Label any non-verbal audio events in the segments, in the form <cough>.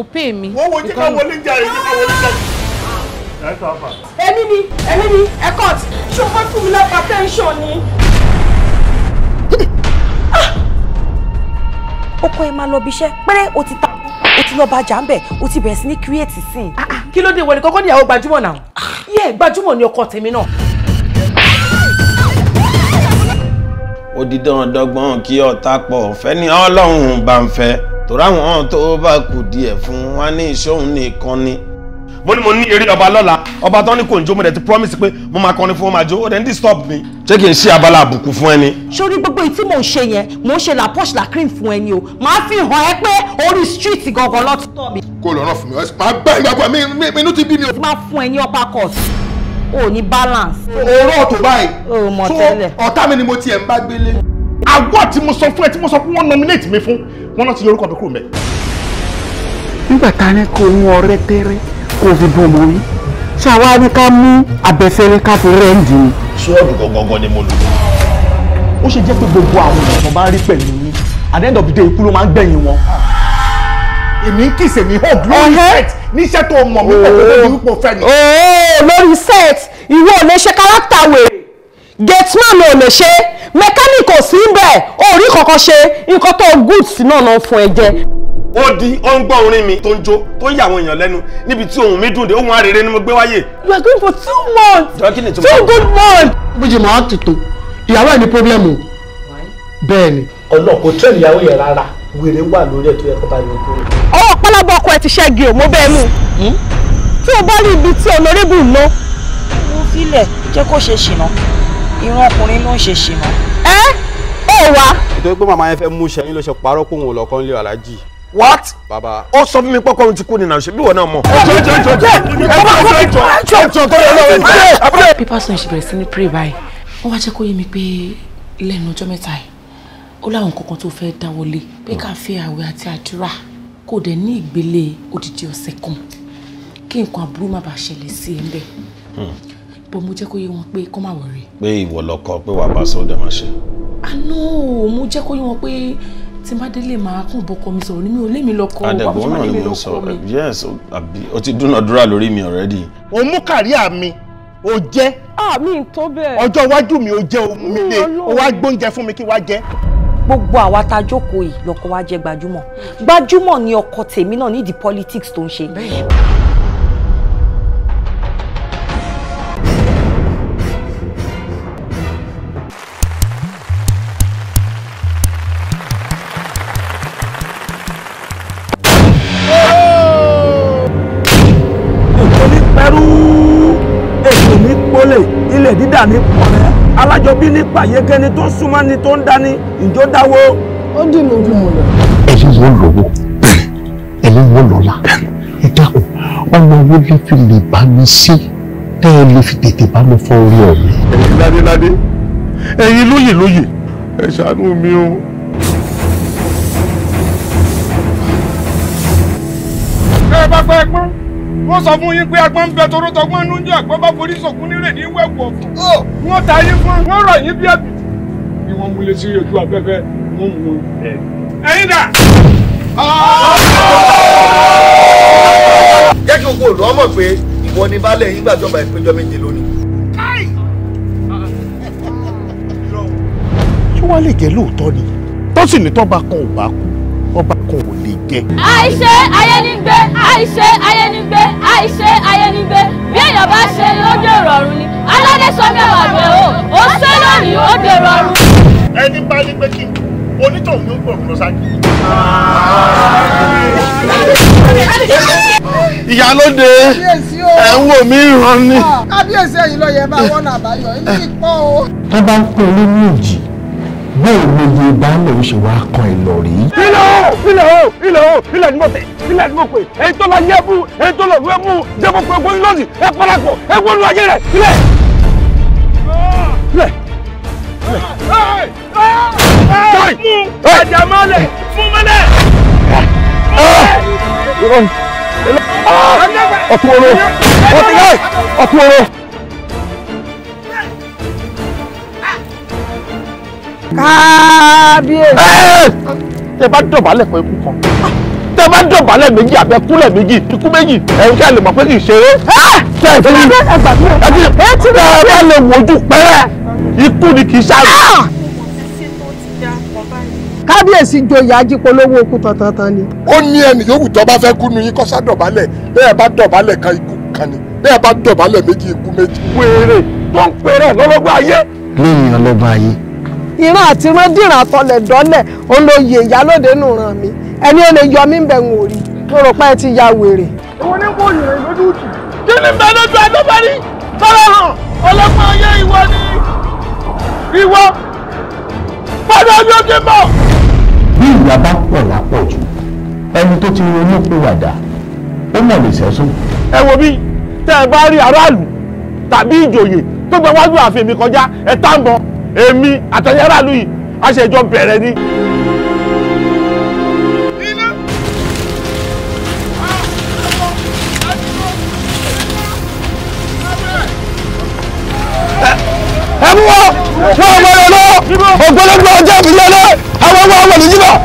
kò pè mí. wọ́n wo jẹ́ ká wọlé jà èyí ká wọlé jà èmi ni èmi ni ecot ṣó fún mi lọ́pàá tẹ́ńsọ̀n ni. Ah! ọkọ ẹ máa lọ bí iṣẹ́ pẹ́rẹ́ o ti ta o ti lọ bá jà ń bẹ̀ o ti bẹ̀rẹ̀ sí ní kírètì sí i. kí ló dé wọlé kọ́kọ́ níyàwó gbajúmọ̀ náà ah! yẹ gbajúmọ̀ ni ọkọ tèmi náà. ó di dandan dọ́gbọ́n kí ọ̀tá pọ̀ fẹ́ni ọlọ́run bá ń fẹ́ torí àwọn hàn tó bá kù díẹ̀ fún wa ní ìṣóhun nìkan ni. mo ní mo ní eré ọba lọ́la ọba tán ní kò ń jó mo dẹ̀ ti promise pé mo máa kọrin fún wọn máa jó ó dẹ̀ ń disturb mi. ṣé kí n ṣe abala àbùkù fún ẹni. sórí gbogbo èyí mò ń ṣe yẹn mò ń ṣe la posh la cream fún ẹni o màá fi hàn ẹ́ pé orí street gangan ló ti tọ́ mi. kó lọ́rọ̀ fún mi ọ̀sìn máa gbá ìgbàgbọ́ mi inú ti bí mi o. máa fún ẹ ní upper court o ní balance. òórọ̀ tó báyìí. o mọ̀ tẹ́lẹ̀. ọ̀tá mi ni mo àwọ̀ tí mo sọ fún ẹ tí mo sọ pé wọ́n nominate mi fún wọn náà ti yọ orúkọ mi kúrò mẹ́. nígbà tá a ní kó mú ọrẹ tẹrẹ kó fi bọ ọmọ yín ṣàwa ni ká mú abẹfẹrẹ ká fi rẹǹdì ni. sọọdù gangan ni mo lò. ó ṣe jẹ́ pé gbogbo àwọn èèyàn bá rí pẹ̀lú yín at the end of the day ikú ló máa ń gbẹ̀yìn wọn. èmi ń kìsè mi hope lórí set níṣẹ́ tó mọ̀ mí pẹ̀lú lórí ipò fẹ́ mi. lórí set ìwọ ò lè ṣe káràkítà wèrè gateman ò lè ṣe mẹkáníìkì ò sí bẹ́ẹ̀ orí kankan ṣe nǹkan tó goods náà náà fún ẹ jẹ. ó di ó ń gbọ́ orin mi tó ń jó tó ń yà àwọn èèyàn lẹ́nu níbi tí ohun mi dùn dé ohun arére ni mo gbé wáyé. you are going for two months two good months. bíjì màá tuntun ìyàwó ẹ̀ ní pọ́blẹ́mù bẹ́ẹ̀ ni. ọlọ́ọ̀ kò tẹ́ ìyàwó yẹn rárá wèrè wà lórí ẹ̀ tó yẹ kó bá yọ kúrò. ọwọ́ pálábọ̀ ọkọ ẹ ti ṣẹ́gi ò mọ́ bẹ́ẹ̀ mú hmm? tí o bá rí ibi tí honorable ná. mo filẹ̀ jẹ́ kó ṣe ṣìnà irun ọkùnrin ló ń ṣe ṣìnà. ẹ ẹ wá. nítorí pé màmá yẹn fẹ́ mú sẹ́yìn ló ṣe parọ́ pé òun lọ́kàn lé aláàjì. what. bàbá ó sọ fún mi pé ọkùnrin ti kú ni náà ṣe bí wọn náà mọ. bí pásítọ̀ ṣe bẹ̀rẹ̀ sí ní pray báyìí wọ́n wá jẹ́ kó yé mi pé lẹ́nu ọjọ́ kò dẹ̀ ní ìgbélé odidi ọ̀sẹ̀ kan kí nǹkan aburú má bàa ṣẹlẹ̀ sí ẹ̀ ń bẹ̀ but mo jẹ́ kó yé wọn pé kó má wọrí. pé ìwọ lọkọ pé wàá bá sọ́dọ̀ máa ṣe. àná ah, mo jẹ́ kó yé wọn pé tí má délé máa kún bọ́kọ mi sọ̀rọ̀ ní mi ò lé mi lọ́kọ àdẹ̀gbọ́n náà ni mo sọ yes àbí o ti dúnàdúrà lórí mi already. o mú kàríà mi o jẹ́ ọjọ́ iwájú mi o jẹ́ omi lé o wá gbóúnjẹ fún mi kí wá jẹ́ gbogbo àwa tá a jókòó yìí lọkọ wa jẹ gbajúmọ̀ gbajúmọ̀ ni ọkọ tèmi náà nídìí politics tó ń ṣe. dàrú ètò ní pólè ilẹ̀ dídà ní pọ̀rẹ́ alájọbí ní pàyékẹ́ni tó ń súnmọ́ ni tó ń dání ìjó dáwó. ó dì lójú mọ̀lẹ́. ẹ̀yin yóò lọ́wọ́ ẹ̀yin yóò lọ́la ẹ dákun ọmọ owó lè fi lè bá mi sí tẹ́ ẹ lè fi tètè bá mi fọ orí ọ̀rẹ́. ẹ̀yin ládé ládé ẹ̀yin lóyè lóyè ẹ ṣàánú mi o. ẹ bá pẹ́ pọ́n wọ́n sọ fún yín pé agbọ́n ń bẹ toró tọgbọ́n nínú jẹ́ àgbọ́n bá forí sọ̀kún nírè ní wẹ̀wù ọ̀fọ̀. wọ́n ta yín fún wọ́n rọ̀ yín bí ẹ̀bì. ni wọ́n múlẹ̀ sí ojú afẹ́fẹ́ wọ́n mú un. ẹ̀yin dà. jẹ́ kí gbogbo olùwọ́ mọ̀ pé ìwọ ni baálé yín gbàjọba ìpéjọ méje lónìí. ṣé lè jẹ́ lóòótọ́ ni tó sì ní tọ́ba kan ò bá kú kan ò lè jẹ. àìṣe ayénigbé àìṣe ayénigbé àìṣe ayénigbé bí èèyàn bá ṣe lójú ìrọ̀rùn ni aládé sọ mẹ́wàá rẹ̀ o ó ṣe lónìí ó dè rọrùn. ẹni bá ní pé kí onítọ̀hún ló ń gbọ̀ kúrò sáájú. ìyálóde ẹ̀ ń wò mí ràn ni. kábíyèsí ẹ̀yìn ló yẹ bá wọ́n nà báyọ̀ ilé ìpọ́ o. wọ́n bá ń pè é ní ìjì bóò ni iye baálé o ṣe wá kan ẹ lọ rí. ilẹ̀ o ilẹ̀ o ilẹ̀ o ilẹ̀ ni mo tẹ̀ ilẹ̀ ni mo pè èyí tó la yẹ mú èyí tó lọ wẹ́ mú jẹ́mọ̀ pé wọ́n lọ́sì ẹ parapọ̀ ẹ wọ́n lu ayé rẹ̀ ilẹ̀. ilẹ̀ ilẹ̀. mú ẹ̀jẹ̀ mọ́lẹ̀ fún mọ́lẹ̀. ọkùnrin ọkùnrin ọkùnrin. kábíyèsí. tẹ bá dọ̀bálẹ̀ pé ikú kan tẹ bá dọ̀bálẹ̀ méjì àbẹ kúlẹ̀ méjì ikú méjì ẹ̀yin kẹ́ lè mọ̀ pé kì í ṣeré. Ah! tẹ ẹ ti tẹ ẹ bá lè wojú pẹ́rẹ́ ikú ni kì í sáré. Ah! kábíyèsí joyè ajípolówó okú tantan ni. ó ní ẹnì yòówù tó bá fẹ́ kú nu yín kó sá dọ̀bálẹ̀ bẹ́ẹ̀ bá dọ̀bálẹ̀ kan ikú kan ni bẹ́ẹ̀ bá dọ̀bálẹ̀ méjì ikú méjì. wèrè tó ń pèrè lọ́lọ́gbọ́ ayé. lẹ́yìn ọlọ́gbọ́ ayé ìran àti ìran dìran dọ́lẹ̀ òun ló nù ràn mí ẹni ò lè yọ mí bẹ̀ ń wò mo rò pé ẹ ti ya wèrè. òun ni bẹ́ẹ̀ lójú adébárí ọlọ́pàá ní bí ìyá bá pọ̀ ẹni tó ti ronú ó mọ̀ lè sẹ́sùn. ẹ wo bí tẹ́ ẹ bá rí aráàlú tàbí ìjòyè tó mi kọjá ẹ èmi àtẹ̀yẹ́ aráàlú yìí a ṣe jọ bẹ̀rẹ̀ ni. ẹ mú wọn wọn ò mọ̀ ọ́ lọ́wọ́ ògbólógbò ọjọ́ ìbílẹ̀ lọ́wọ́ àwọn ọmọ ọmọ nìyí náà.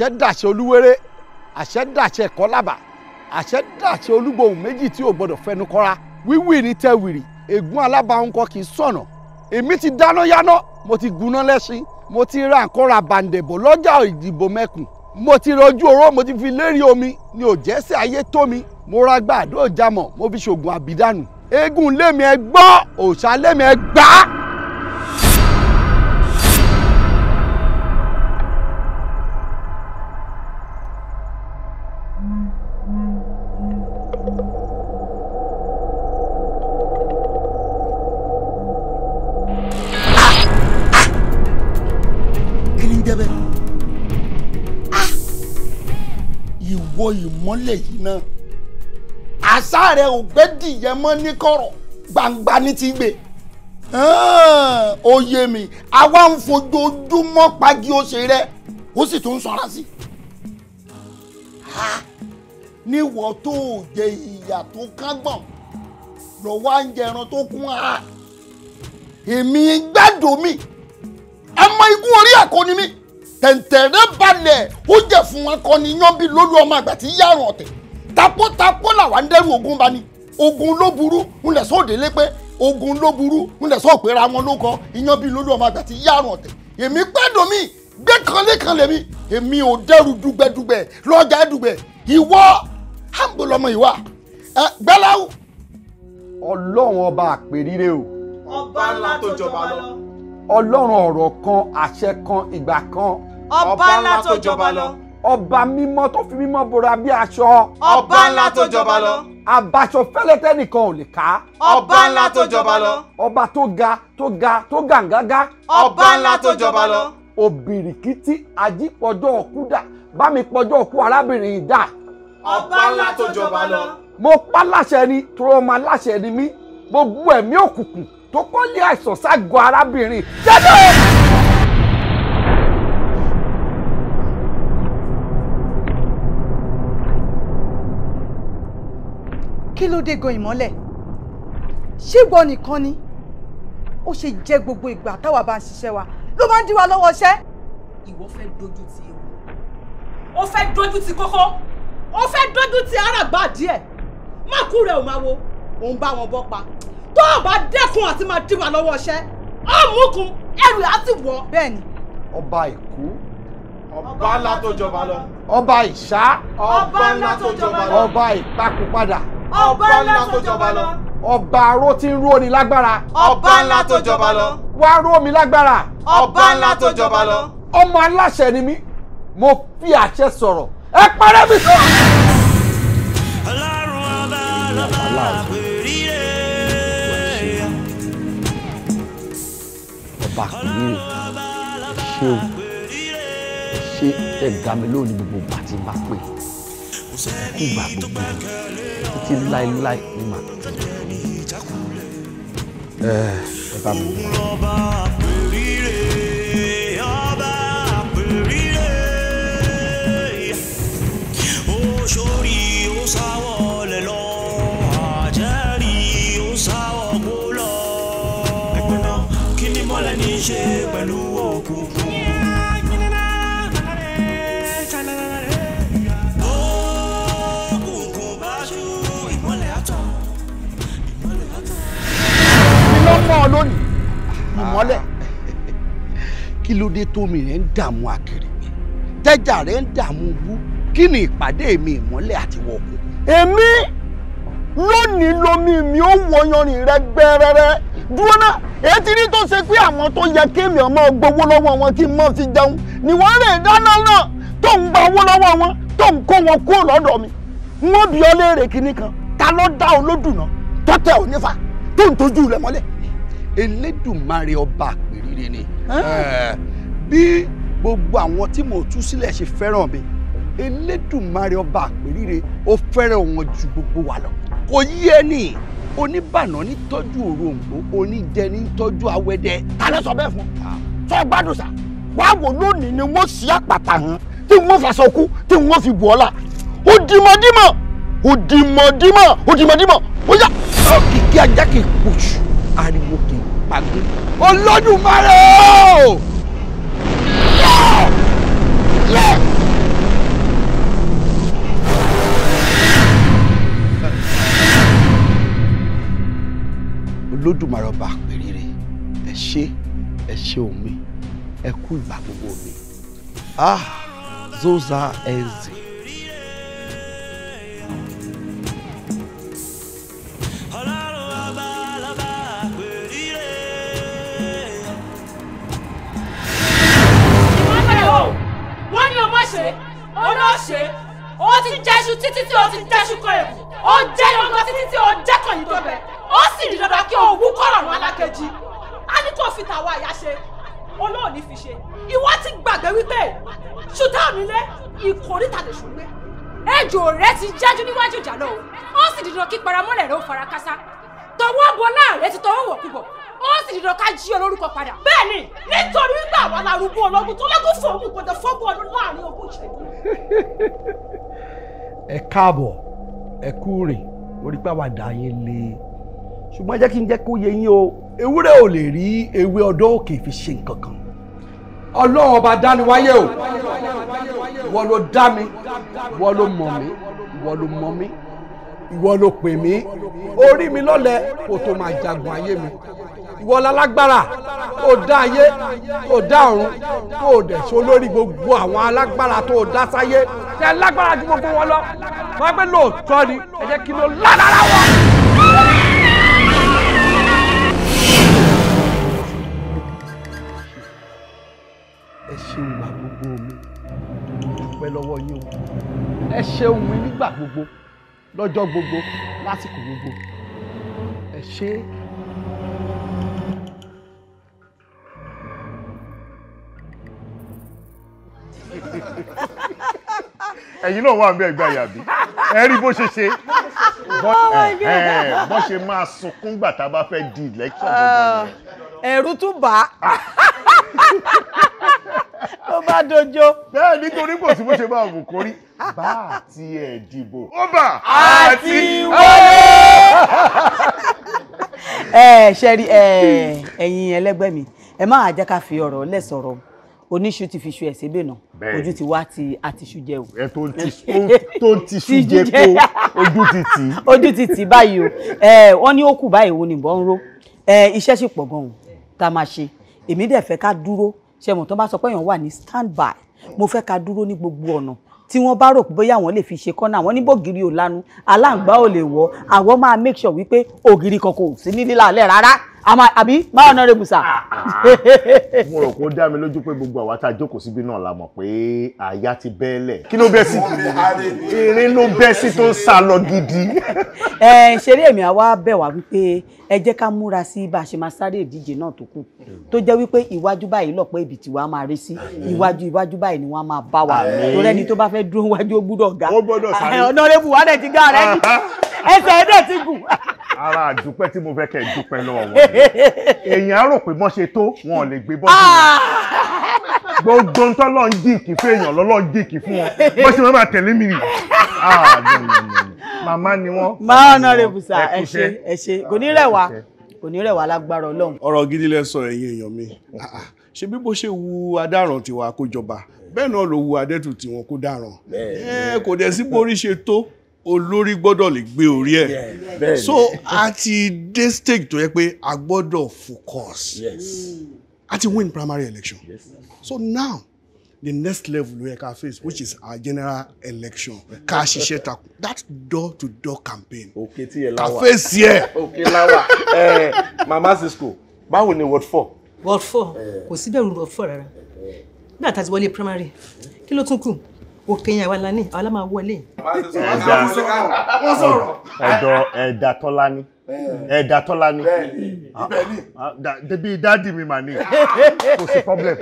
àṣẹ dàṣẹ olúwéré àṣẹ dàṣẹ kọlábà àṣẹ dàṣẹ olúgbòhùn méjì tí ò gbọdọ̀ fẹnu kọra wíwì ní tẹwìrì ègún alábàáhùn kọ kì í sọ̀nà èmi ti dáná yáná mo ti gúná lẹ́ṣin mo ti ra nǹkan ra bàǹdẹ̀bọ̀ lọ́jà ìdìbò mẹ́kùn mo ti rojú oró mo ti fi lérí omi ni ò ayé tó mi mo ra gbàdó ìjàmọ̀ mo fi ṣògùn àbídànù eégún lémi ẹ gbọ́ òòṣà lémi ẹ gbàá. ìmọ́lẹ̀ yìí náà àṣà rẹ ò gbé dìyẹ mọ́ ní kọ̀rọ̀ gbangba ní ti gbé ó mi àwa ń fojoojúmọ́ pagi ọ̀sẹ̀ rẹ ó sì tún ń sọra sí i níwọ̀ tó jẹ ìyà tó kágbọ̀n lọ́wọ́ à ń ẹran tó kún ara èmi gbádùn mi ẹ mọ ikú orí ẹ̀kọ́ ni mi tẹ̀ǹtẹ̀rẹ́ balẹ̀ ó jẹ́ fún wọn akọni yánbí lólu ọmọ àgbà tí yàrá ọ̀tẹ̀ tapọ́tapọ́ làwọn dẹ́rù ogun bá ní ogun ló burú ńlẹ̀ sóde lé pé ogun ló burú ńlẹ̀ sọ pé ra wọn ló kọ yánbí lólu ọmọ àgbà tí yàrá ọ̀tẹ̀ èmi gbẹ́dọ̀ mi gbé kanlẹ́kan lèmi èmi ò dẹ́rù dùgbẹ̀dùgbẹ̀ lọ́jà dùgbẹ̀ ìwọ hàǹgbọ̀lọmọ ìwà gbẹ́láwù. ọlọ́run ọba àpèrire o. ọba ńlá tó jọba lọ ọlọ́run ọ̀rọ̀ kan àṣẹ kan ìgbà kan. ọba ńlá tó jọba lọ. ọba mímọ́ tó fi mímọ́ bora bí aṣọ. ọba ńlá tó jọba lọ. abaṣọ fẹ́lẹ́tẹ́ nìkan ò lè ká. ọba ńlá tó jọba lọ. ọba tó ga tó ga tó gàǹgágá. ọba ńlá tó jọba lọ. òbìrìkìtì ajípọjọ òkú dà bá mi pọjọ òkú arábìnrin yìí dà. ọba ńlá tó jọba lọ. mo pa láṣẹ ni torọ́ ọmọ aláṣẹ ni mí gbogbo ẹ̀mí òkùnkùn tó kó lé àìsàn ságọ́ arábìnrin jẹ́dọ̀. kí ló dé gan ìmọ́lẹ̀ ṣé ìwọ nìkan ni ó ṣe jẹ́ gbogbo ìgbà táwa bá ń ṣiṣẹ́ wa ló máa ń dí wa lọ́wọ́ iṣẹ́. ìwọ fẹ́ dojú ti ewu ó fẹ́ dojú ti kókó ó fẹ́ dojú ti àràgbà díẹ̀ má kú rẹ̀ ò máa wo òun bá wọn bọ́ pa tó o bá dẹ́kun àti máa dí wa lọ́wọ́ iṣẹ́ ọ̀mùkùn ẹrù á wọ̀. bẹ́ẹ̀ni. ọba èkó. ọba ńlá tó jọba lọ. ọba ìṣá. ọba ńlá tó jọba lọ. ọba ìpakùpadà. ọba ńlá tó jọba lọ. ọba aró tí ń ró ni lágbára. ọba ńlá tó jọba lọ. wá ró mi lágbára. ọba ńlá tó jọba lọ. ọmọ aláṣẹ ni mí mo fi àṣẹ sọ̀rọ̀ ẹ parẹ́ mi. ọlọ́run yìí ṣé o ṣé ẹ̀dá mi lónìí gbogbo pàtí bá pè kú bá gbogbo títí láéláé ní màá tó ẹ ẹ bá mi dé. sórí ó sáwọ́. mọ́ ọ lónìí ah. ìmọ́lẹ̀. kí ló dé tómi rẹ̀ ń dààmú akèrègbè tẹ́jà rẹ̀ ń dààmú bú kí ni ìpàdé mi ìmọ́lẹ̀ àti wọ̀ọ̀kùn. èmi lónìí lomi mi ò wọ yanrìn rẹ gbẹrẹrẹ dúró náà èyí ti rí tó ṣe pé àwọn tó yẹ kéèmì ọmọ gbowó lọ́wọ́ wọn tí mọ́ ti jẹun ni wọ́n rè dáná náà tó ń gba owó lọ́wọ́ wọn tó ń kó wọn kúrò lọ́dọ̀ mi wọ́n bi ọ́ léèrè ta ló dá olódùn náà tọ́tẹ̀ onífà tó ń tọ́jú rẹ̀ mọ́lẹ̀ elédùnmarè ọba àpèrire ni eh, bí gbogbo àwọn tí mo tú sílẹ̀ ṣe fẹ́ràn mi elédùnmarè ọba àpèrire ó fẹ́ràn wọn ju gbogbo wa lọ kò yí ẹni oníbànà ní tọ́jú òroǹgbò oníjẹ ní tọ́jú awẹ́dẹ tálẹ́ sọ bẹ́ẹ̀ fún ah. sọ gbádùn sá wàá wò lónìí ni wọ́n ṣí àpàtà hàn tí wọ́n fàṣọ kú tí wọ́n fi bù ọ́ la ó dìmọ̀dìmọ̀ ó dìmọ̀dìmọ̀ ó dìmọ̀dìmọ̀ ó yá. ọ̀kìkí ajá kì í pòṣù ariwo kì í pàgún olódùmarè o. olódùmarè ọba àpèrèrè ẹ ṣé ẹ ṣé omi ẹ kú ìgbà gbogbo mi ah zoza ẹ zè. títí títí o ti dẹ́sù kọ èkó o jẹ́ lọ́gbọ́n títí tí o jẹ́kọ̀ yìí tó bẹ ó sì di dandan kí o wú kọ́rọ̀ ọ̀run alákejì á ní kó o fi tàwa àyà ṣe olóòní fi ṣe ìwọ ti gbàgbé wípé ṣùtá nílé ìkórìtà lè ṣùgbé ẹjọ rẹ ti jájú níwájú ìjà náà ó sì di dandan kí paramọ́lẹ̀ rẹ ó fara kásá tọwọ́ bọ láàrẹ ti tọwọ́ wọ̀ púpọ̀ ó sì di dandan ká jí olórúkọ padà. bẹ́ẹ̀ni nítorí wípé àwọn alárúgbó ológun tó lẹkùn fún ògùn kò dé fọgbọn ọdún láàrin ogún ìṣẹ́jú. ẹ káàbọ̀ ẹ kú rìn orí yẹn le ṣùgbọ́n jẹ́ kí n jẹ́ yẹ yín o ewúrẹ́ ò lè rí ewé ọ̀dọ́ òkè fi ṣe nkankan ọlọ́run ọba o ìwọ ló dá mi ìwọ ló mọ̀ ìwọ mi lọ́lẹ̀ tó máa mi ìwọ lálágbára ó dá ayé ó dá ọ̀run ó dẹ̀ ṣe olórí gbogbo àwọn alágbára tó dá sáyé tẹ lágbára ju gbogbo wọn lọ wọn pẹ́ lóòótọ́ ni ẹ jẹ́ kí ló lálára wọn. ẹ ṣeun wà gbogbo mi dúpẹ́ lọ́wọ́ yín o ẹ ṣeun mi nígbà gbogbo lọ́jọ́ gbogbo lásìkò gbogbo ẹ ṣe é. <laughs> ẹ̀yin náà wà ń bẹ́ẹ̀ gba ìyàbí ẹ rí bó ṣe ṣe oh eh, eh, bó ṣe máa sunkún gbà tá a bá fẹ́ di election gbogbo ah, yẹn. ẹ̀rù tún bà á ah. ló <laughs> bá dojo. bẹ́ẹ̀ nítorí kò sí bó ṣe máa wù kórí bá àti ẹ̀ dìbò. ó bà àti wọlé. ẹ <laughs> eh, ṣe rí ẹ̀yin ẹlẹgbẹ́ mi ẹ má jẹ́ ká fi ọ̀rọ̀ lẹ̀ sọ̀rọ̀ oníṣu ti fi ṣu ẹ̀ sébè náà ojú ti wá ti àtìṣu jẹ o. ẹ tó ń tiṣu <laughs> jẹ kó ojú ti tì í. <laughs> ojú ti tì í báyìí o wọ́n ní ó kù báyìí wo nìbọn ń ró iṣẹ́ sì pọ̀ gan-an tá a máa ṣe èmi dẹ̀ fẹ́ ká dúró ṣe mọ̀ tó bá sọ pé èèyàn wà ní stand by mo fẹ́ ká dúró ní gbogbo ọ̀nà tí wọ́n bá rò pé bóyá àwọn lè fi ṣe kọ́nà àwọn níbògiri ò lanu aláǹgbá ò lè wọ̀ àwọn máa make sure wípé ògiri kankan ò sí ní lílà alẹ́ rárá àmà àbí má honorable sir. Ah, ah. <laughs> mo rò kó dá mi lójú pé gbogbo àwa tá a jókòó síbi náà la mọ̀ pé àyà ti bẹ́ẹ̀lẹ̀ kí ló bẹ́ sí irin ló bẹ́ sí tó ń sá lọ gidi. <laughs> ẹ ṣeré èmi àwa bẹ̀ wá wípé ẹ jẹ́ ká múra sí bá a ṣe máa sáré ìdíje náà tó kù tó jẹ́ wípé iwájú báyìí lọ́pọ̀ ibi tí wàá máa rí sí iwájú iwájú báyìí ni wọ́n máa bá wa lórẹ́ni tó bá fẹ́ dúró wájú ó gbúdọ̀ ga honorable wa dẹ̀ ti <laughs> ẹsẹ̀ ẹ̀dẹ̀ ti gùn. ara àdúpẹ́ tí mo fẹ́ kẹ́ dúpẹ́ lọ́wọ́ wọn èèyàn rò pé wọ́n ṣe tó wọn ò lè gbé bọ́ọ̀lù wọn ah! gbogbo ń tọ́lọ́ ń dìkì fún èèyàn lọ́lọ́ ń dìkì fún wọn bó ṣe máa tẹ̀lé mi nìyí ah, màmá ni wọ́n. máa ọ̀nà rẹ̀ bùsà ẹ ṣé ẹ ṣé kò ní rẹ̀ wá kò ní rẹ̀ wá lágbára ọlọ́run. ọ̀rọ̀ gidi lẹ sọ ẹ̀yin èèyàn mi ah, ṣe bí bó ṣe wu adáràn tiwa kó jọba bẹ́ẹ̀ náà ló wu adẹ́tù tiwọn kó dáràn kò dẹ̀ sí borí ṣe tó olórí gbọ́dọ̀ lè gbé orí ẹ̀ so a ti dé stage tó yẹ pé a gbọ́dọ̀ focus yes. a ti win primary election so now the next level ló yẹ ká face which is our general election ká ṣiṣẹ́ takun that door to door campaign òkè tí yẹ láwà ká face yẹ. òkè láwà mama Cisco báwo ni ward four. ward four kò sí bẹ̀rù ward four rárá nígbà tá a ti wọlé primary kí ló tún kù òkè yẹn wàlá ní àwọn máa wọlé. ẹ̀dọ̀ ẹ̀dà tọ́lá ni ẹ̀dà tọ́lá ni débi dáàdì mi mà ní kò sí problem.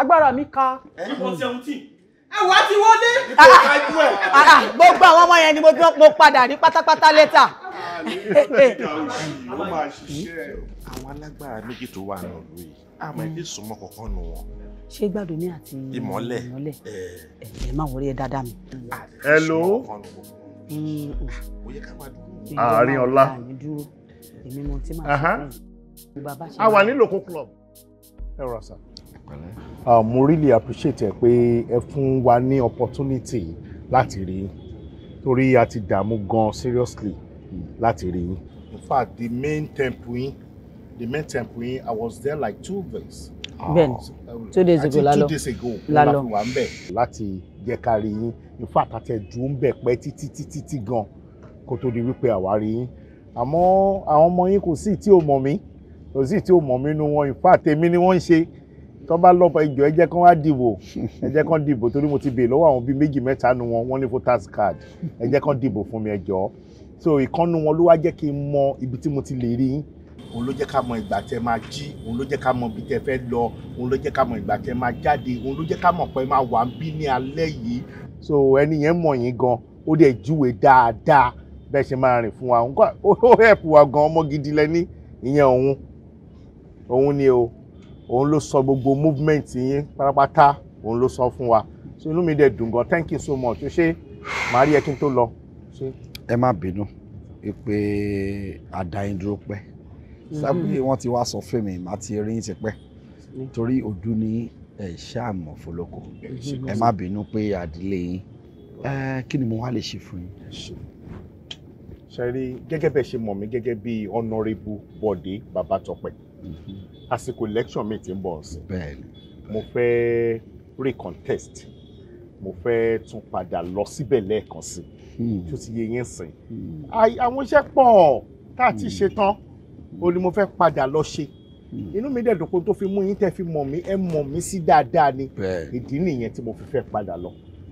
agbára mi ka. ẹ̀wọ̀n ti wọlé. gbogbo àwọn ọmọ yẹn ni mo padà ní pátápátá lẹ́tà àwọn alágbára méjì tó wà nínú ìlú yìí àmọ́ ẹbí hmm. súnmọ́ kọ̀ọ̀kan nù wọn. ṣé gbádùn ní àti ìmọ́lẹ̀ eh. Eh, ẹ ẹ má wọlé ẹ dáadáa mi. hello. Hmm, hmm. Ah, àárín ọlá. èmi mo ti máa ṣe a wà nílòkó club. ẹ rọ sá. Ah, mo really appreciate ẹ pé ẹ fún wa ní opportunity láti rí i torí a ti dààmú gan seriously láti rí in fact the main temple yín the main temple yẹn i was there like two days. bẹ́ẹ̀ni um, two days ago lálọ two days ago lálọ wà ń bẹ. láti jẹ́ ká rí yín in fact àtẹ dùn bẹ̀ pẹ́ títí títí tí gan kó tó di wípé àwa rí yín àmọ́ àwọn ọmọ yín kò sí tí ò mọ̀ mí kò sí tí ò mọ̀ mí nu wọn in fact èmi ni wọ́n ń ṣe tó bá lọ́pọ̀ ìjọ ẹ jẹ́ kán wá dìbò ẹ jẹ́ kán mo ti bèè lọ́wọ́ àwọn bíi méjì mẹ́ta nu wọn wọ́n ní voters card ẹ jẹ́ kán dìbò fún mi ẹ so ìkànnù wọn ló wá jẹ́ kí n mọ ibi mo ti lè rí òun ló jẹ́ ká mọ ìgbà tẹ́ máa jí òun ló jẹ́ ká mọ ibi tẹ́ fẹ́ lọ òun ló jẹ́ ká mọ ìgbà tẹ́ máa jáde òun ló jẹ́ ká mọ̀ pé máa wà ń bí ní alẹ́ yìí so ẹni yẹn mọ̀ yín gan ó dẹ̀ júwe dáadáa bẹ́ẹ̀ ṣe máa rìn fún wa nǹkan ó help wa gan ọmọ gidi lẹ́ni ìyẹn òun òun ni o òun ló sọ gbogbo movement yín pátápátá òun ló sọ fún wa so inú mi dẹ̀ dùn gan thank you so much ṣe màá rí ẹ kí n tó lọ. ẹ má bínú pé àdáyé dúró pẹ́ Mm-hmm. sápẹ́ wọ́n ti wá sọ fún mi màá ti rí ti pẹ́ mm-hmm. torí òdu ní ẹ̀ ṣáàmù fọlọ́kọ̀ mm-hmm. ẹ má bínú pé àdílé yín kí ni mo wá lè ṣe fún yín. ṣẹ́rí gẹ́gẹ́ bẹ́ẹ̀ ṣe mọ̀ mí gẹ́gẹ́ bí ọ̀nàrẹ́bù bọ̀dé babatọ́pẹ́ àsìkò election mi ti ń bọ̀ ọ̀sìn mo fẹ́ recontest mo fẹ́ tún padà lọ síbẹ̀ lẹ́ẹ̀kan sí i hmm. tó ti yẹ yẹn sìn hmm. àwọn iṣẹ́ pọ̀ tá a ti hmm. ṣe tán. Mm -hmm o ni mo fẹ́ padà lọ ṣe hmm. inú mi dẹ̀ dòkó tó fi mú yín tẹ́ fi mọ̀ mí ẹ mọ̀ mí sí dáadáa ni ìdí nìyẹn tí mo fi fẹ́ padà lọ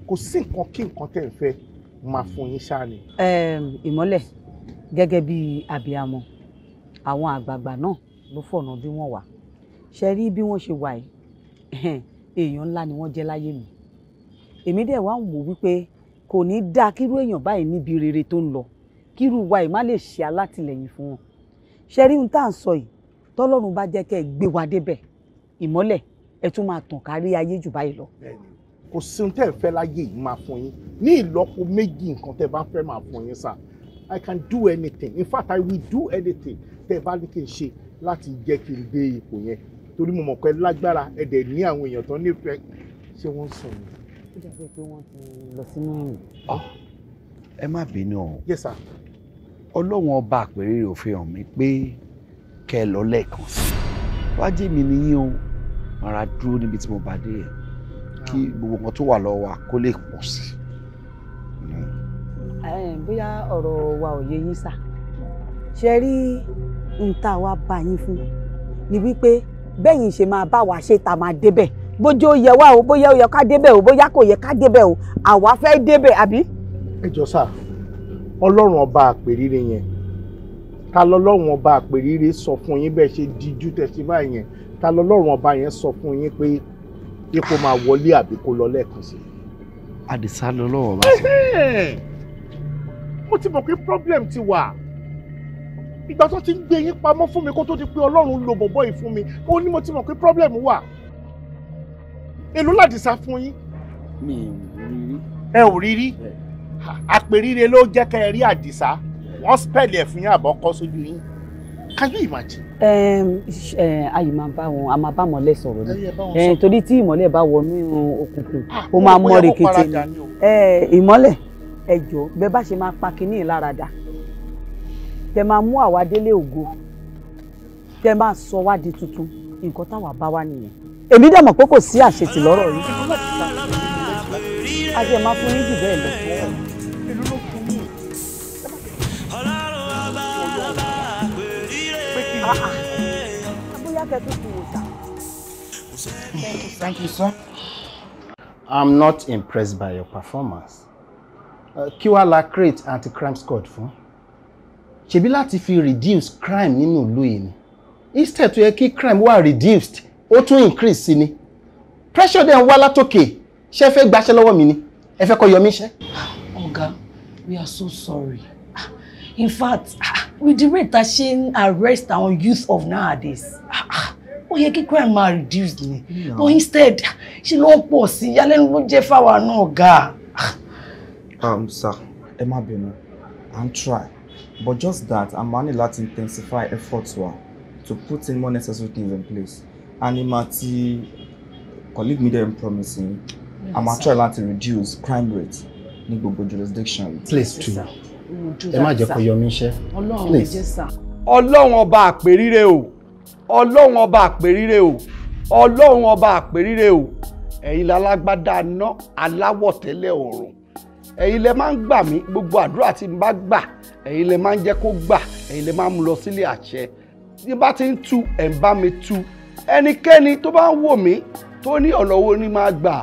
kò sí nǹkan kí nǹkan tẹ̀ ń fẹ́ máa fún yín ṣáà ni. ìmọ́lẹ̀ gẹ́gẹ́ bí abiyamọ àwọn àgbààgbà náà ló fọ̀nà bí wọ́n wà ṣe rí bí wọ́n ṣe wà yìí èèyàn ńlá ni wọ́n jẹ́ láyé mi èmi dẹ̀ wá ń wò wípé kò ní dáa kírú èèyàn báyìí níbi rere tó ń lọ kírú wa yìí má lè ṣe alátìlẹyìn fún wọn ṣe rí ohun tá à ń sọ yìí tọ́lọ́run bá jẹ́ kẹ́ ẹ gbé wa débẹ̀ ìmọ́lẹ̀ ẹ tún máa tàn kárí ayé jù báyìí lọ. kò sí ohun tẹ́ ẹ fẹ́ láyé yìí máa fún yín ní ìlọ́po méjì nǹkan tẹ́ ẹ bá fẹ́ máa fún yín sà i can do anything in fact i will do anything tẹ́ ẹ bá ní kí n ṣe láti jẹ́ kí n dé ipò yẹn torí mo mọ̀ pé lágbára ẹ ní àwọn èèyàn tó nífẹ̀ẹ́ ṣé wọ́n sọ ni. ó dàbí pé wọ́n ti lọ sínú ẹ̀yìn. Ah, ẹ má bínú o. yes sir ọlọ́run ọba àpèrè rẹ̀ ò fi hàn mí pé kẹ́ ẹ lọ lẹ́ẹ̀kan sí i wá mi nìyí o màrà dúró níbi tí mo bá dé yẹn kí ah. gbogbo nǹkan tó wà lọ́wọ́ wa kó lè pọ̀ sí i. bóyá ọ̀rọ̀ wa ò yé yín sà ṣe rí n ta wa bá yín fún ni wípé bẹ́yìn ṣe máa bá wa ṣe ta máa débẹ̀ bójú ó yẹ wá o bóyá ó yẹ ká débẹ̀ o bóyá kò yẹ ká débẹ̀ o àwa fẹ́ débẹ̀ àbí. ẹ jọ sáà ọlọ́run ọba àpèrire yẹn ta lọ́lọ́run ọba àpèrire sọ fún yín bẹ́ẹ̀ ṣe díjú tẹ̀sí báyìí yẹn ta lọ́lọ́run ọba yẹn sọ fún yín pé ipò máa wọlé àbí kó lọ lẹ́ẹ̀kan sí. àdìsá lọ́lọ́run ọba sọ. mo ti mọ̀ pé problem ti wà ìgbà tó ti ń gbé yín pamọ́ fún mi kó tó di pé ọlọ́run lo bọ̀bọ́ yìí fún mi ó ní mo ti mọ̀ pé problem wà èló làdìsá fún yín. mi ò rí rí. ẹ ò rí rí àpèrire ló jẹ́ kẹ́ ẹ rí àdìsá wọ́n spẹ́ẹ̀lì ẹ̀ fún yín àbọ̀ kọ́ sójú yín can you imagine. ayì máa bá wọn a máa bá mọ́lẹ̀ sọ̀rọ̀ ni torí tí ìmọ́lẹ̀ bá wọnú òkùnkùn ah, ó máa mọ́ rekete ni ìmọ́lẹ̀ ẹ jọ̀ọ́ bẹ́ẹ̀ bá ṣe máa pa kínní ìlarada tẹ máa mú àwa délé ògo tẹ máa sọ wá di tuntun nǹkan táwa bá wá nìyẹn èmi dẹ̀ mọ̀ pé kò sí àṣetì lọ́rọ̀ yìí àti ẹ̀ máa fún yín jù bẹ́ẹ̀ lọ. Thank you, sir. I'm not impressed by your performance. Uh, kí la create anti-crime squad fun. Ṣebí láti fi reduce crime nínú ìlú yìí ni? Instead tó yẹ kí crime wa reduced, o tún increase sí ni. Pressure dẹ̀ wa wá látòkè ṣé fẹ́ gbaṣẹ́ lọ́wọ́ mi ni ẹ fẹ́ kó yọ mí ṣẹ́. ọ̀gá we are so sorry in fact with the rate ta ṣe arrest our youth of nowadays ó yẹ kí crime máa reduce ni but instead ṣe ló ń pọ̀ sí i yálẹ́nu ló jẹ́ fáwa náà ga. Um, sir ẹ má bínú i'm try but just that i'm planning láti intensify efforts wa to put in more necessary things in place and ima ti colleague mi dem promise a máa try láti reduce crime rate ní gbogbo jurisdiction yìí. please two ẹ má jẹ́ kó yọ iṣẹ́ please. ọlọ́run ọba àpèríre o ọlọ́run ọba àpèríre o ọlọ́run ọba àpèríre o ẹ̀yin lálágbádá ná aláwọ̀ tẹ́lẹ̀ ọ̀run ẹ̀yin lẹ máa ń gbà mí gbogbo àdúrà tí n bá gbà ẹ̀yin lẹ máa ń jẹ́ kó gbà ẹ̀yin lẹ máa ń lọ sílé àṣẹ bí bá ti ń tu ẹ̀ ń bá mi tu ẹnikẹ́ni tó bá ń wò mí tó ní ọ̀nà wo ni máa gbà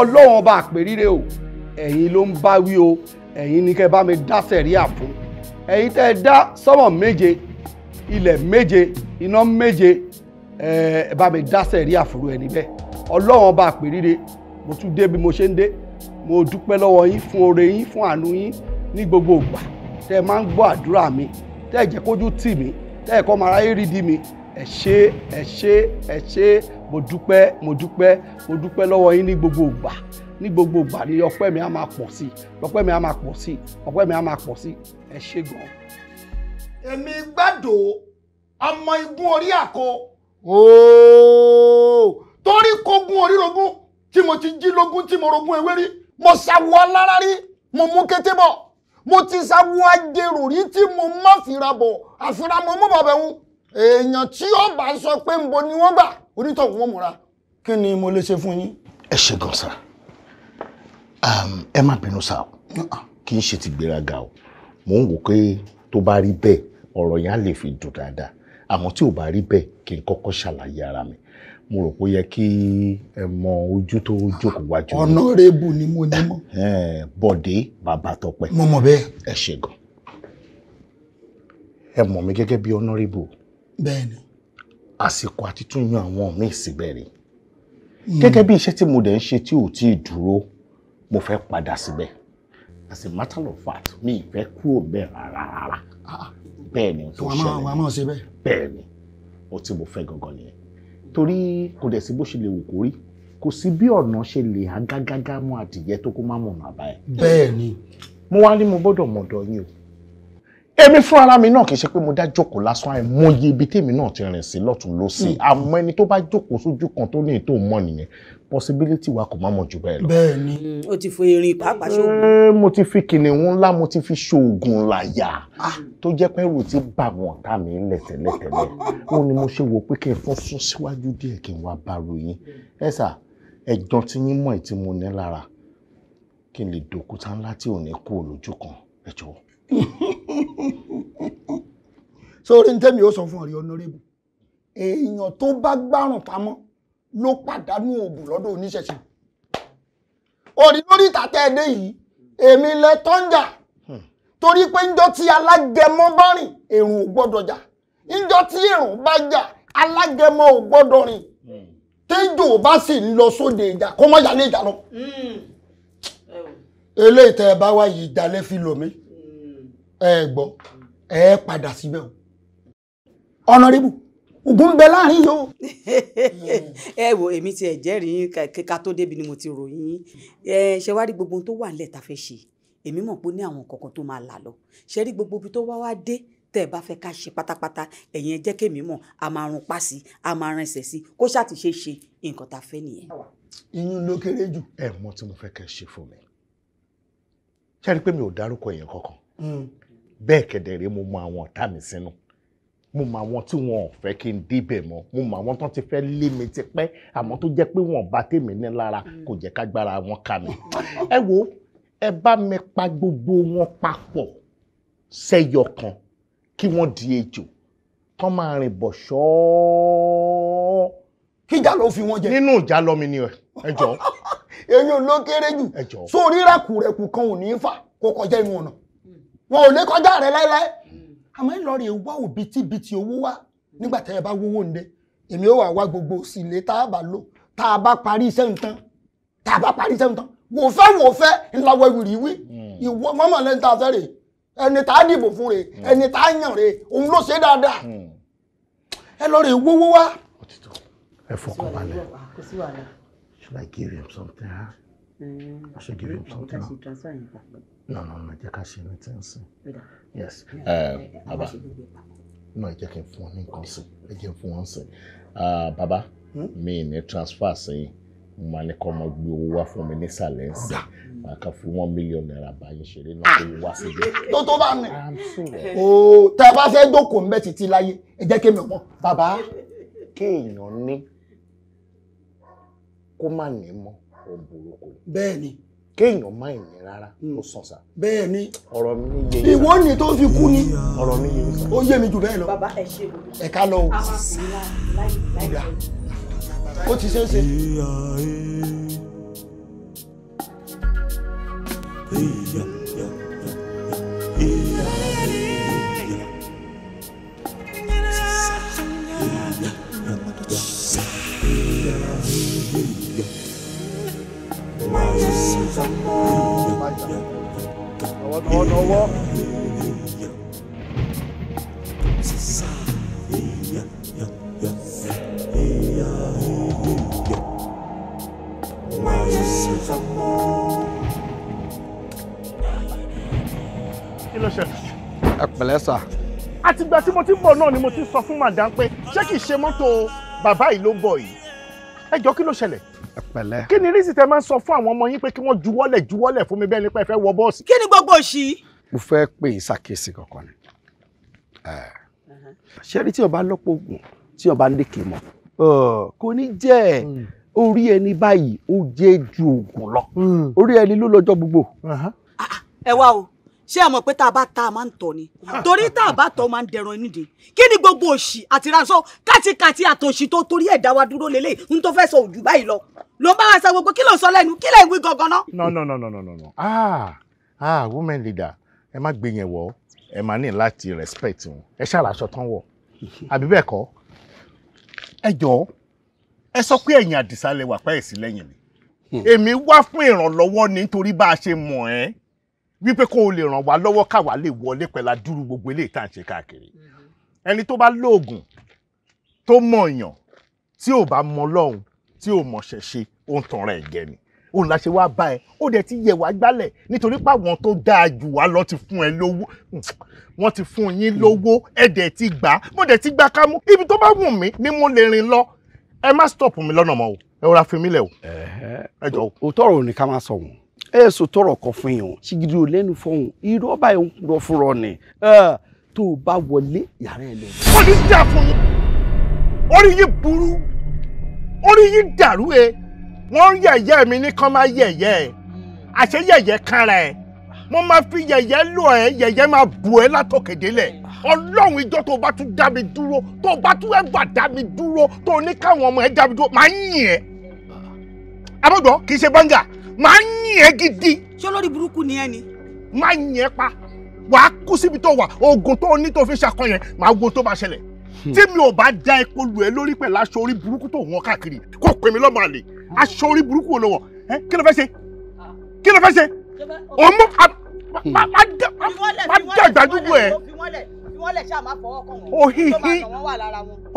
ọlọ́wọ́n bá pè ríre o ẹ̀yin ló ń bá wí o ẹ̀yin ni kẹ́ bá mi dá sẹ̀ríà fún ẹ̀yin tẹ́ ẹ dá sọ́mọ̀ méje ilẹ̀ méje iná méje ẹ bá mi dá sẹ̀ríà fúru ẹni bẹ́ẹ̀ ọlọ́wọ́n bá pè ríre mo tún dé bí mo ṣe ń dé mo dúpẹ́ lọ́wọ́ yín fún oore yín fún àánú yín ní gbogbo ìgbà tẹ́ ẹ máa ń gbọ́ àdúrà mi tẹ́ ẹ jẹ́ kójú tì mí tẹ́ ẹ kọ́ máa ráyé rídi mi ẹ ṣé ẹ ṣé ẹ ṣé mo dúpẹ́ mo dúpẹ́ mo dúpẹ́ lọ́wọ́ yín ní gbogbo ìgbà ní gbogbo ìgbà ni ọpẹ́ mi á máa pọ̀ sí ọpẹ́ mi á máa pọ̀ sí ọpẹ́ mi á máa pọ̀ sí ẹ ṣé gan. èmi gbàdò ọmọ igun orí àkó torí kogun orí rogún tí mo ti jí lógún tí mo rogún ewé rí mo ṣàwọ alára rí mo mú kété bọ̀ mo ti ṣàwọ ajérò rí tí mo má fìrà bọ̀ àfìrà mo mú bàbá ẹ̀hún èèyàn tí ó sọ pé ń ni wọ́n gbà onítọ̀hún wọn múra kí ni mo lè ṣe fún yín. ẹ ṣe gan sa um, ẹ má bínú sa uh-uh. kì í ṣe ti gbéraga o mò ń wò pé tó bá rí bẹ́ẹ̀ ọ̀rọ̀ yẹn á lè fi dùn dáadáa àmọ́ tí ò bá rí bẹ́ẹ̀ kí n kọ́kọ́ ṣàlàyé ara mi mo rò pé ó yẹ kí ẹ mọ ojú tó jókòó wájú. ọ̀nàrẹ́bù ni mo ní mọ́. bọ̀dé bàbá tọpẹ́. mo mọ̀ bẹ́ẹ̀. ẹ ṣe gan ẹ mọ̀ mi gẹ́gẹ́ bí ọ̀nàrẹ́bù. bẹ́ẹ̀ ni àsìkò àti tún yan àwọn míì síbẹ̀ rè hmm. gẹ́gẹ́ bí iṣẹ́ tí mo dẹ̀ ń ṣe tí ò tí ì dúró mo fẹ́ padà síbẹ̀ as a matter of fact mi ì fẹ́ kúrò bẹ́ẹ̀ rárá rárá ah. bẹ́ẹ̀ ni tó ṣẹlẹ̀ bẹ́ẹ̀ ni ó tí mo fẹ́ gangan nìyẹn torí kò dẹ̀ sí bó ṣe lè wù kó rí kò sí bí ọ̀nà ṣe lè há gágágá mọ́ adìyẹ tó kó má mọ̀nà àbáyé. bẹ́ẹ̀ ni. mo wá ní mo gbọ́dọ̀ mọ̀dọ̀ yín o èmi fún ara mi náà kì í ṣe pé mo dá jókòó lásán àìmọye ibi tèmi náà ti rìn sí lọ́tún ló hmm. àmọ́ ẹni tó bá jókòó sójú kan tó ní ètò mọ́ nìyẹn possibility wa kò má mọ̀ jù bẹ́ẹ̀ lọ. bẹ́ẹ̀ni hmm, o ti fo erin pàápàá ṣoògùn. Eh, mo ti fi kìnìún ńlá mo ti fi ṣoògùn làyà ah. tó jẹ́ pé ẹrù ti bà wọ́n ta mi lẹ́tẹ̀lẹ́tẹ̀lẹ́ ó ní mo ṣe wò pé kí n fún sún síwájú díẹ̀ kí n wá bá ròyìn ẹ sà ẹ̀jọ́ tí yín mọ̀ tí mo ní lára kí n lè dòkúta ńlá tí ò ní kú olójú kan ẹ̀jọ̀. <laughs> <laughs> sórí ní tẹ́mi ó sọ fún ọ̀rẹ́ ọ̀nàrẹ́bù èèyàn tó bá gbárùn pamọ́ ló pàdánù òògùn lọ́dọ̀ oníṣẹ̀ṣe orí lórí ìtàtẹ́ ẹdẹ yìí èmi lẹ tọ́njà hmm. torí pé ńjọ́ tí alágẹmọ bá rìn èrùn ò gbọ́dọ̀ jà ńjọ́ tí èrùn bá jà alágẹmọ ò gbọ́dọ̀ rìn hmm. tẹ́jọ́ bá sì ń lọ sóde ìjà kó má jà lé ìjà lọ hmm. eléyìí tẹ́ ẹ bá wá yìí ìjà lẹ́ fi lò mí ẹ gbọ́ ẹ padà síbẹ̀ o ọ̀nàrẹ́bù ògùn bẹ láàrin yìí o. <laughs> ẹ wo èmi ti ẹ̀ jẹ́rìí kíka tó débi ni mo ti ròyìn ẹ ṣe wá rí gbogbo ohun tó wà nílẹ̀ tá a fẹ́ ṣe èmi mọ̀ pé ó ní àwọn kọ̀ọ̀kan tó máa là lọ ṣe rí gbogbo ibi tó wá wá dé tẹ́ ẹ bá fẹ́ ká ṣe pátápátá ẹ̀yin ẹ jẹ́ kémi a máa run pa sí a máa ran ẹsẹ̀ sí kó ṣáà ti ṣe ṣe nǹkan tá a fẹ́ nìyẹn. iyún ló kéré jù. ẹ mọ̀ tí mo fẹ́ kẹ́ ṣe fún mi ṣe rí i pé mi ò dárúkọ èèyàn kankan hmm bẹ́ẹ̀ kẹ̀dẹ̀rẹ́ mo mọ àwọn ọ̀tá mi sínú mo mọ àwọn tí wọn ò fẹ́ kí n débẹ̀ mọ́ mo mọ àwọn tó ti fẹ́ lé mi ti pẹ́ àmọ́ tó jẹ́ pé wọn bá tèmi ní lára kò jẹ́ kágbára wọn ká mi. ẹ wo ẹ bá mi pa gbogbo wọn papọ̀ sẹ́yọ kan kí wọ́n di ejò kán máa rìn bọ̀ ṣọ́ọ́. kí ìjà ló fi wọn jẹ. nínú ìjà lọ ni ẹ jọ. èyí ò ló kéré jù sórí rákùrẹ́kù kan ò ní í fà kó kọjá inú ọ̀nà wọn ò lè kọjá rẹ láéláé hmm. àmọ́ Ìlọrin wá òbítíbitì owó wá nígbà ẹ bá wówó ń èmi ó wà wá gbogbo sílé tá a bá lò tá a bá parí iṣẹ́ nǹkan tá a bá parí iṣẹ́ nǹkan wò fẹ́ wò fẹ́ ńláwọ̀ ìwìrì wí hmm. ìwọ mọ́mọ́ lẹ́nu tá a fẹ́ rè ẹni tá a dìbò fún rè hmm. ẹni tá a yàn rè òun ló ṣe dáadáa ẹ lọ rè wówó wá. ẹ fọkàn balẹ̀ should I give him something? Huh? Mm. I should give him something. Huh? no no no jẹ́ ká ṣe ní tí eh, n yes baba náà jẹ́ kí n fún ọ ní nǹkan sí ẹ jẹ́ fún wọn sí ah, baba hmm? mi ní transfer sí mo máa ní kọ́ ọmọ gbé owó wá fún mi nísàlẹ̀ ńsìn máa kàn fún one million naira báyìí ṣeré náà ah! kó wá síbẹ̀. tó tó bá mi ooo tá a bá fẹ́ dókòó ń bẹ́ títí láyé ẹ jẹ́ kí mi mọ̀. bàbá kéèyàn ní kó má ní mọ́ òun bẹ́ẹ̀ ni kéèyàn má ì ní rárá ó hmm. sàn sá. bẹ́ẹ̀ ni ọ̀rọ̀ mi yé mi. ìwọ ni tó fi kú ni. ọ̀rọ̀ mi yé mi sàn. ó yé mi jù bẹ́ẹ̀ lọ. bàbá ẹ ṣe o. ẹ ká lọ o. ó ti ṣe é ṣe. ìyá ẹ ìyá ẹ. ọ̀nà ọwọ́. kí ló ṣẹlẹ̀. ẹ pẹ̀lẹ́ tí mo ti ń bọ̀ náà ni mo ti sọ fún màdán pé ṣé kìí ṣe mọ́tò bàbá yìí ló ń bọ̀ yìí ẹ jọ kí ló ṣẹlẹ̀ pẹ̀lẹ́. kí ni rísì tẹ máa ń sọ fún àwọn ọmọ yín pé kí wọ́n juwọ́lẹ̀ juwọ́lẹ̀ fún mi bẹ́ẹ̀ ni pé ẹ fẹ́ wọ bọ́ọ̀sì. kí ni gbogbo òṣì. mo fẹ́ pè é ṣàkíyèsí kankan ni uh-huh. ṣe rí tí ọba lọ́pọ̀ oògùn tí ọba ń lékè mọ́ kò ní jẹ́ hmm. orí ẹni báyìí ó jẹ́ ju oògùn lọ hmm. orí ẹni ló lọ́jọ́ gbogbo. Uh-huh. Ah, ah, ẹ wá o ṣé ẹ mọ̀ pé tá a bá ta a máa ń tọ̀ ni torí tá a bá tọ̀ máa ń dẹran nídìí kí ni gbogbo òṣì àti ránṣọ kátikáti àtòṣì tó torí ẹ̀dá wa dúró lélẹ̀ ń tó fẹ́ sọ òjú báyìí lọ ló ń bá wa sọ gbogbo kí ló sọ lẹ́nu kí lè wí gangan ná. no no no no no no ah ah women leader ẹ má gbé yẹn wọ ẹ má ní láti respect wọn ẹ ṣáà aṣọ tán wọ àbí bẹ́ẹ̀ kọ́ ẹ jọ ẹ sọ pé ẹ̀yìn àdìsá lẹ wà pẹ́ẹ́sì lẹ́yìn mi hmm. èmi wá fún ìrànlọ́wọ́ nítorí bá a ṣe mọ̀ ẹ́ wípé kó o lè ràn wá lọ́wọ́ káwa lè wọlé pẹ̀lú adúrú gbogbo eléyìí tá à ń ṣe káàkiri ẹni tó bá lóògùn tó mọ̀ọ̀yàn tí ò bá mọ lọ́hùn tí ò mọ̀ṣẹ̀ ṣe ó ń tanra ẹ̀ jẹ ni òun la ṣe wá bá ẹ ó dẹ̀ ti yẹ̀ wá gbálẹ̀ nítorí pé àwọn tó dáa jù wá lọ ti fún ẹ lówó wọ́n ti fún yín lówó ẹ dẹ̀ ti gbà á mo dẹ̀ ti gbà ká mú ibi tó bá wù mí ni mo lè rìn lọ ẹ má stop mi lọ́nà mọ́ o ẹ rọra fi mí lẹ̀ o ẹ jọ o. òótọ́ ọ̀rọ̀ ni ká máa sọ wọ́n ẹ sọ tọrọ kọ fún yẹn o ṣìgìdì ò lẹ́nu fọhùn irọ́ báyìí ń lọ fúnra ni tó o bá wọlé yàrá ẹ lọ. ó ní dà fún yín orí yín burú orí yín dàrú ẹ e. wọ́n yẹ̀yẹ́ mi ní kán máa yẹ̀yẹ́ ẹ àṣẹ yẹ̀yẹ́ kanra ẹ mo máa fi yẹ̀yẹ́ lò ẹ́ yẹ̀yẹ́ máa bù ẹ́ látòkè délẹ̀ ọlọ́run ìjọ tó bá tún dá mi dúró tó bá tún ẹgbà dá mi dúró tó ní káwọn ọmọ ẹ dá mi dúró máa ń yìn ẹ́ abọ́dọ̀ kì í ṣe bọ́ngà máa yìn ẹ́ gidi. ṣé olórí burúkú ni ẹ ni. máa yìn ẹ́ pa wàá kú síbi tó wà oògùn tó ní tó fi ṣàkọ yẹn máa wo tó máa ṣẹlẹ̀ hmm. tí mi ò bá já epo lù ẹ́ lórí pẹ̀lú aṣọ orí burúkú tó wọn káàkiri kò pè mí lọ́mọ àlè hmm. aṣọ orí burúkú wo ló wọ̀ ẹ́ kí ló fẹ́ ṣe kí ló fẹ́ ṣe òun má dàgbàdúgbò ẹ̀ ohihi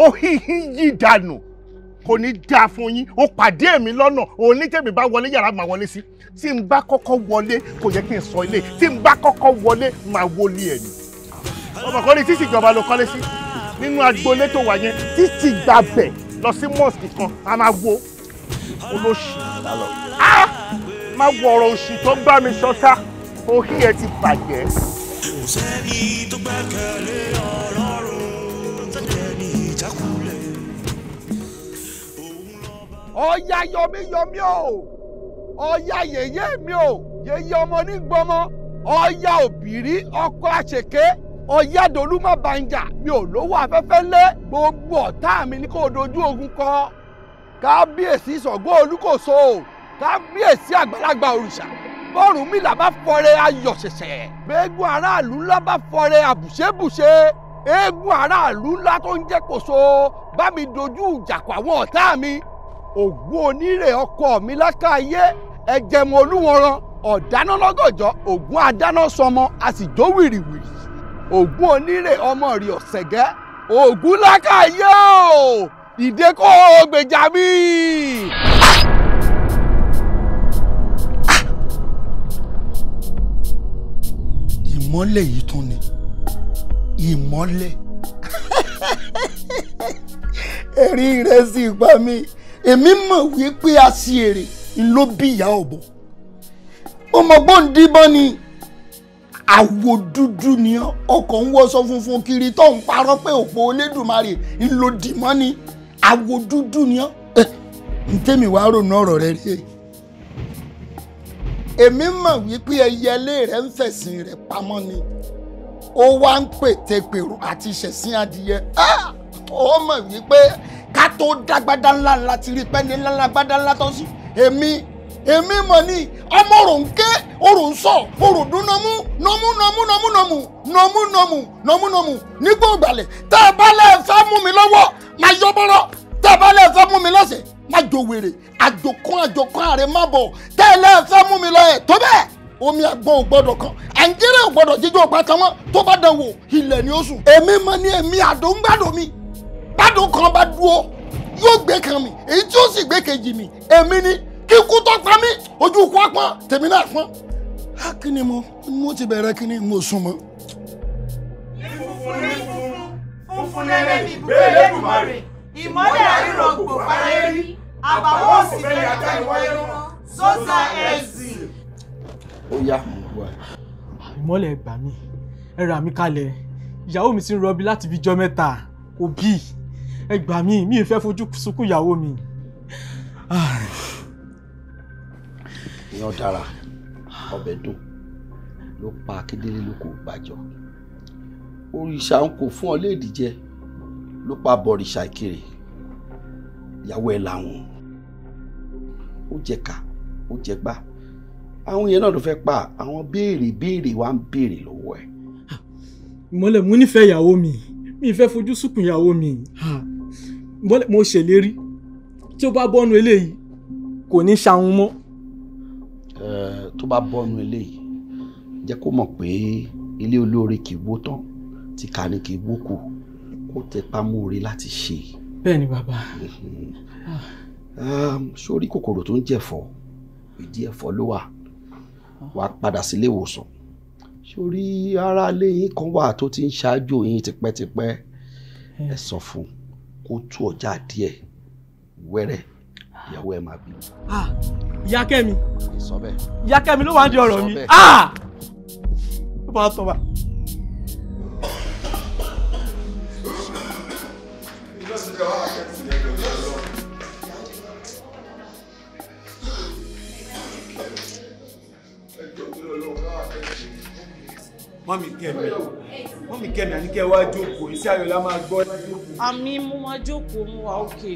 ohihi yìí dànù kò ní dáa fún yín ó pàdé èmi lọ́nà òun ní tèmi bá wọlé yàrá màá wọlé sí tí n bá kọ́kọ́ wọlé kò yẹ kí n sọ ilé tí n bá kọ́kọ́ wọlé màá wọlé ẹ̀ ni. ọmọkùnrin ní títì ìjọba ló kọ́lé sí nínú agboolé tó wà yẹn títì gbàbẹ̀ lọ sí mọ́ọ̀sì kan a máa wo olóṣì lálọ́ á máa wọ òṣì tó gbá mi ṣọ́ta òkè ẹ ti bàjẹ́. kò sẹ́ni tó gbẹ́kẹ̀lé ọ̀rọ̀ ọ̀ya yọmí yọmí o ọ̀ya yèyé mi o yèyé ọmọ nígbọmọ ọ̀ya òbírí ọkọ àṣekè ọ̀ya dolúmọ banja mi ò lówó afẹ́fẹ́ lé gbogbo ọ̀tá mi ní kò dojú ogun kọ kábíyèsí Ṣàngó Olúkòso kábíyèsí àgbàlagbà òrìṣà bọ́ọ̀rù mi là bá fọrẹ ayọ̀ ṣẹ̀ṣẹ̀ gbẹ́gun aráàlú ńlá bá fọrẹ àbùṣẹ́bùṣẹ́ eégún aráàlú ńlá tó ń jẹ́ Kòso bá mi dojú ìjà pa àwọn ọ̀tá mi ògbó onírè ọkọ mi lákàáyé ẹ̀jẹ̀mọ olúwọ̀nrán ọ̀dáná lọ́gọ̀jọ́ ògún adáná sọmọ a sì jó wìrìwìrì ògún onírè ọmọ rí ọ̀sẹ̀gẹ́ ògún lákàáyé o ìdè kó gbèjà mi. ìmọ́lẹ̀ yìí tún ni ìmọ́lẹ̀. <laughs> ẹ̀rín rẹ̀ sì pa mí èmi mọ̀ wípé a sì èrè ló bí ìyá ọ̀bọ ọmọgbọ́n díbọ́n ni àwọ̀ dúdú ni ọkọ̀ ń wọ́sọ funfun kiri tó ń parọ́ pé òpó Olódùmarè ńlòdìmọ́ ni àwọ̀ dúdú ni ọ́ ntẹ́mi wàá rònú ọ̀rọ̀ rẹ rí èmi mọ̀ wípé ẹyẹlé rẹ ń fẹ̀sìn rẹ pamọ́ ni ó wá ń pètèpèrò àti ṣẹ̀sìn adìyẹ ah! ó mọ̀ wípé ká tó dágbádá ńlá ńlá ti rí pẹ́ni ńlá ńlá gbádá ńlá tọ́ sí èmi èmi mọ̀ ni ọmọ òrò ń ké òrò ń sọ òrò dún nọmú nọmú nọmú nọmú nọmú nọmú nọmú nọmú nọmú nígbà ògbàlẹ̀ tá a bá lẹ́ẹ̀ fẹ́ mú mi lọ́wọ́ máa yọ bọ́rọ̀ tá a bá lẹ́ẹ̀ mú mi lọ́sẹ̀ má jò wèrè àjòkún àjòkún àrè má bọ̀ tá a lẹ́ẹ̀ mú mi lọ́yẹ̀ tó bẹ́ẹ̀ omi àgbọn ò gbọdọ̀ kan àǹjẹ́rẹ́ ò gbọdọ̀ jíjọ́ ọ̀pá kan mọ́ tó bá dán wò ilẹ̀ ni ó sùn èmi mọ̀ ni èmi àdó ń gbàdọ̀ mi bádùn kan bá dúró yóò gbé kan mi èyí tí ó sì gbé kejì mi èmi ni kíkú tó pa mí ojú kú apọn tèmi náà pọn. a kí ni mo mo ti bẹ̀rẹ̀ kí ni mo sún mọ́. funfun lẹ́lẹ́ ìbúgbé lẹ́dùnmọ́rẹ̀ ìmọ́lẹ̀ àríran gbò fara rí àbáwọ̀ òsì bẹ̀rẹ̀ àtà ìwọlé wọn zosa ẹ̀sì. ó yá ìmọ́lẹ̀ gbà mí ẹ rà mí kalẹ̀ ìyàwó mi ti ń rọbí láti fi jọ́ mẹ́ta kò ẹ gbà mí mi ì fẹ́ fojú sunkún ìyàwó mi. ìyàn dára ọbẹ̀ dùn ló pa akíndélé ló kò gbàjọ òrìṣà ń kò fún ọ léèdì jẹ ló pa bọ̀rìṣà ìkirè ìyàwó ẹ̀ làwọn ó jẹ̀ka ó jẹ̀gbá àwọn yẹn náà ló fẹ́ pa àwọn béèrè béèrè wa ń béèrè lọ́wọ́ ẹ̀. ìmọ̀lẹ̀ mo nífẹ̀ẹ́ ìyàwó mi mi ìfẹ́ fojú sunkún ìyàwó mi. Ha mo ṣèlérí tí ó bá bọ́nu eléyìí kò ní ṣàwọn mọ́. tó bá bọ́nu eléyìí jẹ́ kó mọ̀ pé ilé olóore kì í wó tán tí ká ní kì í wó kù kó tẹpá mọ́ọ̀rẹ́ láti ṣe. bẹ́ẹ̀ ni bàbá. sórí kòkòrò tó ń jẹ̀fọ́ ìdí ẹ̀fọ́ ló wà wà padà sílé ìwòsàn sórí aráalé yín kan wà tó ti ń ṣáájú yín tipẹ́tipẹ́ ẹ sọ fún un kó tú ọjà díẹ̀ wẹ́rẹ́ ìyàwó ẹ máa bí. Ah, ìyá kẹ́mi ìyá kẹ́mi ló wà ń di ọ̀rọ̀ mi ah! ó máa tọ́ wa. Mami, kẹ́mi wọ́n mi kẹ́mi àníkẹ́ wá jókòó iṣẹ́ ayọ̀ la máa gbọ́. àmì mo máa jókòó mo wà òkè.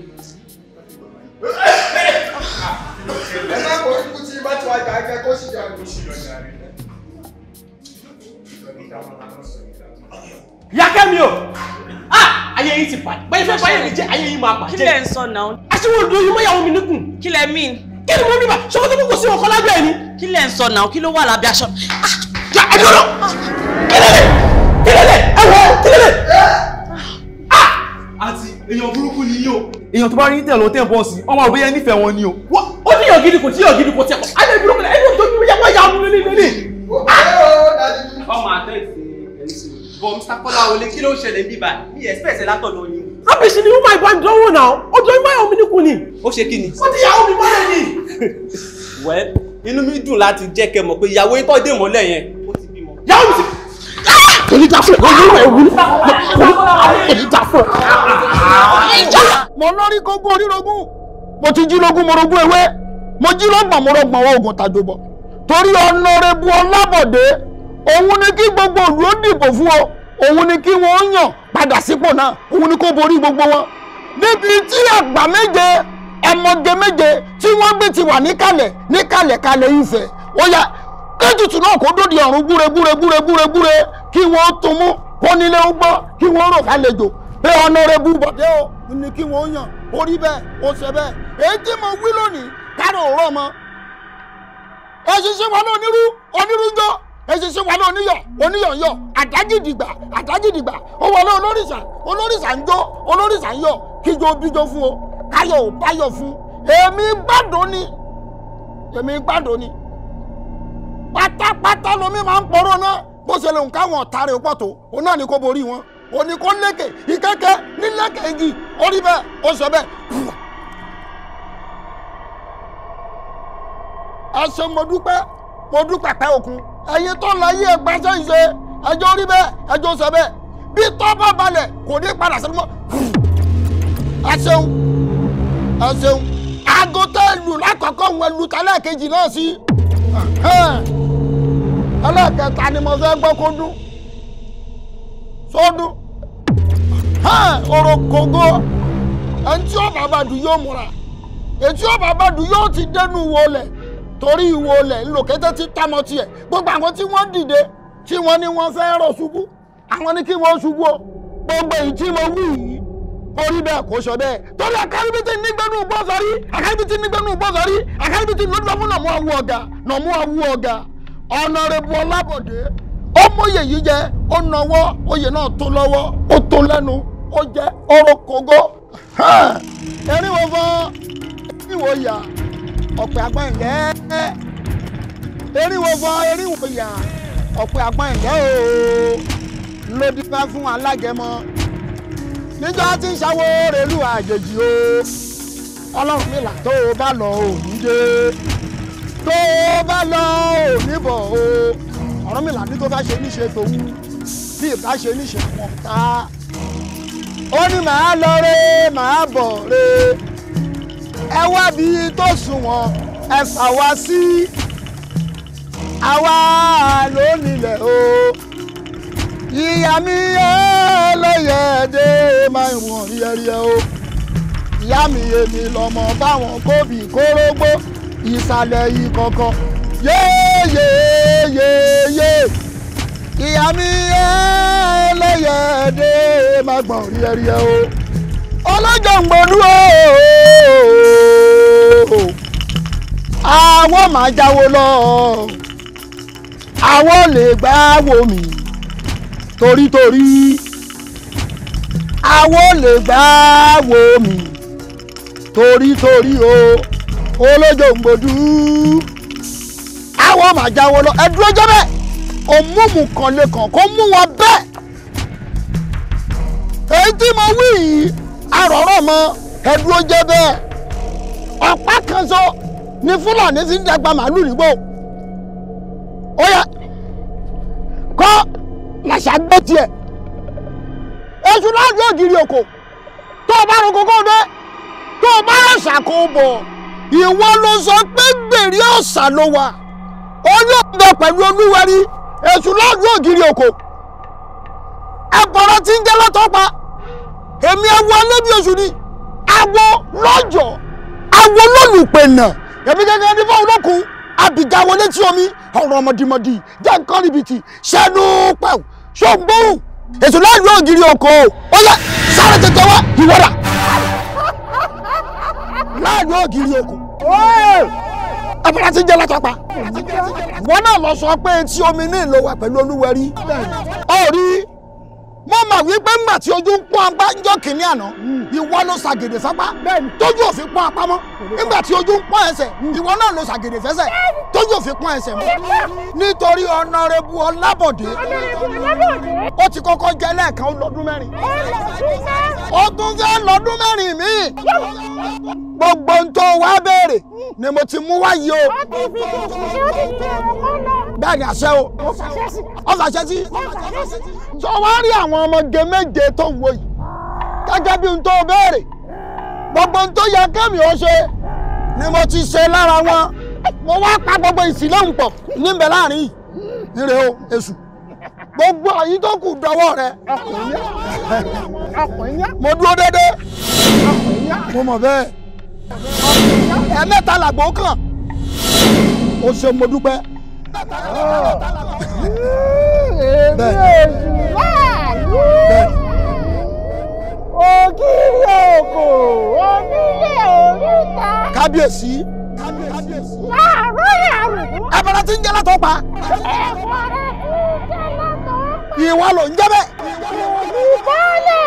ẹ má kó ikú tí bá ti wá gbà ẹgbẹ́ kó sì jà lóṣù lọ́jà rẹ̀. o! Ah! Ayé yìí ti bàjẹ́. Bẹ́ẹ̀ fẹ́ báyìí mi jẹ́ ayé yìí máa bàjẹ́. Kí lẹ̀ ń sọ náà? Aṣíwò yìí mọ́ ìyàwó mi níkùn. Kí lẹ̀ mean? Kí ni mo ní bá? Ṣé mo tó kókò sí ọkọ lábẹ́ ẹ̀ ni? Kí lẹ̀ ń sọ náà? Kí ló wà lábẹ́ aṣọ? Ah! Ẹ dúró! Ah! ọwọ́ kílẹ̀ ah! àti èèyàn burúkú ni yín o. èèyàn tó bá rí tẹ̀ lọ tẹ̀ bọ́ọ̀sì ọmọ òbí yẹn nífẹ̀ẹ́ wọn ni o. ó ní yàn gidi kò tí yàn gidi kò tí ẹ̀kọ́ ayé burúkú ẹni tó bí yẹ wọ́n yà ọ́nù lélẹ̀. ọmọ àtẹ bọ Mr. Kọ́láwọlé kí ló ń ṣẹlẹ̀ bíbá mi ẹ̀sìpẹ̀sẹ̀ látọ̀dọ̀ yín. rubbish ni woman ìbá ìdánwò náà ó jọ ìmọ̀ ẹ̀hún mi ní kun ni. ó ṣe kí ni. ó ti yàwó mi mọ́lẹ̀ ni. <laughs> wẹ́ẹ́ inú mi dùn láti jẹ́ kẹ́ mọ̀ pé ìyàwó itọ́ dé mọ́lẹ̀ yẹn ó kò ní dáfẹ́ olórí ẹ̀wù kò ní dáfẹ́. mo lórí gógó onírogún mo ti jí mo rogún ewé mo jí mo rọgbọ̀n wọ oògùn tàjọbọ̀ torí ọ̀nàrẹ́bù ọlábọ̀dé òun ni kí gbogbo òlú ó dìbò o ọ òun ni kí wọ́n yàn padà sípò náà òun ni kó borí gbogbo wọn níbi tí àgbà méje ẹmọge méje tí wọ́n gbé ti wà níkàlẹ̀ níkàlẹ̀ kalẹ̀ ìfẹ́ ó yá kéjìtì náà kó dòdì ọ̀run gbúre gbúre gbúre gbúre gbúre kí wọ́n tún mú kó nílé ń gbọ́ kí wọ́n rò kálejò pé ọ̀nàrẹ́bù bọ̀dé o ní kí wọ́n yàn orí bẹ́ẹ̀ ó ṣe bẹ́ẹ̀ èyí tí mo wí lónìí kárò òró ọmọ èṣìṣẹ́ wa náà onírú onírú jọ èṣìṣẹ́ wa náà oníyọ̀ oníyọ̀ yọ̀ àdájìdìgbà àdájìdìgbà ó wọlé olórìṣà olórìṣà ń jó olórìṣà ń yọ̀ kíjọ bíjọ fún o káyọ̀ ò báyọ̀ fún èmi gbádùn ni èmi gbádùn ni pátápátá lomi máa ń pọ̀rọ̀ náà bó ṣe lòun káwọn ọ̀tá rẹ̀ pọ̀ tó òun náà ni kò borí wọn òun ni kò lékè ìkẹ́kẹ́ ní lékè igi orí bẹ́ẹ̀ ó sọ bẹ́ẹ̀. àṣẹ mo dúpẹ́ mo dúpẹ́ pẹ́ òkun ẹ̀yin tó láyé ẹgbẹ́ ṣe ń ṣe ẹjọ́ orí bẹ́ẹ̀ ẹjọ́ sọ bẹ́ẹ̀ bí tọ́ bá balẹ̀ kò ní padà sínú mọ́. àṣẹun àṣẹun aago tẹ́ lù lákọ̀ọ́kọ́ wọn lù kejì náà sí ẹlẹ́ẹ̀kẹta ni mo fẹ́ gbọ́ kó dún sódún orokogo ẹni tí ọba àbàdù yóò múra ètí ọba àbàdù yóò ti dẹnu wọlé torí ìwọlé ńlòkété ti tamọ tiẹ̀ gbogbo àwọn tí wọ́n dìde tí wọ́n ní wọ́n fẹ́ rọ̀ ṣubú àwọn ní kí wọ́n ṣubú o gbogbo èyí tí mo wí yìí ó rí bẹ́ẹ̀ sọ bẹ́ẹ̀ torí àkàríbìtì nígbẹ́nu gbọ́sọ̀rí àkàríbìtì nígbẹ́nu gbọ́sọ̀rí àkàríbìtì lọ́dún lọ́mú nàmú àwú ọ̀gá nàmú àwú ọ̀gá ọ̀nàrẹ́bù ọlábọ̀dé ó mọ̀yè yìí jẹ ó nawọ́ oyè náà tó lọ́wọ́ ó tó lẹ́nu ó jẹ ọrọ̀ kógó erin wo fọ́ erin wo yà ọ̀pẹ̀ àgbọn ìyẹ́ erin wo fọ́ erin wo yà ọ̀pẹ̀ àgbọn ìyẹ́ ooo ló dípá fún alágẹmọ níjọ́ tí ń ṣàwọ́ rèlú àjèjì o ọlọ́run mi là bá lọ òní dé tó bá lọ ò níbọ̀ o Ọ̀rúnmìlà ní tó bá ṣe níṣe tòun bí ìbá ṣe níṣe wọn ta ó ní màá lọ re màá bọ̀ re ẹ wá bí tó sunwọ̀n ẹ fà wá sí àwa ló nílẹ̀ o ìyá mi ọlọ́yẹ̀dẹ́ máa ń wọ̀n yẹ̀rẹ̀ o ìyá mi èmi lọ́mọ báwọn kóbì kórógbó ìsàlẹ̀ yìí kankan yéyéyéyé ìyá mi ẹlẹ́yẹ̀dẹ́ má gbọ̀n rí ẹrí ẹ o ọlọ́jọ̀ngbọ̀nú o àwọn máa jáwó lọ àwọn lè gbá wo mi torítorí àwọn lè gbá wo mi torítorí o olójòǹgbòdú àwọn máa jáwọ́ lọ ẹ dúró jẹ́ bẹ́ẹ̀ òmùmù kan lẹ́kàn kó mú wọn bẹ́ẹ̀ èyí tí mo wí yìí arọ̀rọ̀ mọ ẹ dúró jẹ́ bẹ́ẹ̀ ọ̀pá kan so ni fúlàní fi ń dàgbà màálù nígbò ó yẹ kọ́ làṣà gbé tiẹ̀ èṣù náà yóò oko tó o bá ro kókó dé tó o bá rẹ̀ ṣàkóbọ̀ ìwọ ló sọ pé gbèrè ọ̀sà ló wà ó ní ọ̀dọ̀ pẹ̀lú olúwẹ̀rí èṣù lọ́dún ògiri òkò ẹ̀pọ̀rọ̀ ti ń jẹ́ lọ́tọ́pa èmi awo alẹ́bí oṣù ni awo lọ́jọ́ awo lọ́lùpẹ̀nà èmi gẹ́gẹ́ ní fáwọn olókùn abìjà wọlé tí omi ọ̀rọ̀ ọmọdìmọ̀dì jẹ́ nǹkan rìbìtì ṣẹ́nu pẹ̀wù ṣògbóhùn èṣù lọ́dún ògiri òkò ó yẹ sáré tètè wá ìwọ́dà láàrin ògiri òkò abala ti jẹ́ látọ́pa wọn náà lọ sọ pé etí omi ní ìlò wa pẹ̀lú olúwẹ̀rí ọ̀rí mo mà wípé ńgbà tí ojú ń pọ́n apá ńjọ́ kìíní àná ìwọ ló ṣàgèdè sápá tójú òfin pọ́n apá mọ́ ńgbà tí ojú ń pọ́n ẹsẹ̀ ìwọ náà ló ṣàgèdè fẹsẹ̀ tójú òfin pọ́n ẹsẹ̀ mọ́ nítorí ọ̀nàrẹ́bù ọlábọ̀dé ó ti kọ́kọ́ jẹ́ lẹ́ẹ̀kan lọ́dún mẹ́rin ó tún fẹ́ lọ́dún mẹ́rin míì gbogbo ohun tó wá béèrè ni mo ti mú wáyé o. ó ti fi kèsì ṣé ó ti tẹ ọkọ náà. bẹ́ẹ̀ ni àṣẹ o. ó ṣàṣẹ sí. ó ṣàṣẹ sí. ó ṣàṣẹ sí. sọ wá rí àwọn ọmọge méje tó ń wo yìí gẹ́gẹ́ bí ohun tó béèrè gbogbo ohun tó yẹ kẹ́mi ó ṣe ni mo ti ṣe lára wọn mo wá pa gbogbo ìsìlẹ̀hùn pọ̀ níbẹ̀ láàrin yìí ire o èṣù gbogbo àyín tó kù dọwọ́ rẹ. mo dúró déédéé mo mọ̀ bẹ́ẹ̀ ẹ mẹ́ta làgbó kàn ó ṣe mo dúpẹ́. ògiri òkò onílé oríta. kábíyèsí. láàárọ̀ yàrá. abala tí ń jẹ́ látọ̀ pa. ẹ̀fọ́ rẹ̀ ń jẹ́ látọ̀. ìwà ló ń jẹ́ bẹ́ẹ̀. ìbálẹ̀ ló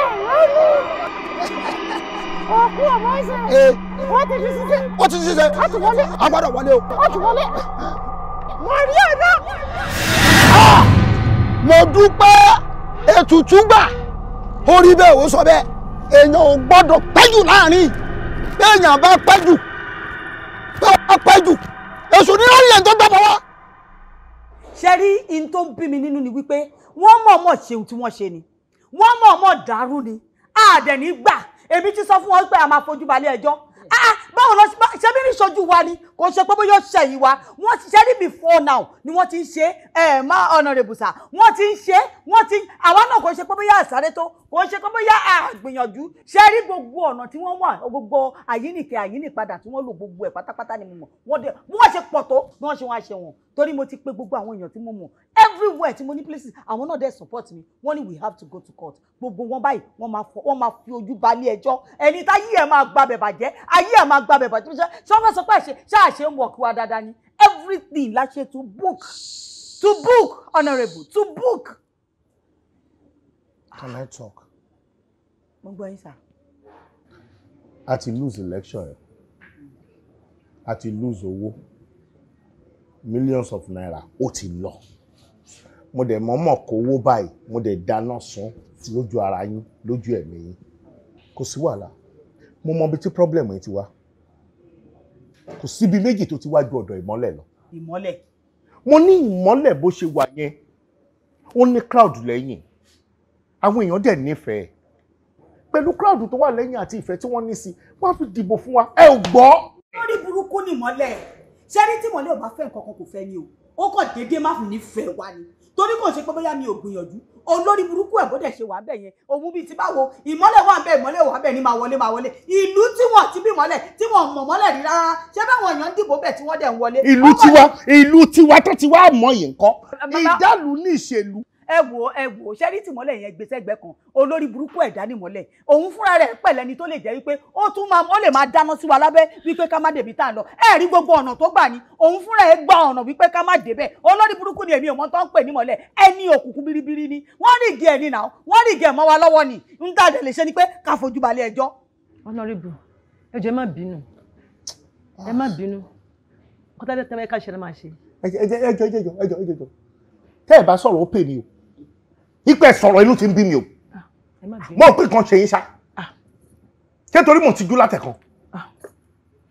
òkú ti ti ṣiṣẹ. a ti wọlé. a gbọ́dọ̀ wọlé o. a ti wọlé. wọ́n rí ah! mo dúpẹ́ ètùtù gbà orí bẹ́ẹ̀ ò sọ bẹ́ẹ̀ èèyàn ò gbọ́dọ̀ pẹ́jù láàrin béèyàn bá pẹ́jù bá bá pẹ́jù èṣù ní ọ̀lẹ̀ tó gbà bọ̀ wá. ṣe rí in tó ń bí mi nínú ni wípé wọ́n mọ̀ọ́mọ̀ ṣeun tí wọ́n ṣe ni wọ́n mọ̀ọ́mọ̀ dàrú ni àdẹ̀ nígbà èmi ti sọ fún wọn pé a máa fojú balẹ̀ ẹjọ́ ah, báwo lọ ṣe bí níṣojú wa ni kò ṣe pé bóyá ṣẹ̀yìn wa wọ́n ti ṣe ní before now ni wọ́n ti ń ṣe ẹ̀ má ọ̀nà rèbùsà wọ́n ti ń ṣe wọ́n ti àwa náà kò ṣe pé bóyá àsáré tó kò ṣe kó bóyá àgbìyànjú ṣe rí gbogbo ọ̀nà tí wọ́n wà gbogbo àyíníkẹ́ àyínípadà tí wọ́n lò gbogbo ẹ̀ pátápátá ni mo mọ̀ wọ́n dẹ̀ bí wọ́n ṣe pọ̀ tó bí wọ́n ṣe wọ́n ṣe wọ̀n torí mo ti pe gbogbo àwọn èèyàn tí mo mọ̀ everywhere tí mo ní places àwọn náà dẹ̀ support mi wọ́n ní we have to go to court gbogbo wọn báyìí wọ́n máa fi ojú balẹ̀ ẹjọ́ ẹni táyé ẹ̀ máa gba bẹ̀bà jẹ́ ayé ẹ̀ máa gba bẹ̀bà jẹ́ sọ́fẹ́ sọ pé ṣáà ṣe ń wọ̀ kí wa dáadáa ni everything la ṣe to book to book honourable to book Can I talk? Mo gbọ́ yín sà. A ti lose election yẹn. A ti lose owó. Millions of naira ó ti lọ. Mo dẹ̀ mọ̀ọ́mọ̀ kó owó báyìí, mo dẹ̀ dáná sun lójú ara yín, lójú ẹ̀mí yín. Kò sí wàhálà. Mo mọ ibi tí problem yẹn ti wá. Kò síbi méjì tó ti wá ju ọ̀dọ̀ ìmọ́lẹ̀ lọ. Ìmọ́lẹ̀. Mo ní ìmọ́lẹ̀ bó ṣe wà yẹn. Ó ní cloud lẹ́yìn àwọn èèyàn dẹ̀ nífẹ̀ẹ́ pẹ̀lú kíláàdù tó wà lẹ́yìn àti ìfẹ́ tí wọ́n ní sí wọ́n á fi dìbò fún wa ẹ ò gbọ́. lórí burúkú ni mọ́lẹ̀ ṣé rí tí mọ́lẹ̀ ò bá fẹ́ nǹkan kan kò fẹ́ ni o ó kàn déédéé má fi nífẹ̀ẹ́ wa ni torí kò ṣe pé bóyá mi ò gbìyànjú olórí burúkú ẹ̀ bóde ṣe wà bẹ́ẹ̀ yẹn òun bíi ti báwo ìmọ́lẹ̀ wà bẹ́ẹ̀ ìmọ́lẹ̀ wà bẹ́ẹ̀ ni máa wọlé máa wọlé ìlú tí wọ́n ti bí mọ́lẹ̀ tí wọ́n mọ̀ mọ́lẹ̀ rí rárá ṣé báwọn èèyàn ń dìbò bẹ́ẹ̀ tí wọ́n dẹ̀ ń wọlé. ìlú tiwa ìlú tiwa tó ti wá mọ̀ yìí nǹkan ìdálù ní ìṣèlú ẹ wò ó ẹ wò ó ṣẹ́rí tìmọ́lẹ̀ yẹn gbèsè ẹgbẹ́ kan olórí burúkú ẹ̀dá nìmọ́lẹ̀ òun fúnra rẹ̀ pẹ̀lẹ́ ni tó lè jẹ́ wípé ó tún máa ó lè máa dáná sí wa lábẹ́ wípé ká má débi tá à ń lọ ẹ rí gbogbo ọ̀nà tó gbà ní òun fúnra ẹ gba ọ̀nà wípé ká má débẹ̀ olórí burúkú ni èmi ò mọ tó ń pè nímọ́lẹ̀ ẹni òkùnkùn biribiri ni wọ́n rìgì ẹ̀ nínà wọ́n rìgì ẹ̀ mọ́ wa lọ́wọ́ ni ń dàdẹ̀ lè ṣe ni pé ká fojú balẹ̀ ẹjọ́. ọlọ́rìbù ẹ jẹ́ má bínú ẹ má bínú kọ́tà tẹ́tẹ́ ká ṣe é má ṣe. ẹ jọ ẹ jọ ẹ jọ ẹ jọ ẹ jọ tẹ́ bá sọ̀rọ̀ ó pè ní o ipẹ sọ̀rọ̀ inú ti ń bí mi o ah, mo pè kan ṣe yín ṣá ah. ṣé torí mo ti jú látẹ̀kan ah.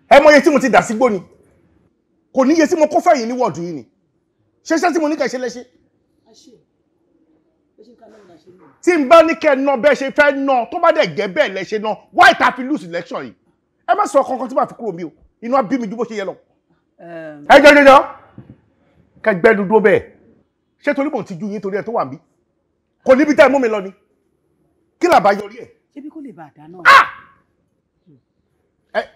ẹ mọ iye tí mo ti dà sígbó ni kò níye tí mo kó fẹ̀yìn ní wọ̀ọ̀dù yìí ni ṣé ṣé tí mo ní kẹ́ ṣe lẹ́ṣẹ́ tí n bá ní kẹ́ ná bẹ́ẹ̀ ṣe fẹ́ ná tó bá dẹ̀ gẹ́ bẹ́ẹ̀ lẹ́ṣẹ́ ná wá ìta fi lose election yìí ẹ má sọ kankan tí màá fi kúrò mi o inú bí mi ju bó ṣe yẹ lọ ẹ jọjọjọ kẹgbẹ́ dúdú bẹ́ẹ̀ ṣé torí mo ti ju yín torí ẹ tó wà mí kò níbi tẹ́ ẹ mú mi lọ ni kí làbá yọrí ẹ̀. ṣebí kò lè bá àdáná. Ah!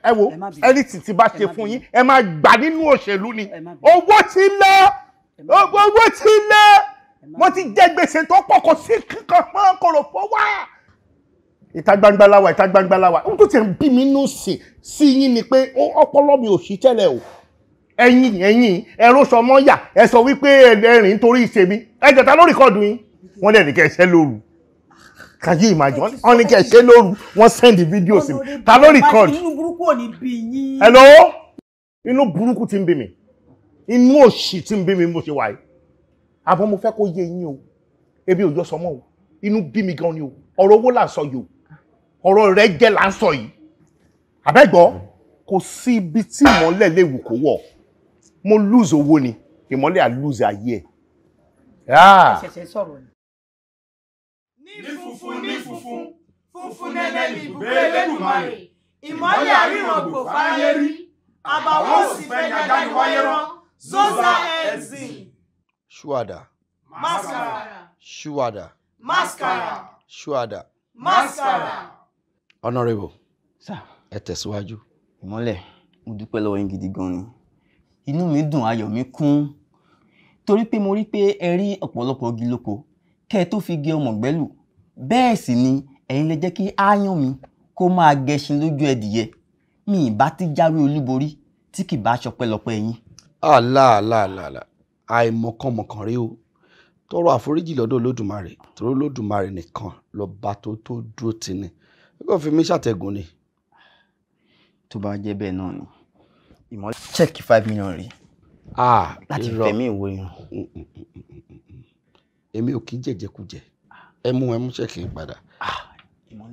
ẹ wo anything tí bá ṣe fún yín ẹ máa gbà nínú òṣèlú ni owó ti lọ owó ti lọ wọ́n ti jẹ gbèsè tó pọ̀ kò sí kankan mọ́ kòrò fọwọ́ ìta gbangba la ìta gbangba la wà ó ti bí mi nù sí sí yín ni pé ọpọlọ mi ò sí tẹ́lẹ̀ o ẹ̀yin ẹ̀yin ẹ̀rọ sọmọ́yà ẹ sọ wípé ẹ̀rìn nítorí ìṣèmi ẹ̀jẹ̀ ta ló rìkọ́ọ̀dù yín wọ́n dẹ̀ ní kẹ́ ẹ ṣẹ́ lóru can you imagine wọ́n ní kẹ́ ẹ ṣẹ́ lóru wọ́n send video sí mi ta ló record hello inú burúkú ti ń bí mi inú òṣì ti ń bí mi mo ṣe wà yìí àbọ̀ mo fẹ́ kó yé yín o ebi ò yọ sọmọ o inú bí mi gan ni o ọ̀rọ̀ owó là ń sọ yìí o ọ̀rọ̀ rẹ̀ jẹ́ là ń sọ yìí àbẹ́gbọ́ kò sí ibi tí ìmọ́lẹ̀ lè wù kó wọ̀ mo lose owó ni ìmọ́lẹ̀ à lose ayé ẹ̀ ṣẹ̀ṣẹ̀ sọ̀rọ̀ ni. ní funfun ní funfun funfun nẹ́nẹ́ ní ibùgbé Elédùmarè ìmọ́lẹ̀ àríwọ̀n gbò fáyé rí àbàwọ́ sì fẹ́ yàgá ni wáyé rán zosa ẹ̀sìn. ṣùwàdà. mascara. ṣùwàdà. mascara. ṣùwàdà. mascara. honourable ẹ tẹ̀síwájú. ìmọ́lẹ̀ mo dúpẹ́ lọ́wọ́ yín gidi gan-an ni inú mi dùn ayọ̀ mi kún torí pé mo rí pé ẹ rí ọ̀pọ̀lọpọ̀ igi lóko kẹ́ ẹ tó fi gé ọmọ gbẹ́lù bẹ́ẹ̀ sì ni ẹ̀yin lè jẹ́ kí ááyán mi kó máa gẹṣin lójú ẹdìyẹ mi ì bá ti jáwé olúborí tí kì bá ṣọpẹ́lọpẹ́ yín. aláàláàlá àìmọ̀kànmọ̀kàn rí o tọrọ àforíjì lọ́dọ̀ olódùmarè tọrọ olódùmarè nìkan lọba tó tó dúró tì ní kó fi mí ṣàtẹ̀gùn ni. tó bá jẹ́ bẹ́ẹ̀ náà ni ìmọ̀lẹ́ check five million Ah, láti fẹ̀mí ìwo irun. èmi ò kí ń jẹjẹkújẹ ẹ mú ẹ mú ṣẹ́kì padà ah,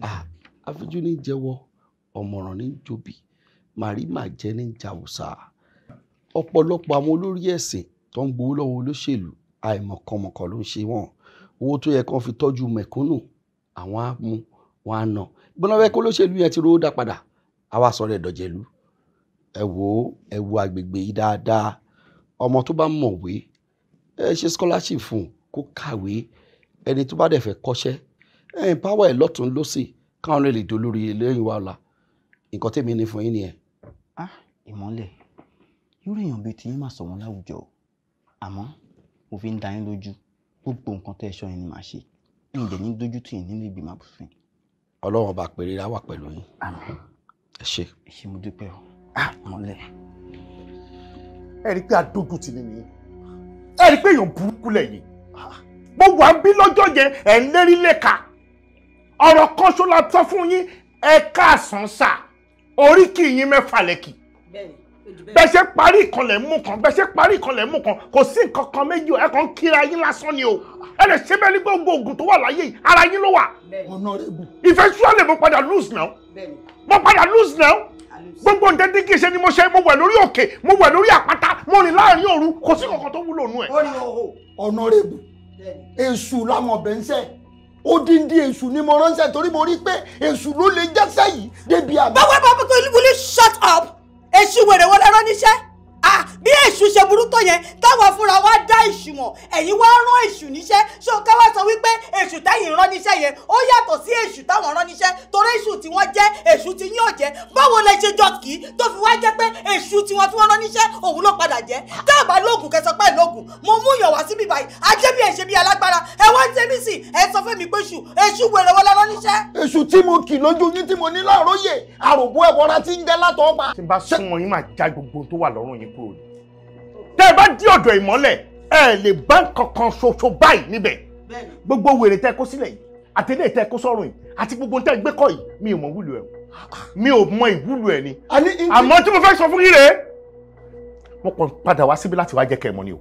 ah, afijù ní jẹ́wọ́ ọ̀mọ̀ràn ní jobi màrímà jẹ́ ní jàùsà ọ̀pọ̀lọpọ̀ àwọn olórí ẹ̀sìn tó ń gbowó lọ́wọ́ olóṣèlú àìmọ̀kànmọ̀kàn ló ń ṣe wọ́n owó tó yẹ kán fi tọ́jú mẹ̀kúnnù àwọn á mú wọn á nà gbọ́dọ̀ kó olóṣèlú yẹn ti rówó dá padà àwa sọ̀rọ̀ ẹ̀dọ̀jẹ̀lú ẹ wò ẹ wo agbègbè yìí dáadáa ọmọ tó bá mọ̀wé ẹ ṣe scholarship fún kó kàwé ẹni tó bá dẹ̀ fẹ́ kọ́ṣẹ́ ẹ empower ẹ lọ́tún lọ́sì káwọn lè dolórí lẹ́yìn wa ọ̀la nǹkan tèmi ní fún yín nìyẹn. ah ìmọ̀lẹ̀ irú èèyàn bíi tiyín máa sọ wọn láwùjọ àmọ́ mo fi ń da yín lójú gbogbo nǹkan tẹ́ ẹ sọ yẹn ni màá ṣe ẹ̀yìn dẹ̀ ní dójú tì yín nílé ìgbìmọ̀ àbùsùn. ọlọ́run ọba péré ra wà pẹ̀lú yín. àmín ẹ ṣé. ẹ ṣé mo dúpẹ́ o. ah ìmọ̀lẹ̀ ẹ rí i pé adójú ti ní nìyí ẹ rí i pé èèyàn burúkú lẹ́yìn mo wà ń bí lọ́jọ́ yẹn ẹ̀ ń lérí lẹ́ka ọ̀rọ̀ kan ṣó la tọ́ fún yín ẹ káàsán sà oríkì yín mẹ́fà lẹ́kì bẹ́ẹ̀ ṣe parí ìkànlẹ̀ mú kan bẹ́ẹ̀ ṣe parí ìkànlẹ̀ mú kan kò sí nǹkan kan méjì o ẹ kàn ń kíra yín lásán ni o ẹ lè ṣe bẹ́ẹ̀ ní gbogbo oògùn tó wà láyé yìí ara yín ló wà ìfẹ́ sùn lè mo padà lose now mo padà lose now gbogbo nǹkan tí kìí ṣe ni mo ṣe mo wẹ̀ lórí òkè mo wẹ̀ lórí àpáta mo rìn láàrin òru kò sí kankan tó wúlò nù ẹ̀. ó ní ọ̀hún ọ̀nà rẹ̀bù èṣù làwọn ọ̀bẹ ń sẹ́ odindi èṣù ni mo ránṣẹ́ torí mo rí pé èṣù ló lè jẹ́sẹ̀ yìí débi àbá. báwo bá bá wọlé shut up èṣù wèrè wọlé rán ah bí èṣù ṣe burú tó yẹn táwọn fúnra wa dá èṣù mọ̀ ẹ̀yin wá rán èṣù níṣẹ́ ṣé o káwá sọ wípé èṣù táyìn rán níṣẹ́ yẹn ó yàtọ̀ sí èṣù táwọn rán níṣẹ́ torí èṣù tí wọ́n jẹ́ èṣù tí yín ò jẹ́ báwo lẹ ṣe jọ kì tó fi wá jẹ́ pé èṣù tí wọ́n tí wọ́n rán níṣẹ́ òun ló padà jẹ́ tá a bá lóògùn kẹsọ pé lóògùn mo mú yàn wá síbi báyìí ajé bí èṣe bí alágbára ẹ wá ń ṣe mí sí ẹ sọ fún mi pé èṣù èṣù wèrè wọlé rán níṣẹ́. èṣù tí mo kì lójú yín tí mo ní láàróyè àròbó ẹ̀bọra ti ń jẹ́ látọ̀ ọ̀pá. tí good. tẹ́ ẹ bá dí ọ̀dọ̀ ìmọ́lẹ̀ ẹ lè bá kankan ṣoṣo báyìí níbẹ̀ gbogbo wèrè tẹ́ kó sílẹ̀ yìí àtẹlẹ tẹ́ kó sọ́rùn yìí àti gbogbo tẹ́ gbé kọ́ yìí mi ò mọ wúlò ẹ̀ mi ò mọ ìwúlò ẹ̀ ni àmọ́ tí mo fẹ́ sọ fún yín rèé mo kàn padà wá síbi láti wá jẹ́ kẹ́ ẹ mọ̀ ni o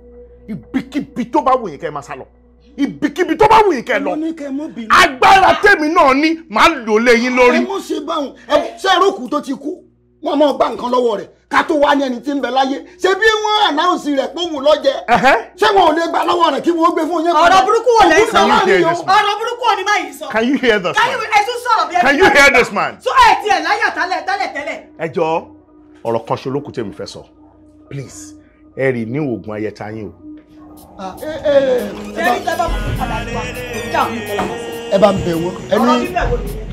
ibikíbi tó bá wù yín kẹ́ ẹ máa sá lọ ibikíbi tó bá wù yín kẹ́ ẹ lọ agbára tèmi náà ní màá lò lé yín lórí. ẹ mọ̀ ṣe báwọn ẹ ṣe é rókù tó ti kú wọ́n máa gba nǹkan lọ́wọ́ rẹ̀ ká tó wá ní ẹni tí ń bẹ láyé ṣé bí wọ́n ànáùnsì rẹ̀ póhùn lọ́jẹ́ ṣé wọn ò lè gba lọ́wọ́ rẹ̀ kí wọ́n gbé fún yẹn. ọ̀rọ̀ burúkú wò lè sọ ọ̀rọ̀ burúkú wò ní báyìí sọ. can you hear this man. can you hear this man. so ẹ tiẹ̀ láyà tálẹ̀ tẹ́lẹ̀ tẹ́lẹ̀. ẹ jọ ọ̀rọ̀ kan ṣe olókùn tèmi fẹ́ sọ please ẹ rí ní oògùn ayẹta yín o. Ah, eh, eh, eh, ẹ bá ń bẹ̀ wọ́n ẹni.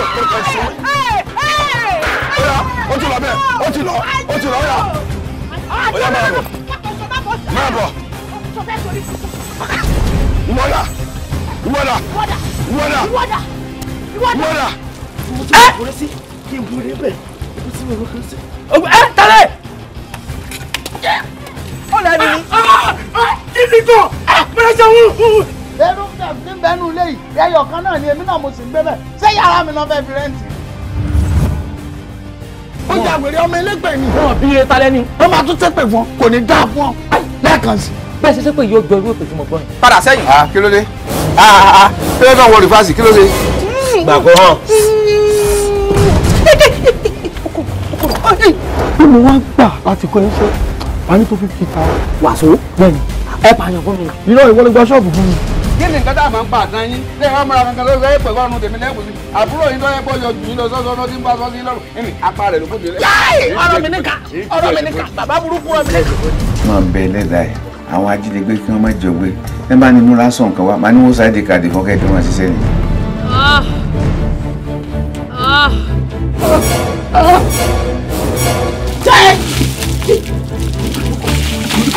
ẹ̀sùn. lọ bẹ́ẹ̀ ó lọ ó lọ ó yá máa bọ̀ máa bọ̀ wọ́dà wọ́dà wọ́dà wọ́dà wọ́dà. ẹ tẹ̀lé ọ̀la ni. ibi tó mẹ́rẹ̀ẹ́sẹ̀ wù ẹrú ní bẹnu ilé yìí ẹyọ kan náà ni èmi náà mo sì ń gbé bẹ̀ ṣé yàrá mi náà fẹ́ẹ́ fi rẹ́ǹtì. ó jà wèrè ọmọ ẹlẹgbẹ́ ni. wọn bí ire talẹ ni. wọn máa tún tẹpẹ fún ọ kò ní dáa fún ọ lẹ́ẹ̀kan sí. bẹ́ẹ̀ ṣe sẹpẹ yóò gbọ́ irú òpè tí mo gbọ́ yìí. padà sẹ́yìn. a ah, kí ló dé ah, ah, kí ló dé wọ rìfásì kí ló dé. gbàgbọ́ hàn. bí mo wá gbà láti kọ́ ẹ́ sẹ́ wà ní tó fi fi ta. wàásù bẹ́ẹ̀ ni ẹ pààyàn gómìnà. irọ́ ìwọlé gba fún mi kí ni nǹkan tá a máa ń pa àtàn yín lè wá múra kankan lọ́sọ̀ ẹ̀ pẹ̀lú ọ̀run tèmi lẹ́kùn sí àbúrò yín lọ́yẹ́ pọ̀ yọ yín lọ sọ́sọ́ lọ́sí ń bá sọ́sí lọ́rùn ẹ̀mí apá rẹ̀ ló kó jẹ. ọ̀rọ̀ mi nìkan ọ̀rọ̀ mi nìkan bàbá burúkú ọ̀rọ̀ mi nìkan. máa bẹ ẹlẹ́dàá ẹ̀ àwọn ajínigbé kí wọ́n má jọgbé ẹ bá ní múra sọ nǹkan wa máa ní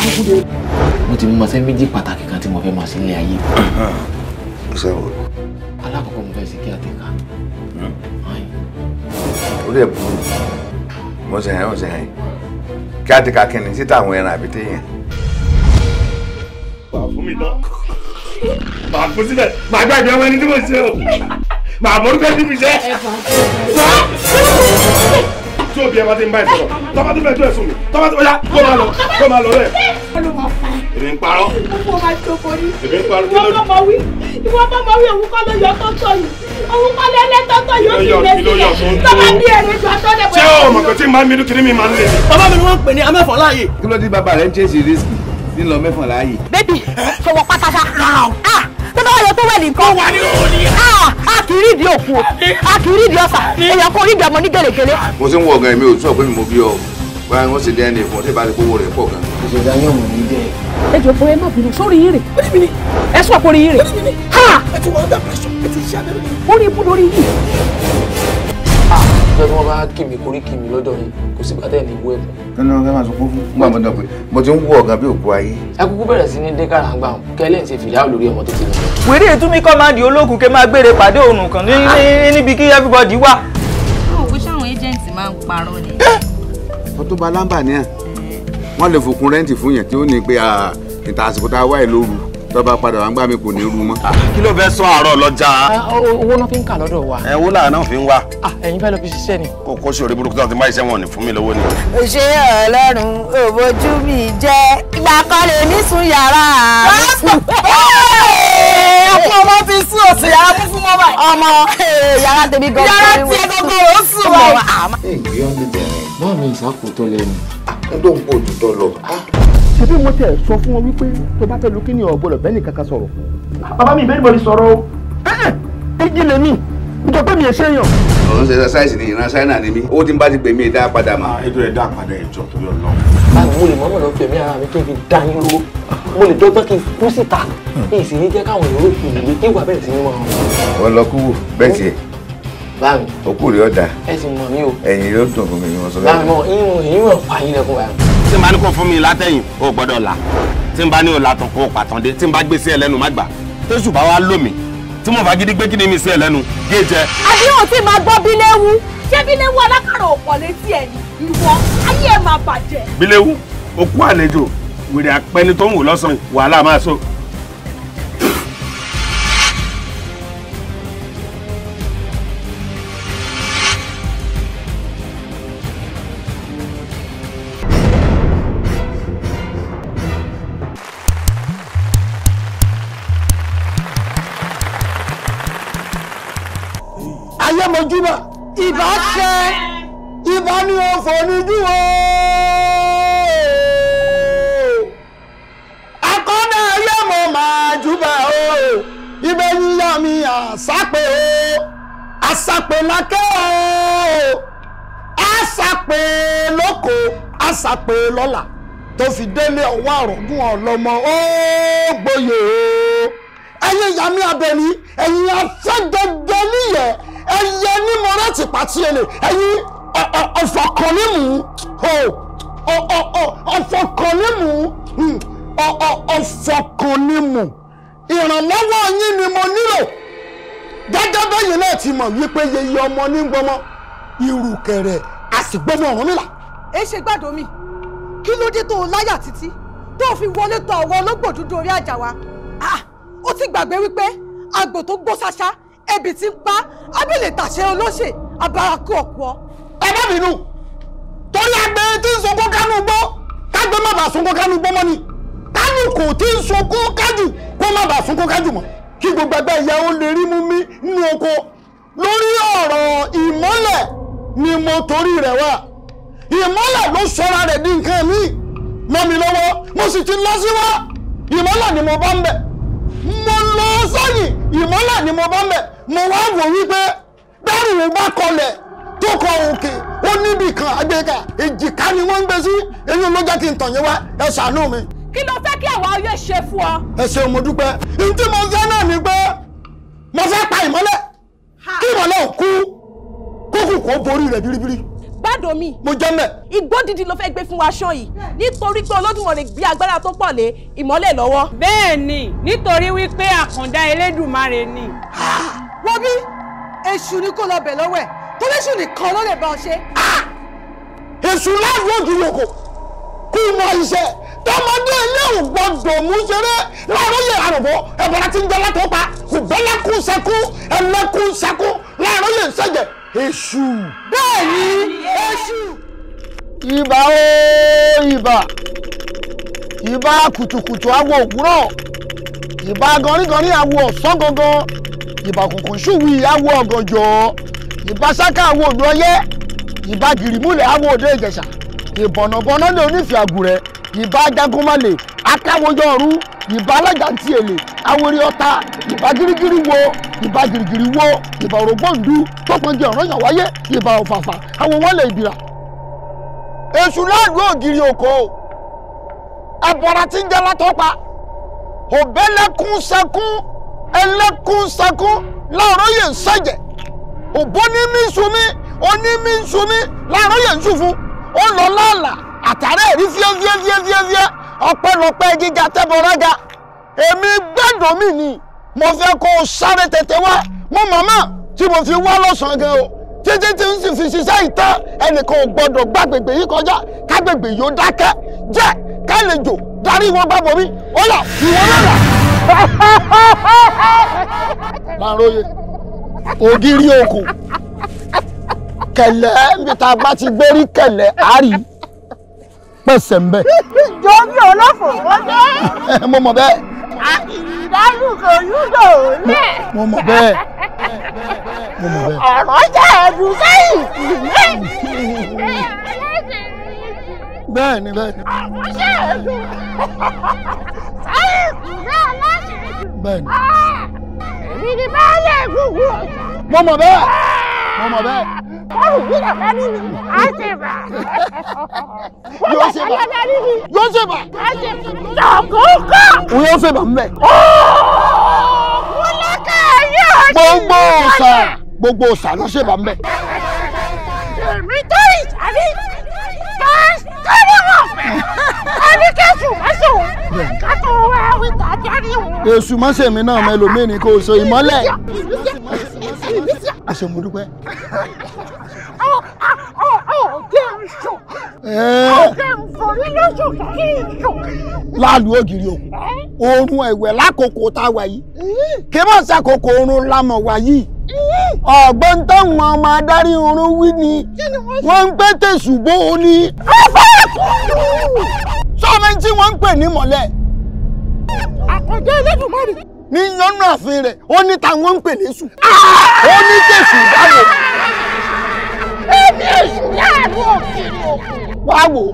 kúkú dé. mo ti mímọ sẹ́ méjì pàtàkì kan tí mo fẹ́ máa ṣe nílé ayé. sẹ́wọ̀n. alákọ̀ọ́kọ́ mo fẹ́ ṣe kí àtẹ̀ká. orí hmm. ẹ̀ burú mo ṣe hàn mo ṣe hàn kí àtẹ̀ká kìnnì síta àwọn ẹran àbí téèyàn. wà á fún mi náà màá kú sílẹ̀ màá gbàgbé ọmọ ẹni tí mo ṣe o màá mọ̀rúkẹ́ níbi iṣẹ́ tí òbí ẹ bá ti ń bá ẹ sọ̀rọ̀ tọ́ba tó fẹ́ e tó ẹ sùn mí tọ́ba tó yá kó máa lọ kó máa lọ rẹ̀. èmi ń parọ́. mo máa jókòó ní. èmi ń parọ́. ìwọ bá ma wí ìwọ bá ma wí òun kọ́ ló yọ tó tọ̀ yìí òun kọ́ ló lẹ́ tó tọ̀ yóò sì lé sílẹ̀ tọ́ba bí ẹni jọ tó lè bọ̀. ṣé o mọ̀ pé tí màá mi dúkìrí mi máa ń lè. bàbá mi ni wọ́n ń pè ní amẹ́fọ̀ láàyè. kí ló dé bàbá rẹ̀ ń ṣe é sí rísíkì nílò mẹ́fọ̀ láàyè. bébì sọ̀wọ́ pátákà. rárá o. Ah! tó bá yọ tó wẹ̀lì nǹkan a kì í rí ìdí òkú a kì í rí ìdí ọ̀sà èèyàn kan rí ìdí ọmọ ní gèlègèlè. mo ti ń wọ ọ̀gàn èmi ò sọ pé mi mo bí ọ báyìí wọ́n sì dẹ́ ẹni ìfún ọtí ìbá ti kówó rẹ̀ pọ̀ gan. ìṣèjọ yóò mú mi dé. ẹ jọ fún ẹ má bínú sórí yín rè ẹ sọ àpò orí yín rè. ẹ ti wọ́n dà pẹ́sọ̀ ẹ ti ṣe abẹ́rẹ́ orí ibú lórí yín pé wọ́n bá kì mí korí kì mí lọ́dọ̀ yìí kò sí gbàtẹ́ ní ìwú ẹ̀kọ́. nínú ọgá máa sunkún fún gbà mọ́tò pé mo ti ń wú ọ̀gá bí òkú ayé. akúkú bẹ̀rẹ̀ sí ní dé kàràǹgbà kẹ́lẹ́ ń ṣe fìlà lórí ọmọ tó ti nìyẹn. wèrè ìtumí kọ́ máa di ológun kẹ́ máa gbére pàdé òun kan níbi kí everybody wà. báwo wíṣọ àwọn agents máa ń parọ́ ni. wọ́n eh! tó ba lámbà ní à wọ́n lè fòkun rẹ́ǹtì fún yẹn tí ó ní pé ìta àsìkò tá a tọ́ba padà wá ń gbà mí kò ní rú mọ́. Ah, kí ló fẹ́ sọ àárọ̀ lọ́jà. Ah, owó náà fi ń kà lọ́dọ̀ wa. ẹ owó làwọn náà fi ń wá. Ah, ẹ̀yin fẹ́ lọ fi ṣiṣẹ́ ni. kò kó sórí burúkú tó ti máa iṣẹ́ wọn ní fún mi lówó ni. òṣè ọlọ́run òbójú mi jẹ́ ìgbà kan lè ní sun yàrá. ọkọ ọmọ ti sún òsì yàrá fún fún mọ́bà. ọmọ yàrá tèmi gan-an. yàrá tí ẹ gbogbo ó sùn wá. èyí ọ̀ ṣebí mo tẹ̀ sọ fún wọn wípé tó bá fẹ́ lu kíni ò gbọ́dọ̀ bẹ́ẹ̀ ni kankan sọ̀rọ̀. bàbá mi ìbẹ́ni bọ́ni sọ̀rọ̀ o. igi lè mi njọ pé mi ẹ ṣe yàn. òun ṣe ṣáìsì ni ìran ṣáínà ni mí owó tí n bá ti pè mí dá padà mà. ètò ah, ẹ̀ dá padà ìjọ tó yọ lọ. mo lè mọ́mọ́ lọ fi ẹ̀mí ara mi kí n fi dá yín lówó mo lè dọ́gbọ́n kí n kú síta kí n sì ní jẹ́ káwọn èrò òkú ìlú kí ìwà bẹ̀rẹ̀ sí ní wọn. wọn lọ kú bẹ́ẹ̀ tiẹ̀ báàmì. òkú rẹ̀ ọ̀dà. ẹ mọ̀ mí o. ẹ̀yìn rẹ̀ dùn fún mi ni wọ́n sọ bẹ́ẹ̀. báàmì mọ̀ ìyún ìyún ọ̀pá yín lẹ́kùn tí n bá ní kó fún mi látẹ̀yìn o gbọ́dọ̀ là tí n bá ní o làtàn kó o pàtàn dé tí n bá gbé sí ẹlẹ́nu má gbà tẹ́sù bá wá lómi tí mo fagídí gbé kíni mi sí ẹlẹ́nu gé jẹ. àdéhùn tí màá gbọ́ bíléwu ṣé bíléwu alákàrà ò létí ẹ̀ ni ìwọ ayé ẹ̀ máa bàjẹ́. bíléwu okú àlejò wèrè àpẹni tó ń wò lọ́sàn-án wàhálà máa so kíbà ìbá ṣe ìbá ní ọ̀fọ̀ o. akọ́nà ayé mo máa júbà o ibẹ̀ yíyá mi àṣàpè o àṣàpè lákẹ́ o àṣàpè lóko àṣàpè lọ́la tó fi délé ọwọ́ àrògùn ọlọ́mọ ó gboyè o ẹ̀yin ìyá mi abẹ́ni ẹ̀yin afẹ́jọ́jọ́ níyẹn ẹyẹ ní mo rántí pàtí èlé ẹyin ọ̀fọ̀kànnímù ọ̀fọ̀kànnímù ọ̀fọ̀kànnímù hmm, ìrànlọ́wọ́ yín ni mo nílò gẹ́gẹ́ bẹ́yìn náà ti mọ̀ wípé yeye ọmọ ní gbọmọ irùkẹ̀rẹ̀ a sì gbọmọ Ọ̀rúnmìlà. ẹ ṣe gbàdọ̀ mi kí ló dé tó o láyà títí tó o fi wọlé tọ ọwọ́ ológbò dúdú orí àjà wa ah, ó ti gbàgbé wípé àgbò tó gbó ṣáṣá ebi ti ń pa abẹ́lẹ̀ tàṣẹ olóṣè abaraku ọ̀pọ̀. ẹ má bínú torí àgbẹ̀ tí ń sunkún kánú gbọ́ kágbẹ́ má bàa sunkún kánú gbọ́ mọ́ ni kánú kò tí ń sunkún kájù kó má bàa sunkún kájù mọ́ kí gbogbo ẹgbẹ́ ìyá ó lè rí mú mi nínú oko lórí ọ̀rọ̀ ìmọ́lẹ̀ ni mo torí rẹ̀ wà ìmọ́lẹ̀ ló sọra rẹ̀ di nǹkan mi mọ́ mi lọ́wọ́ mo sì ti lọ sí wá ìmọ́lẹ̀ ni mo bá ń bẹ̀ ni mo bá mẹ́ mo wá wò wípé bẹ́ẹ̀rù ò bá kọlẹ̀ tó kọ òkè ó níbì kan àgbéga èjìká ni wọ́n ń gbé sí eyín ló jẹ́ kí n tàn yín wá ẹ ṣàánú mi. kí ló fẹ́ kí àwa ọyọ́ ṣe fún ọ. ẹ ṣeun mo dúpẹ́ n mo fẹ́ náà ni pé mo fẹ́ pa ìmọ́lẹ̀ kí ìmọ́lẹ̀ ò kú kókù kó borí rẹ̀ biribiri gbádùn mi. mo jẹ́ mẹ́. igbó dídì ló fẹ́ gbé fún wa ṣán yìí nítorí pé olódùmarè gbé agbára tó pọ̀ lé ìmọ́lẹ̀ lọ́wọ́. bẹ́ẹ̀ ni nítorí wípé àkàndá elédùnmarè ni. wọ́n bí èṣù ni kò lọ bẹ̀ lọ́wọ́ ẹ̀ tó léṣù nìkan ló lè bá ọ ṣe. èṣù láàrú òdùlókò kú mọ iṣẹ́ tọmọdé ilé ò gbọ́dọ̀ mú ṣeré láàárọ̀ yẹ àrùbọ ẹbọra ti ń jẹ látọ pa kò bẹlẹkùn sẹkùn ẹlẹkùn sẹkùn yẹ ń ṣẹjẹ èṣù. bẹ́ẹ̀ni èṣù. ibà ó ibà ibà kùtùkùtù àwọ̀ òwúrọ̀ ibà gọrígọrí àwọ̀ ọ̀sán gangan ibà kùnkùn ṣùwì àwọ̀ ọ̀gànjọ́ ibà ṣáká àwọ̀ òdòyẹ ibà gìrìmúlẹ̀ àwọ̀ òde ìjẹ̀ṣà ìbọ̀nàbọ̀nà ní onífìàgùrẹ́ ìbá jagunmọ̀lẹ̀ akáwọjọ ọ̀rú ìbá alájàntì èlé awere ọta ìbá girigiri wo ìbá girigiri wo ìbá òrògbòǹdù tọpọnjẹ ọ̀rọ̀ yàn wáyé ìbá òfàfà àwọn wọn lè bìrà. èṣù láàlú ògiri òkò ẹ̀bọ̀ra tí ń jẹ́ látọ́pa òbẹ́lẹ́kún sẹ́kún ẹlẹ́kún sẹ́kún láàárọ̀ yẹn ń sẹ́jẹ̀ òbó ní mí sunmi oní mí sunmi láàárọ̀ yẹn ń ó lọ láàlà àtàrà èrí fíẹ́fíẹ́fíẹ́fíẹ́ ọpẹ́lọpẹ́ gíga tẹ́bọ̀rága èmi gbẹ́dọ̀ mi ni mo fẹ́ kó o sáré tètè wá mo màmá tí mo fi wá lọ́sàn-án gan o títí tí n sì fi ṣiṣẹ́ ìtàn ẹnìkan ò gbọ́dọ̀ gbàgbègbè yìí kọjá kágbègbè yóò dákẹ́ jẹ́ kálejò darí wọn bá bomi ó yà ìwọ lọ́la. Láròyè ògiri okùn kẹlẹ níbi bá ti gbérí kẹlẹ àárí pẹ̀sẹ̀ ń bẹ̀. jọ́bí olófò mọ́jọ́. mo mọ̀ bẹ́ẹ̀. ìdájú kò yúdò lẹ̀. mo mọ̀ bẹ́ẹ̀. ọ̀rọ̀ jẹ́ ẹ̀dùn sẹ́yìn. bẹ́ẹ̀ ni bẹ́ẹ̀ ni. bẹ́ẹ̀ ni. èmi ni bá mo mọ̀ bẹ́ẹ̀. mo mọ̀ bẹ́ẹ̀ yóò gbogbo ọ̀sà gbogbo ọ̀sà ló ṣe bà mbẹ. èmi tó ìjà mi bá ń tẹ́lẹ̀ wọ̀ fẹ́ ẹni kẹsù mọ́sẹ̀ o kátó wá wíta jáde o. èṣù mọ́sẹ̀ mi náà mẹ́lòmíì ni kò so ìmọ́lẹ̀. àṣẹ mo dúpẹ́. ọ ọ ọ jẹ́ ń sọ. ọ̀gẹ̀ ń forí lóṣù kí n sọ. láàlú ògiri o oorun ẹ̀wẹ̀ lákòókò tá a wà yìí kí n má ṣàkókò oorun lámọ̀ wà yìí ọ̀gbọ́n táwọn ọmọ adarí oorun wí ni wọ́n ń pẹ́ tẹ̀sùbọ́ ó ní. ọ̀fẹ́ ẹ̀kọ́ ní mọ̀lẹ́. àkàndé Elédùmarè. ní yọnu àfin rẹ̀ ó ní táwọn ń pè lésù. ó ní jésù dáwò. èmi èṣù láàbù òfin mò. wá wò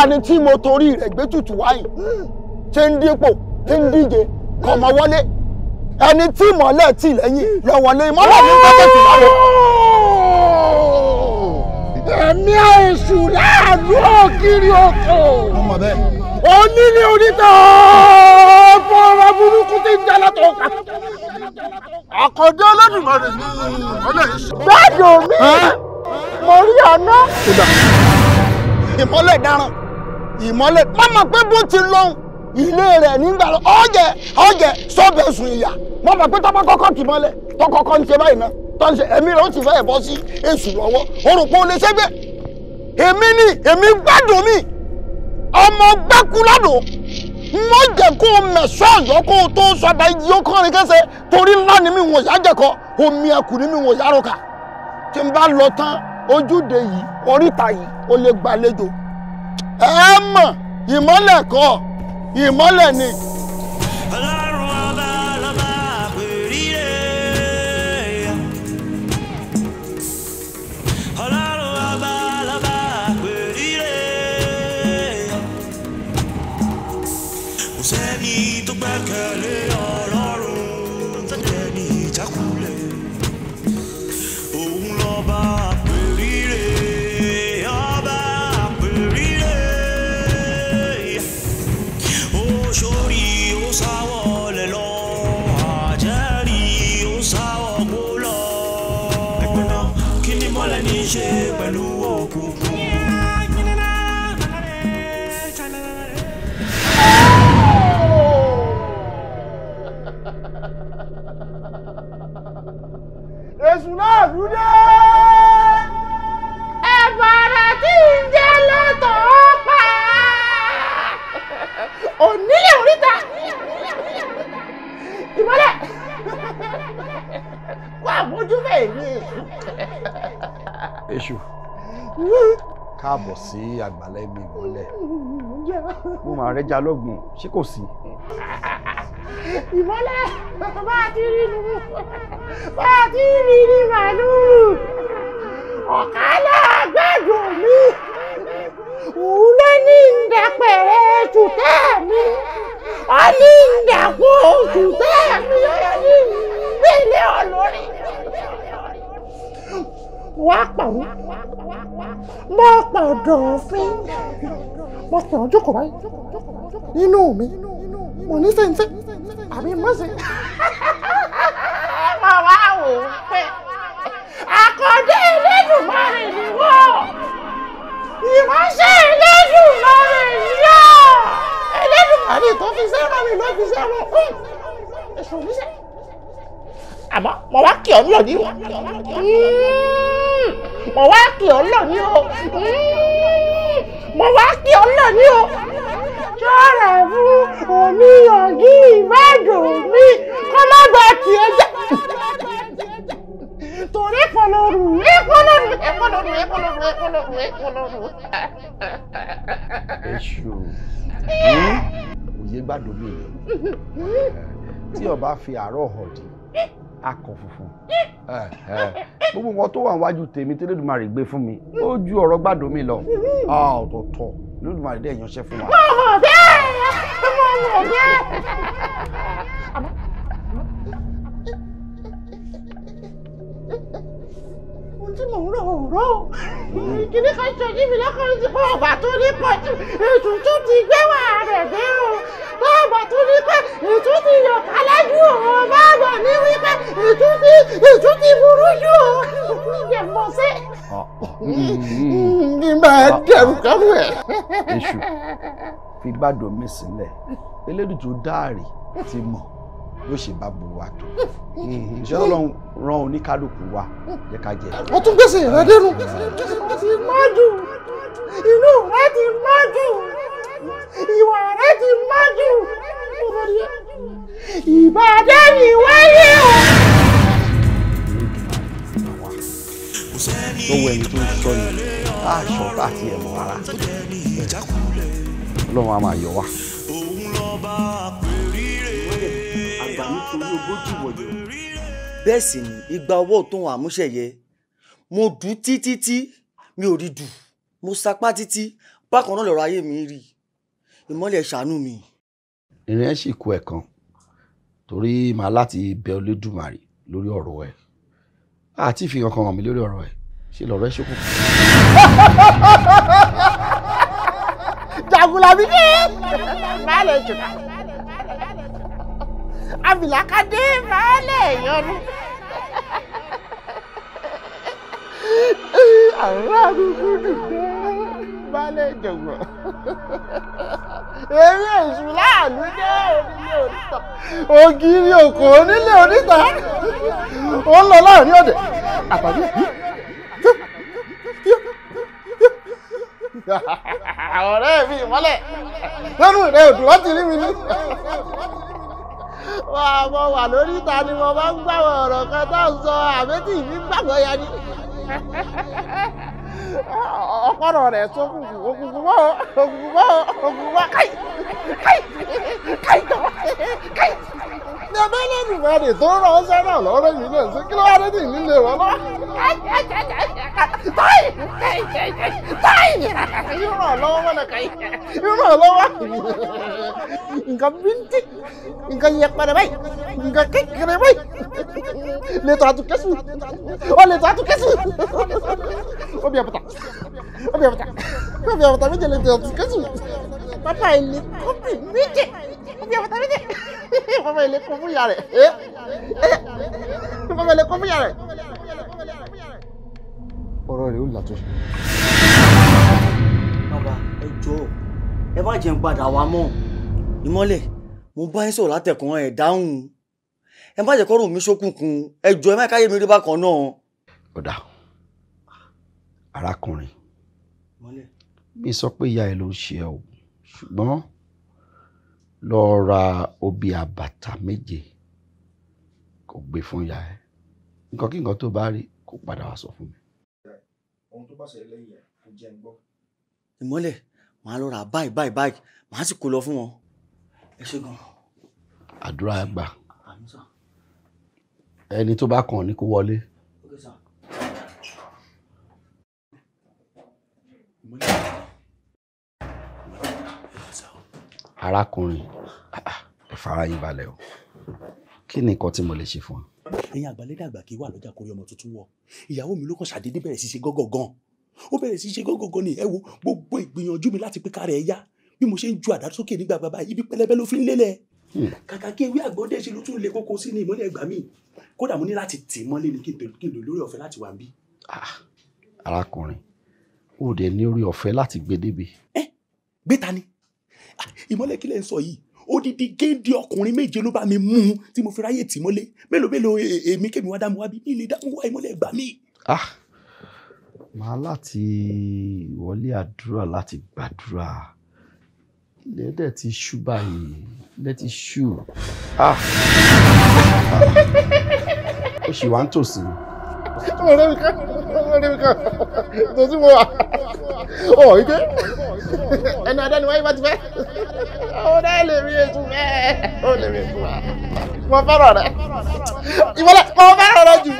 ẹni tí mo torí rẹ̀ gbé tutù wáyé ṣe ń dípò ṣe ń díje kọ̀mọ̀ wọlé ẹni tí mọ̀lẹ́ tì lẹ́yìn lọ wọlé mọ́lẹ́ ní pẹ́pẹ́ tì láwọ. ẹ̀mí èṣù láàánú ògiri oko. ọmọ bẹ́ẹ̀ onílé oníta fọlá burúkú ti ń jala tó ká. àkọ́dé Olódùmarè ni ìmọ̀lẹ̀ ṣe. bẹ́ẹ̀ni omi mo rí ọ̀nà. ìmọ̀lẹ̀ dáràn ìmọ̀lẹ̀ mọ́mọ́ pé bó ti lọ́hùn ilé rẹ̀ nígbà ọ̀jẹ̀ ọ̀jẹ̀ sọ́bẹ̀ sùn ìyà mọ́mọ́ pé tọ́pọ̀ kọ́kọ́ tì mọ́lẹ̀ tọ́kọ́kọ́ ń ṣe báyìí náà tọ́sí ẹ̀mí rẹ̀ ó ti fẹ́ ẹ̀bọ́ sí èṣù lọ́wọ́ orò pé lè ṣẹ́gbẹ́ èmi ni èmi gbádùn mi ọmọ gbẹ́kú lọ́dún wọ́n jẹ́ kó o mẹ̀sọ́ àyọ́ kó o tó sọ̀dá igi ó kọ́rin kẹ́sẹ̀ torí ńlá ni mi wọ̀nyá jẹ̀kọ́ omi ẹkù ni mi wọ̀nyá rọ̀kà tí n bá lọ tán ojúde yìí oríta yìí ó lè gbàlejò ẹ mọ̀ ìmọ́lẹ̀ kọ́ ìmọ́lẹ̀ ni. àrúdé. ẹ̀bàrà tí ń jẹ́ lọ́tọ̀ ó pa <laughs> onílé oríta ìmọ́lẹ̀ kó àmójúfẹ́ mi. èṣù káàbọ̀ sí àgbàlẹ́ mi ìmọ́lẹ̀ mo máa rẹ́jà lọ́gbọ̀n ṣé kò sí. <laughs> ìmọ́lẹ̀ bá a ti rí nu bá a ti rí ní màlúù ọ̀kálà àgbàdo mi òun ló ní ìdàpẹ̀rẹ̀ tùtẹ́ mi ó ní ìdàpọ̀ tùtẹ́ mi ó ní ìpínlẹ̀ olórí wá pàrọ̀ mo mi mo ní sẹ́ńsẹ́ àbí mọ́sẹ̀. ẹ máa wá wò ó pé àkọ́dé Elédùmarè ni wọ́n ìránṣẹ́ Elédùmarè yá Elédùmarè tó fi sẹ́rọ̀ mi ló fi sẹ́rọ̀ fún èso níṣẹ́ àmọ́ mo wá kí ọ lọ ní o hmm. mo wá kí ọ lọ ní o hmm. mo wá kí ọ lọ ní o lọ́rẹ̀ fún oníyọ̀gí ìbádùn mi kọ́ má bá tiẹ̀ jẹ́ torí kọlọ́rù ẹ̀kọlọ́rù ẹ̀kọlọ́rù ẹ̀kọlọ́rù ẹ̀kọlọ́rù ẹ̀kọlọ́rù. èṣù òye gbàdúrà mi tí ọba fi àárọ̀ hàn dì í akọ funfun gbogbo nǹkan tó wà wájú tèmi tí lódùmarè gbé fún mi ó ju ọ̀rọ̀ gbàdọ̀ mi lọ ọ̀tọ̀ọ̀tọ̀ lódùmarè dẹ̀ yanṣẹ́ fún wa. mo mọ̀ bẹ́ẹ̀ mo mọ̀ bẹ́ẹ̀. òróró kíní que nem faz mi lọ́kàn sí pé ọ̀bà tó ní eu jù ètùtù ti gbé wà rẹ̀ bato o bá ọ̀bà tó ní pẹ́ ètù ti yọ̀ kálẹ́ jù eu bá ọ̀bà ní wípé ètù ti ètù ti burú jù o yẹ mọ̀ sí. ní máa dẹrù ah. kánú ẹ. èṣù fi gbàdọ̀ mi sílẹ̀ elédùn tó dáàrí ti mọ̀ yóò ṣe bá bu wa tó iṣẹ́ hmm, hmm. hmm, ọlọ́run ran oníkálukú wa jẹ́ ká jẹ. wọ́n tún gbèsè rẹ dẹnu. ti má dùn inú rẹ ti má dùn ìwà rẹ ti má dùn ìbàdàn ni wáyé o. tó wọ ẹni tó ń sọ ni aṣọ àti ẹ̀mọ́ ara ọlọ́run a máa yọ wá. òun lọ́ọ́ bá pè torí ogójì wọ̀lẹ̀ o. bẹ́ẹ̀ sì ni igba ọwọ́ tó ń àmúṣẹ̀yẹ mo dùn títí tí mi ò rí dùn mo sapá títí bákan náà lọ́rọ̀ ayé mi rí ìmọ́lẹ̀ ṣàánú mi. ìrìn ẹ̀ sì kú ẹ̀ kan torí màá láti bẹ Olódùmarè lórí ọ̀rọ̀ ẹ̀ àti fi kankan hàn mí lórí ọ̀rọ̀ ẹ̀ ṣe lọ́rọ̀ ẹ̀ ṣokùn. jagunlabi dé. baálé jùlọ abìlà ká dé baálé ìyọnu. àrà arúgbó nìgbẹ́ baálé ìjọ̀gbọ̀n. eré èṣù láàánú dé onílé oníta. ògiri òkò onílé oníta. ó ń lọ láàrin ọ̀dẹ̀ àbájá ọ̀rẹ́ mi ìmọ́lẹ̀ lọ́dún rẹ̀ òdùwọ́ ti rí mi ní mo wà lórí ìta ni mo máa ń gbàwọ̀ ọ̀rọ̀ kan tó ń sọ àbẹ́tì mi gbàgbọ́ ya ni ọpọlọ rẹ̀ tó kùkù òkùnkùn mọ́ òkùnkùn mọ́ òkùnkùn mọ́ káì káì káì tọ́ káì ní ọbẹ̀ lẹ́nu ìmọ̀ràn tó ràn ọ́ sẹ́nà lọ́rọ̀ yìí náà sí kí ló wá dé tì nílé rọ lọ. ìrànlọ́wọ́ wọn kàn yín ìrànlọ́wọ́ nǹkan bíntín nǹkan yẹpẹrẹ báyìí nǹkan kékeré báyìí lẹ́tọ̀ àtúkẹ́sù ọ lẹ́tọ̀ àtúkẹ́sù obi àbùtà obi àbùtà obi àbùtà méje lẹ́tọ̀ àtúkẹ́sù pápá ìlú kọ́pì méje obi àbùtà méje bàbá ele como fún ìyá rẹ̀ bàbá ilé kún fún ìyá rẹ̀. ọ̀rọ̀ rẹ̀ ó làtúnṣe. bàbá ẹ jọ̀ọ́ ẹ bá jẹun padà wá mọ́ ìmọ́lẹ̀ mo bá yín sọ̀rọ̀ látẹ̀kùn ẹ̀ dáhùn ẹ má jẹ́ kọ́rùn mi ṣókùnkùn ẹ jọ̀ọ́ ẹ má káyé mi rí bákan náà. ọ̀dà arákùnrin mi sọ pé ìyá ẹ ló ń ṣe ẹ o ṣùgbọ́n lọ ra obì àbàtà méje kó gbé fún ìyá ẹ nǹkan kí nǹkan tó bá rí kó padà wá sọ fún mi. ohun tó bá ṣẹlẹ̀ lẹ́yìn ẹ̀ kò jẹ́ ń gbọ́. ìmọ́lẹ̀ màá lọ rà báyìí báyìí báyìí màá sì kó lọ fún wọn ẹ ṣe gan. àdúrà ẹ gbà ẹni tó bá kàn ní kó wọlé. Okay, arákùnrin ah, ah. ẹ fara yín balẹ̀ o kí ni nǹkan tí mo lè ṣe fún ọ. ẹ̀yin àgbàlẹ́dẹ́ àgbà kì í wà lọ́jà kórí ọmọ tuntun wọ ìyàwó mi ló kàn ṣàdédé bẹ̀rẹ̀ sí ṣe gọ́gọ́ gan ó bẹ̀rẹ̀ sí ṣe gọ́gọ́ gan ni ẹ wo gbogbo ìgbìyànjú mi láti pé kára ẹ̀ yá bí mo ṣe ń ju àdá sókè nígbà bàbá ibi pẹlẹbẹ ló fi ń lélẹ̀ hmm. kàkà kí ewé àgbọn dẹ́ṣe ló tún lè kókó sí ní ìmọ́lẹ̀ ẹgbàá mi kódà mo ní láti tì mọ́lẹ̀ ní kí n lò lórí ọ̀fẹ́ láti wà ń bí. Ah, arákùnrin ó dẹ̀ ní orí ọ̀fẹ́ láti gbé débi. ẹ gbé ta ni ìmọ́lẹ̀ kílẹ̀ ń sọ yìí odidi géńdé ọkùnrin méje ló bá mi mú un tí mo fi ráyè tì mọ́lẹ̀ mélòó mélòó e, e, èmi kémi wá dámú wá bí mi lè dámú wá ìmọ́lẹ̀ gbà mí. ah màá láti wọlé àdúrà láti gbàdúrà lẹ́dẹ̀ ti ṣú báyìí lẹ́dẹ̀ ti ṣú ah ó ṣì wá ń tòsí. ọ̀rẹ́ mi ká ọ̀rẹ́ mi ká tòsí mo wà ọ oh, ike ẹnu adá ni wáyé bá ti fẹ́ ọ dá lè rí ètò fẹ́ ọ lè rí ètò mo fẹ́ràn rẹ ìwọlẹ̀ mo fẹ́ràn rẹ jù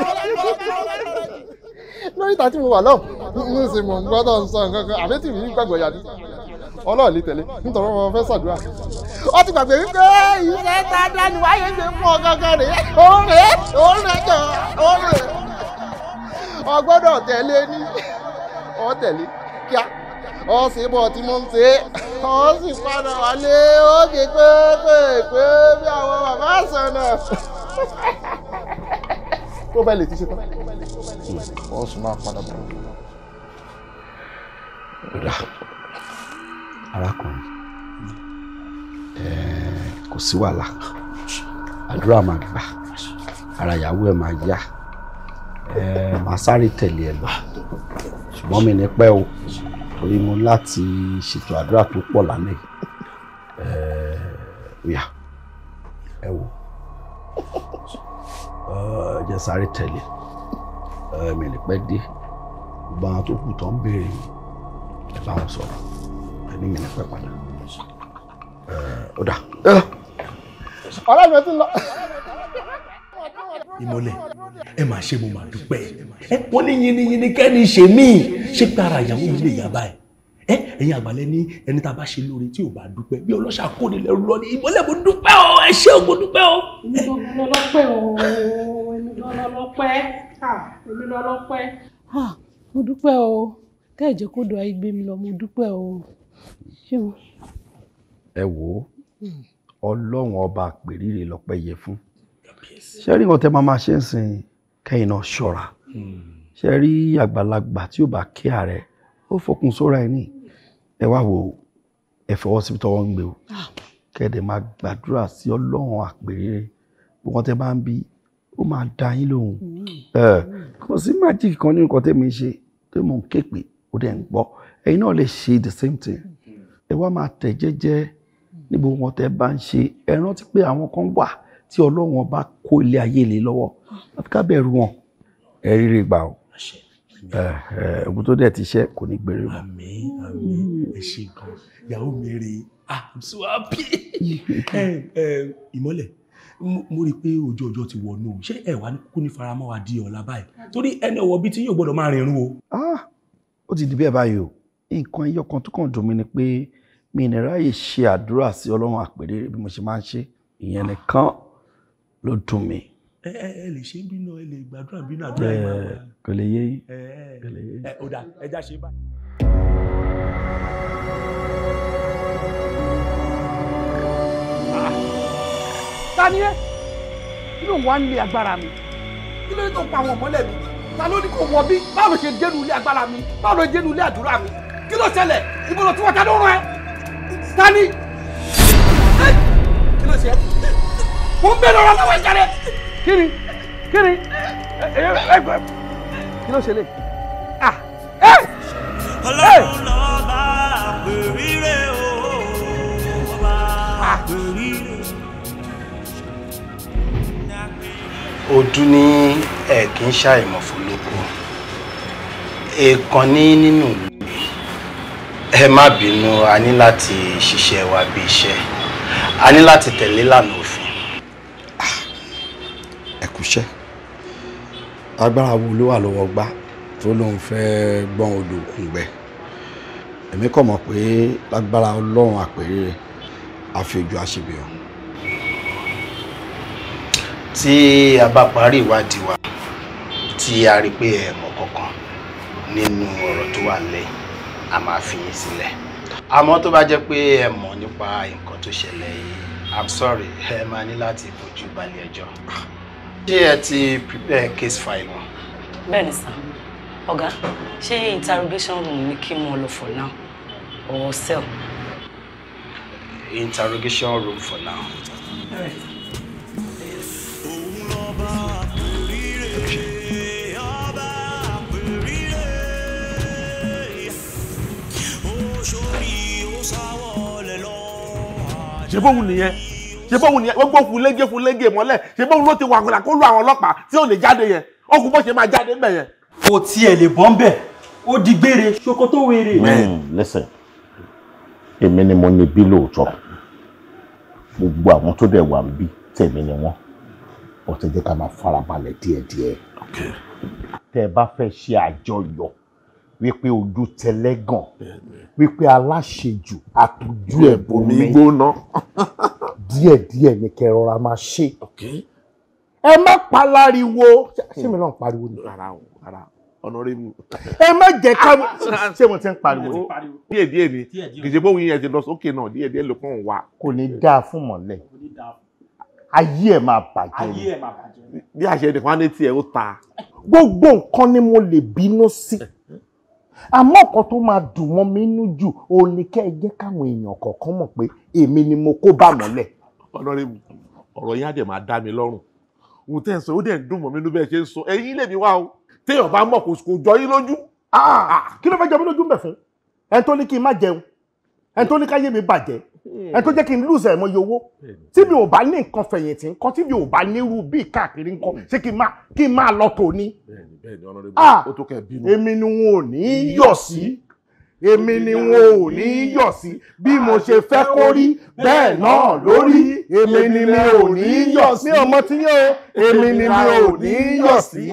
lórí ìta tí mo wà lọ́wọ́ mo sì mọ̀ nǹkan tó ń sọ nǹkan kan àbí tí mi ń gbàgbọ́ yàtí ọlọ́ọ̀ lè tẹ̀lé nítorí wọn fẹ́ ṣàdúrà ó ti gbàgbé wípé iṣẹ́ tá a dá ni wáyé ṣe fún ọ gangan rèé òun rèé òun rèé jọ rèé ọgbọ́dọ̀ tẹ̀lé ní ọ tẹ̀lé kíákíá ọ ṣe bọ̀ tí mo ń ṣe é ọ sì padà wálé ó ké pépépé bí àwọn bàbá sọ̀nà tó bẹ́ẹ̀ lè ti ṣe tán ọ sì máa padà bọ̀. rà arákùnrin kò sí wàhálà àdúrà máa gbà ara ìyàwó ẹ máa yá màá sáré tẹ̀lé ẹ lọ ṣùgbọ́n mi ní pẹ́ o torí mo láti ṣètò àdúrà tó pọ̀ lálẹ́ ẹ̀ẹ́dẹ́gbẹ̀yà eh, ẹ wò ẹ eh, jẹ́ sáré tẹ̀lé ẹ eh, mi ní pẹ́ dé gbogbo àwọn tó kù tó béèrè ẹ bá wọn sọ̀rọ̀ ẹni mi ní pẹ́ padà ẹ ó ọ̀rẹ́ mi ti lọ ìmọ̀lẹ̀ ẹ máa ṣe mo máa dúpẹ́ ẹ wọ́n ní yinyinyin kẹ́ni ṣe míì ṣé tara ìyàwó mi lè yá báyìí ẹ ẹ̀yin àgbàlẹ̀ ní ẹni tá a bá ṣe lóore tí ò bá dúpẹ́ bí ọlọ́ṣà kò ní lẹ́rú lọ ní ìmọ̀lẹ̀ mo dúpẹ́ o ẹ ṣé o mo dúpẹ́ o. mo dúpẹ́ o kẹ́ẹ̀jẹ́ kó dọ̀ ayé gbé mi lọ mo dúpẹ́ o. ẹ wo hmm. ọlọ́run ọba àpèrírè lọ́pẹ́ yẹ fún ṣe rí nǹkan tẹ́ máa máa ṣe ń sìn kẹ́yìn náà ṣọ́ra ṣe rí àgbàlagbà tí ò bá kí ààrẹ ó fọkùn sóra ẹ̀ ní ẹ wá wo ẹ fọwọ́ síbi tọwọ́ ń gbé o ah. kẹ́ẹ̀dẹ̀ máa gbàdúrà sí ọlọ́run àpèrè nǹkan tẹ́ bá ń bí ó máa da yín lóhùn eh, kò sí májíkì kan nínú nǹkan tẹ́mi ṣe pé mò ń képe ó dẹ̀ ń gbọ́ ẹ̀yin náà lè ṣe the same thing ẹ wá máa tẹ̀ jẹ́jẹ́ ní gbogbo wọn tẹ́ bá ń ṣe ẹ rántí pé àwọn kan wà tí ọlọ́run bá kó ilé ayé lé lọ́wọ́ àfi ká bẹ̀rù wọn. ẹ rírì gbà o ogun tó dẹ̀ ti ṣe kò ní gbèrè mọ́. àmín àmín ẹ ṣe gan ìyàwó mi ah i'm so happy. <laughs> ìmọ́lẹ̀ mo rí i pé ojú ọjọ́ ti wọnú ṣé ẹ wá kú ní faramọ́ wa di ọ̀la báyìí torí ẹni ọ̀wọ́ bíi tí yóò gbọ́dọ̀ máa rìnrìn o. Ah, ó ti di bẹ́ẹ̀ báyìí o nǹkan ẹyọ kan tó kàn dùn mí ni pé mi ní ráyè ṣe àdúrà sí ọlọ́run àpèrè bí mo ṣe máa ń ṣe ìyẹn nìkan ló dùn mí. ẹ ẹ ẹ lè ṣe bínú ẹ lè gbàdúrà bínú àdúrà yìí máa wà. Eh, kò lè yé yín. kò lè yé yín. ẹ ọ̀dà ẹja ṣe báyìí. ta ni ẹ kí ló ń wá nílé agbára mi kí ló ń tó pa àwọn ọmọlẹ mi ta ló ní kò wọ bí báwo ṣe dénú ilé agbára mi báwo ló dénú ilé àdúrà mi kí ló ṣẹlẹ̀ ìbọn tí wọ́n ta ló rán ẹ ta kí ló ṣe mo ń bẹ lọ́rọ̀ lọ́wọ́ ìjà rẹ. kí ni kí ni ẹgbẹ́ kí ló ṣe lè. Ah, ọlọ́run lọ bá àpèrire o bá ah. àpèrire. ojú ní ẹ kì í ṣàìmọ̀ fún lóko èèkàn ní nínú ìlú ẹ má bínú a ní láti ṣiṣẹ́ wa bí iṣẹ́ a ní láti tẹ̀lé lànà òfin kúṣẹ́ agbára wo ló wà lọ́wọ́ gbá tó lóun fẹ́ gbọ́n odò òkun gbẹ èmi kò mọ̀ pé lágbára ọlọ́run àpèrè rẹ̀ àfẹjù àṣebìyàn. tí a bá parí ìwádìí wa tí a rí pé ẹ kankan nínú ọ̀rọ̀ tó wà lẹ́yìn a máa fi yín sílẹ̀ àmọ́ tó bá jẹ́ pé ẹ nípa nǹkan tó ṣẹlẹ̀ yìí i'm sorry ẹ máa ní láti fojú balẹ̀ ẹjọ́ ṣé ẹ ti prepare case file wọn. bẹ́ẹ̀ ni sir ṣé interrogation room ni kí mo lọ for now or cell. interrogation room for now. All ṣe bóun nìyẹn ṣe bóun ni gbogbo fúlégé fúlégé mọ́lẹ̀ ṣe bóun ló ti wà kúlà kó lu àwọn ọlọ́pàá tí ò lè jáde yẹn ó kú bó ṣe máa jáde ńbẹ̀ yẹn. kò tiẹ̀ lè bọ́ ńbẹ̀ ó di gbére ṣòkòtò wéré. Mm, listen èmi ni mo ní bí lóòótọ́ gbogbo àwọn tó dẹ̀ wà níbí tèmi ni wọ́n ó ti jẹ́ ká máa farabalẹ̀ díẹ̀díẹ̀. tẹ́ ẹ bá fẹ́ ṣe àjọyọ̀ wípé ojú tẹlẹ́gàn wípé aláṣejù àtújú ẹ̀bùnmi gbóná <laughs> díẹ̀díẹ̀ ni kẹ́ rọra máa ṣe ẹ má palariwo ṣé mi náà ń pariwo ni. ọ̀nàrẹ́mù. ẹ má jẹ́ ká <laughs> ṣé mo ti ń pariwo ni. díẹ̀díẹ̀ ni kìjẹ́ bóun yẹn ti lọ sókè náà díẹ̀díẹ̀ ló kàn wá. kò ní dáa fún mọ̀lẹ́ ayé ẹ̀ máa bàjẹ́ ni bí àṣẹ nìkan á ní tiẹ̀ ó ta. gbogbo nǹkan ni mo lè bínú sí àmọ́ ọ̀kan tó máa dùn mọ́ mi nínú jù òun ni kẹ́ ẹ jẹ́ káwọn èèyàn kọ̀ọ̀kan mọ̀ pé èmi ni mo kó bá mọ́lẹ̀ ọ̀nàrẹ́bù ọ̀rọ̀ yín á dẹ̀ máa dá mi lọ́rùn òun tẹ́ ẹ sọ ó dẹ̀ ń dùn mọ́ mi nínú bẹ́ẹ̀ ṣe ń sọ ẹ̀yin lèmi wá o téèyàn bá mọ̀ kò jọ yín lójú. Ah, kí ló fẹ́ jẹ mí lójú ń bẹ̀ fún ẹni tó ní kí n má jẹun ẹni tó ní káyé mi bàjẹ́ ẹni tó jẹ́ kí n lùsẹ̀ mọ iye owó tí mi ò bá ní nǹkan fẹ̀yìntì nǹkan tí mi ò bá ní irú bíi káàkiri nǹkan ṣé kí n máa kí n máa lọ tòní. Ah, èmi ni wọn ò ní yọ̀ sí èmi ni wọn ò ní í yọ̀ sí bí mo ṣe fẹ́ kó rí bẹ́ẹ̀ náà lórí èmi ni mi ò ní í yọ̀ sí ọmọ tí yóò èmi ni mi ò ní í yọ̀ sí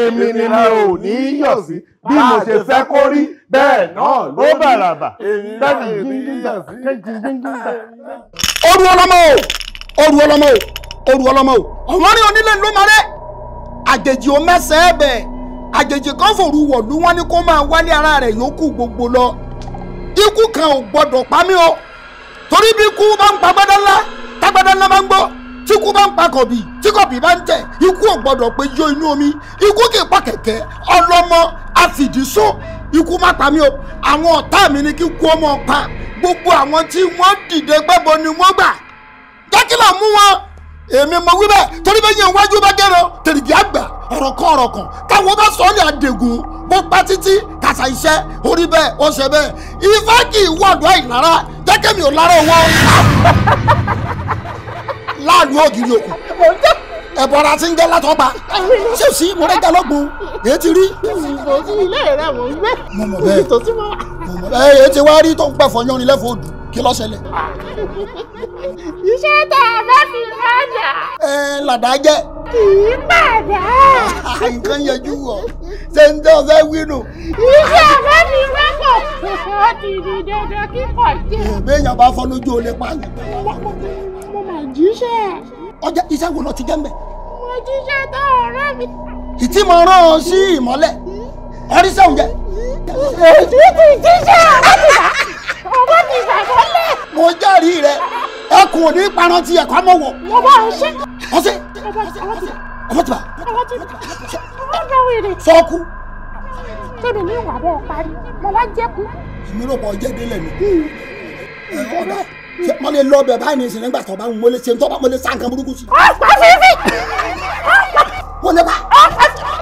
èmi ni mi ò ní í yọ̀ sí bí mo ṣe fẹ́ kó rí bẹ́ẹ̀ náà ló bàràbà bẹ́ẹ̀ni jíjìnjà kẹ́jì jíjìnjà. oru ọlọmọ o oru ọlọmọ o oru ọlọmọ o ọmọ ní onílé ló máa rẹ àjèjì ò mẹsẹ̀ ẹ bẹ́ẹ̀ àjèjì kan fòru wọ̀lú wọn ni kó máa wálé ara rẹ̀ yòókù gbogbo lọ ikú kan ò gbọdọ̀ pa mí o torí bí ikú bá ń pa gbọ́dọ̀ ńlá tágbọ́dọ̀ ńlá máa ń gbọ́ tí ikú bá ń pa kọ̀bì tí kọ̀bì bá ń tẹ̀ ikú ò gbọdọ̀ pé yó inú omi ikú kì í pa kẹ̀kẹ́ ọlọ́mọ àfìdísó ikú má pa o àwọn ọ̀tá mi ni kí kú ọmọ pa gbogbo àwọn tí wọ́n dìde gbẹ́bọ ni wọ́n gbà jákìlá mú wọn èmi mo wí torí bẹ́ẹ̀ yẹn wájú bá dẹ́rọ tèrìbí àgbà ọ̀rọ̀ kan ọ̀rọ̀ kan táwọn bá sọ ọ́ ní àdègùn bó pa títí kàṣà iṣẹ́ orí bẹ́ẹ̀ ó ṣe bẹ́ẹ̀ ifá àìlára jẹ́kẹ́ mi ò lára owó <laughs> láàánú ògiri òkú ẹ̀bọ̀ra ti ń jẹ́ látọ́gba ṣé o sí mo rẹ́ jalọ́gbọ̀n èyí ti rí. mo mọ̀ bẹ́ẹ̀ mo mọ̀ bẹ́ẹ̀ èyí ti wá rí tó ń pẹ̀fọ́ yánni lẹ́fọ̀ọ́ dùn kí ló ṣẹlẹ̀. iṣẹ́ tá a bá fi lọ́jà. ẹ làdá jẹ́. kì í padà. nǹkan yẹjú wọ ṣé ń tọ́ fẹ́ wínú. iṣẹ́ bá fi wẹ́pọ̀ ó ti di dandan kíkọ̀ jẹ́. ìbéèyàn bá fọ́ lójú olè pa ni. mo mà jíṣẹ́. ọjà iṣẹ́ wo lọ ti jẹ́ mbẹ́. mo jíṣẹ́ tó ọ̀rẹ́ mi. ìtì mo rán ọ sí ìmọ́lẹ̀ ọrí sẹ́wọ̀n jẹ. ètùtù jíṣẹ́ ọ̀bọ̀kìsà ọ̀bọ̀kìsà kọ́lẹ̀. mo jẹ́rìí rẹ ẹ kò ní parọ́ ti ẹ̀kọ́ mọ̀ wọ̀. ọba ọ̀ṣẹ́. ọ̀ṣẹ́ ọba tìbà. ọba tìbà. ọba wèrè. sọ́ọ́kù. tèmi ní ìwà bọ́ọ̀ parí mo wá jẹ́kù. èmi ló bọ ọjẹ́ délẹ̀ mi. ọ̀dà mo lè lọ bẹ̀ báyìí ní ìsìn nígbà tó bá mo lè ṣe tó bá mo lè sá nǹkan burúkú sí. ọ̀pá fífi. mo lè bá. ọ̀pá fífi.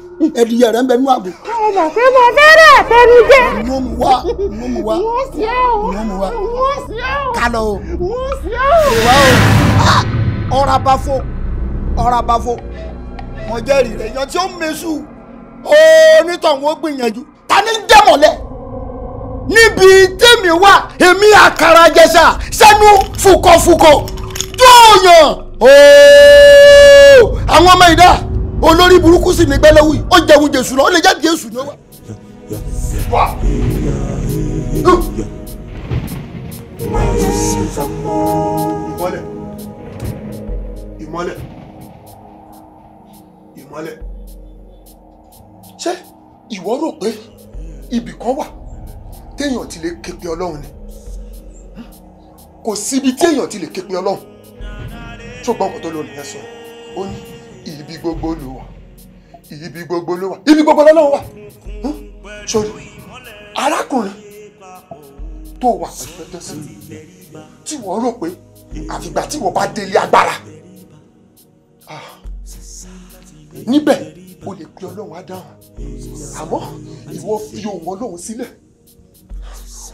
ẹdìyẹ rẹ ń bẹ nínú àgbo. ọmọ pé mo fẹ́rẹ̀ àtẹnu jẹ. mo mú wa mo mú wa mo sì á o o ìwà ah! o ọ̀rọ̀ àbáfo ọ̀rọ̀ àbáfo mo jẹ́rìí rẹ̀ yan tí ó ń meṣu onítọ̀hún ó gbìyànjú ta ni dẹ́mọ̀lẹ́ níbi tèmi wà èmi àkàrà jẹsà sẹ́nu fukọ̀fukọ̀ jóòyàn àwọn ọmọ ìdá olórí burúkú sì ní gbẹ́lẹ́wì ó jẹun jésù lọ ó lè jẹ́ jésù ní wa. ìmọ́lẹ̀ ìmọ́lẹ̀ ìmọ́lẹ̀ ṣé ìwọ rò pé ibì kan wà téèyàn ti lè képe ọlọ́run ni kò síbi téèyàn ti lè képe ọlọ́run ṣùgbọ́n kò tó lónìí yẹn sọ ó ní ibi gbogbo ló wà ibi gbogbo ló wà ibi gbogbo lọ́wọ́ wà sórí arákùnrin tó wà pẹpẹtẹ sí tí wọ́n rò pé àfìgbà tí wọ́n bá délé agbára ah, níbẹ̀ o lè pe ọlọ́run á àmọ́ ìwọ fi ohùn ọlọ́run sílẹ̀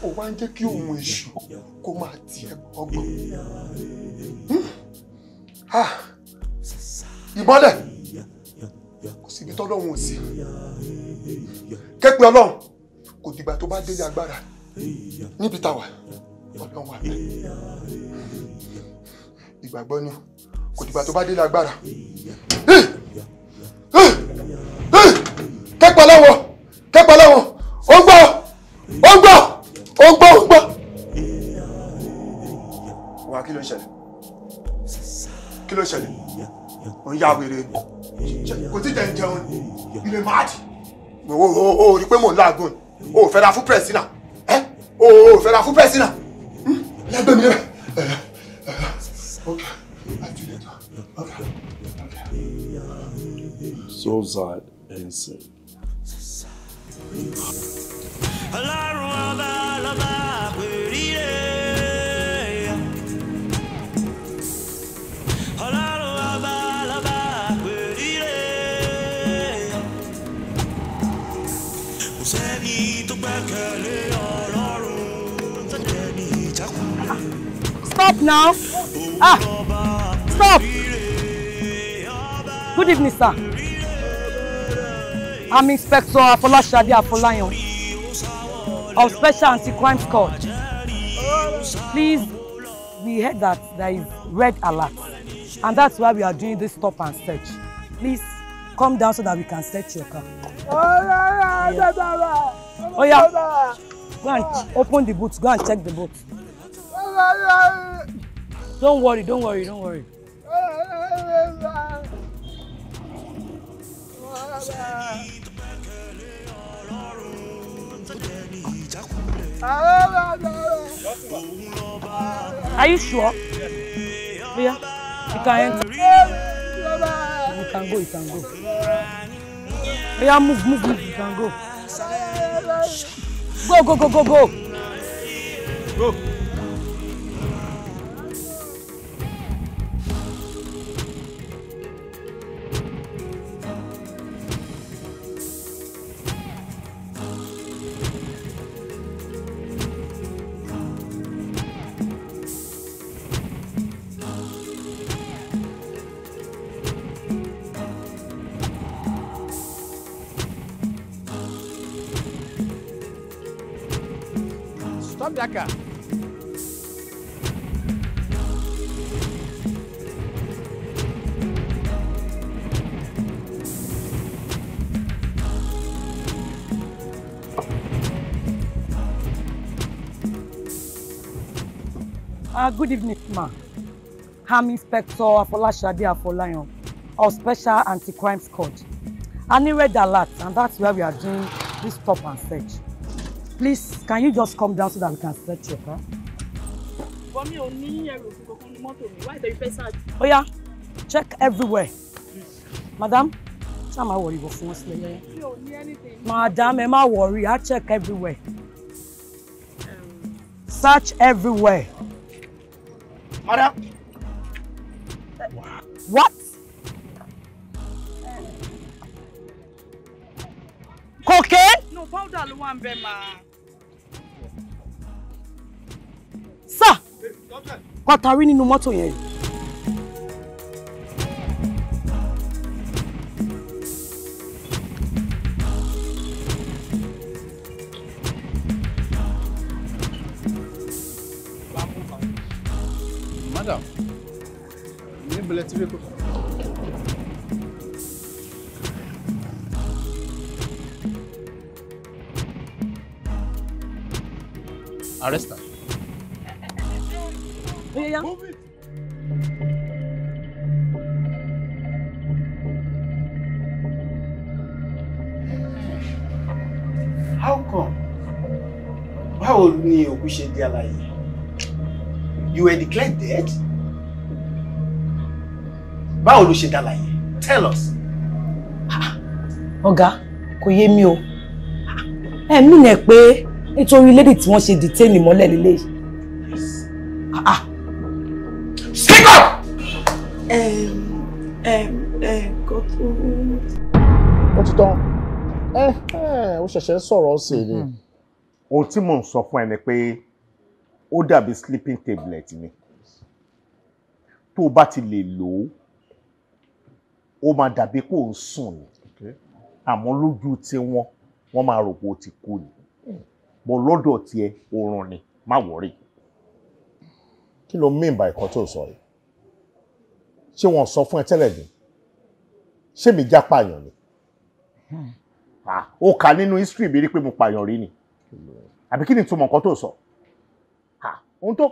o wá ń jẹ́ kí ohun èṣù kó máa tiẹ̀ ọgbọ́n ìmọ́lẹ̀ kò síbi tọ́lọ́run ò sí kẹ́pẹ́ ọlọ́run kò dìgbà tó bá délé agbára níbi táwa ọlọ́run wà bẹ́ẹ̀ ìgbàgbọ́ ni kò dìgbà tó bá délé agbára kẹ́pẹ́ ọlọ́wọ́ kẹ́pẹ́ ọlọ́wọ́ ó ń gbọ́ ó ń gbọ́ ó ń gbọ́ ó ń gbọ́. wà á kí ló ń ṣẹlẹ̀ kí ló ń ṣẹlẹ̀ ò ń ya wèrè kò tí jẹun jẹun ilé máàdì o ò rí pé mò ń láàgùn o ò fẹ́ra fún pẹ̀sìnà ẹ o ò fẹ́ra fún pẹ̀sìnà hmm? lẹ́gbẹ̀ẹ́ mi lẹ́gbẹ̀ẹ́ Zozad Ensign. Ọlọ́run ọba lọ́ba pèrè. Stop now. Ah, stop. Good evening, sir. I'm Inspector Afolashade Afolayan of Special Anti-Crime Squad. Please, we heard that there is red alert, and that's why we are doing this stop and search. Please come down so that we can search your car. Oh, yeah, yeah, yeah. Oh yeah. Go and open the boots. Go and check the boots. Don't worry, don't worry, don't worry. Are you sure? Oh, yeah. You can enter. You can go, you can go. Oh, yeah, move, move, move, you can go. Go, go, go, go, go. Go. Decker. Uh, ah, good evening, ma. I'm Inspector Afolashade Afolayan of Special Anti-Crime Squad. I need red alert, and that's where we are doing this stop and search. Please Can you just come down so that we can search your car? Bọ́mí ò ní ẹrù òfin kankan ní mọ́tò mi. Wáyé tẹ̀lé fẹ́ sáàjì. Ó check everywhere. Madam, ṣáà máa wọ̀rí ìbò fún wọn sílẹ̀ yẹn. Mi anything. Madam, am I wọ̀rí, I check everywhere. Um, search everywhere. Madam. What? Eh. Cocaine? No, powder ló wà sà kọta rí nínú mọ́tò yẹn. Madam, níbo lẹ ti Arrest her. Oya. Move it. How come? Báwo ni you ṣe di alààyè? You were declared dead? Báwo ló ṣe dalàyè? Tell us. Oga, kò yé mi o. Eh, Ẹ̀mí nẹ̀ pé nítorí lédè tí wọ́n ṣe dìtẹ́ẹ̀nì mọ́lẹ̀ Ah. ah ó ti tán ó ṣẹ̀ṣẹ̀ sọ̀rọ̀ sí ni. ohun tí mò ń sọ fún ẹ ni pé ó dàbí sleeping tablet ni tó o bá ti lè lò ó ó máa dàbí kó o ń sùn ni àmọ́ lójú tí wọ́n wọ́n máa rò pé o ti kú ni bọ́ lọ́dọ̀ tiẹ̀ oorun ni má wọ̀rí. kí ló mean by nǹkan tó sọ yìí ṣé wọn sọ fún ẹ tẹ́lẹ̀ ni ṣé mi já pààyàn ni hmm. ah. ó kà nínú history mi rí pé mo pààyàn rí ni àbí kí ni ìtumọ̀ nǹkan tó sọ ah. ohun tó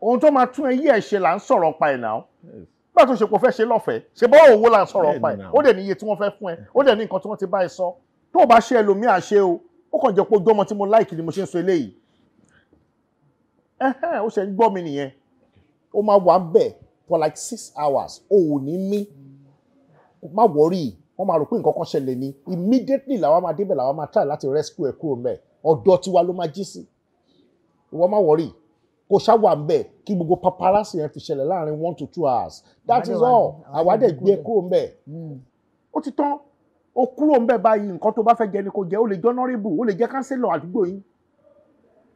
ohun tó máa tún ẹyí ẹ ṣe là ń sọ̀rọ̀ pa ẹ̀ náà nígbà tó ṣe kò fẹ́ ṣe lọ́fẹ̀ẹ́ ṣe bá òwò là ń sọ̀rọ̀ pa ẹ̀ ó dẹ̀ ní iye tí wọ́n fẹ́ fún ẹ ó dẹ̀ ní nǹkan tí wọ́n ti bá ẹ sọ tó o bá ṣe ẹlòmíì àṣe o ó kàn jẹ́ pé ojú ọmọ tí mo láìkì ni mo ṣe ń sọ eléyìí ẹ̀hẹ́n ó ṣe ń gbọ́ mi nìyẹn ó máa wà ń bẹ́ẹ̀ for like six hours o ò ní mí má wọ́rì wọ́n máa rò pé nǹkan kan ṣẹlẹ̀ ni immediately làwọn máa débẹ̀ làwọn máa try láti rescue ẹ̀ kúrò mẹ́ ọ̀dọ̀ tiwa ló máa jí sí ìwọ má wọ́rì kò ṣáwà ń bẹ̀ kí gbogbo paparazzi yẹn fi ṣẹlẹ̀ láàrin one to two hours that is all àwa dẹ̀ gbé ẹ e kúrò mẹ́ ó ti tán ó kúrò ń bẹ̀ báyìí nǹkan tó bá fẹ́ jẹ ni kò jẹ́ ó lè jẹ́ honourable ó lè jẹ́ kánsílọ̀ àdúgbò yín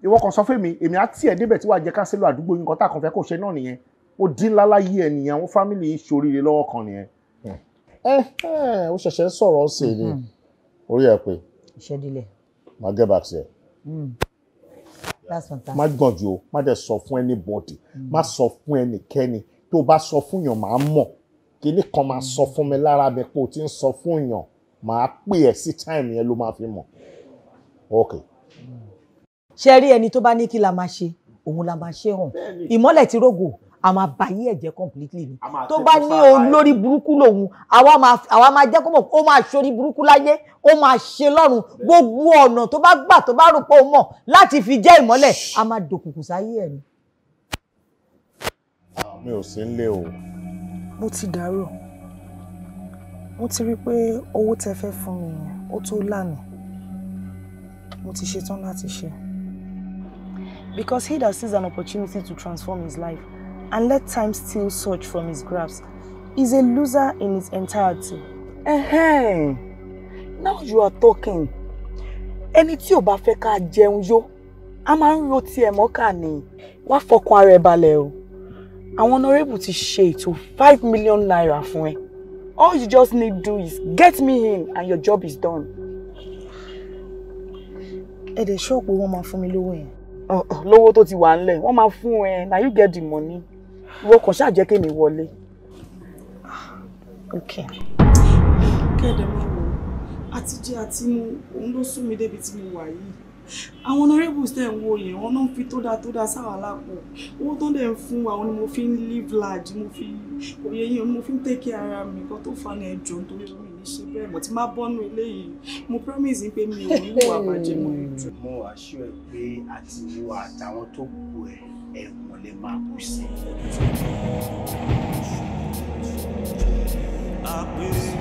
ìwọ kan sọ fún mi èmi á tiẹ̀ débẹ̀ tí wàá jẹ́ kánsílọ̀ àdúgbò yín nǹkan tá a kàn fẹ́ kó ṣe náà nìyẹn ó dín láláyé ẹ nìyẹn àwọn fámìlì yìí ṣoríire lọ́wọ́ kan nìyẹn. ẹ ẹ o ṣẹ̀ṣẹ̀ ń sọ̀rọ̀ ó sì ní orí ẹ pé máa get back sí ẹ mm. má gbọ̀njú o má dẹ̀ sọ fún anybody mm. má sọ fún ẹnikẹ́ni tó bá sọ fún yàn máa mọ̀ kíní kan máa sọ mm. fún mi lára mi pé o ti ń sọ fún yàn máa pè ẹ́ sí táìmù yẹn ló máa fi mọ̀ ok. ṣe rí ẹni tó bá ní kí la máa ṣe òun la máa ṣe hàn ìmọ́lẹ̀ ti rógò a máa bàyí ẹ̀jẹ̀ completely ni tó bá ní olórí burúkú lòun àwa máa jẹ́ kó mọ̀ ó máa ṣorí burúkú láyé ó máa ṣe lọ́run gbogbo ọ̀nà tó bá gbà tó bá rò pé ó mọ̀ láti fi jẹ́ ìmọ́lẹ̀ a máa dòkùnkùn sáyé ẹ̀ ni. Ah, mi ò sí nílé o. mo ti dàrú mo ti rí i pé owó tẹ fẹ́ fún mi ó tó lánàá mo ti ṣetán láti ṣe because he that sees an opportunity to transform his life and let time steal such from his grasp He's a loser in his entirety. Uh-huh. Now you are talking. Any two bafeka bá I'm ká jẹun yó, a máa ń ro tiẹ̀ mọ́kà ni. Wá fọkàn to ẹ balẹ̀ o. Àwọn honourable five million naira fún ẹ. All you just need do is get me in and your job is done. Eh the shock wọn máa fún mi lówó yẹn. Lówó tó ti wà ńlẹ̀, wọ́n máa fún you get the money wo kàn ṣáà jẹ́ kémi wọlé. kẹ́ẹ̀dẹ̀ máa wọ ati jẹ́ àti mu òun ló sún mi débi tí mo wà yìí àwọn honourables tẹ̀ ń wo yẹn wọn náà fi tó dáa tó dáa sáwà lápò owó tó ń dẹ̀ ń wa ni mo fi live large mo fi òye yẹn ni mo fi take care ara mi nǹkan tó fa ní ẹjọ́ nítorí omi ní ṣe bẹ́ẹ̀ mo ti máa bọ́nu eléyìí mo promise pé mi ò ní wà bàjẹ́ mọ́ ẹjọ́. mo assure pé àti ìwà àtàwọn tó kù ẹ̀ ẹ̀wọ̀n lè máa kú sí i.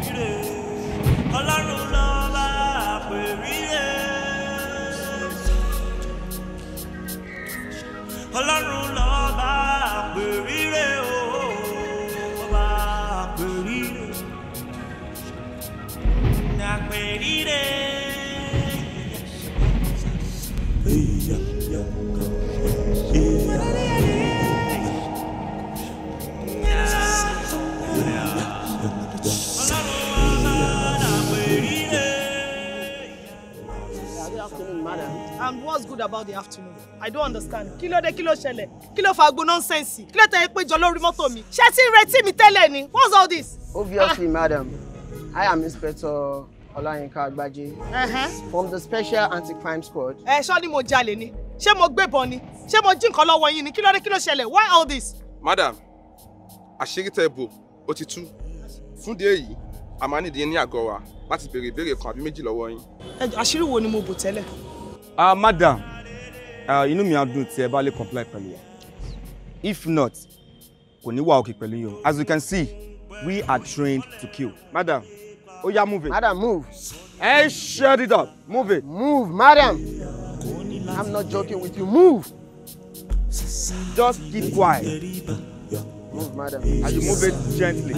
the afternoon. I don't understand. Kí ló dé kí ló ṣẹlẹ̀? Kí ló fa agbo nọ́nsẹ̀nsì? Kí ló mi? Ṣé tí ń mi tẹ́lẹ̀ ni? What's all this? Obviously, ah. madam, I am Inspector Olayinka Agbaje uh-huh. from the Special Anti-Crime Squad. Eh, ṣọ́ mo jale ni? Ṣé mo gbébọn ni? Ṣé mo jí nǹkan lọ́wọ́ yín ni? kilo ló kilo kí Why all this? Madam, àṣírí tẹ bò ó ti tú. Fún di èyí, a máa nídìí ní àgọ́ wa láti béèrè ìbéèrè kan àbí méjì lọ́wọ́ yín. Ẹ jọ wo ni mo bò tẹ́lẹ̀? Ah, madam. Ah, inú mi á dùn tí ẹ bá lè comply pẹ̀lú wa if not kò ní wà òkè pẹ̀lú yín o as you can see we are trained to kill madam ó yá move it madam move hey shut it up move it move madam i'm not joking with you move just keep quiet move madam and you move it gently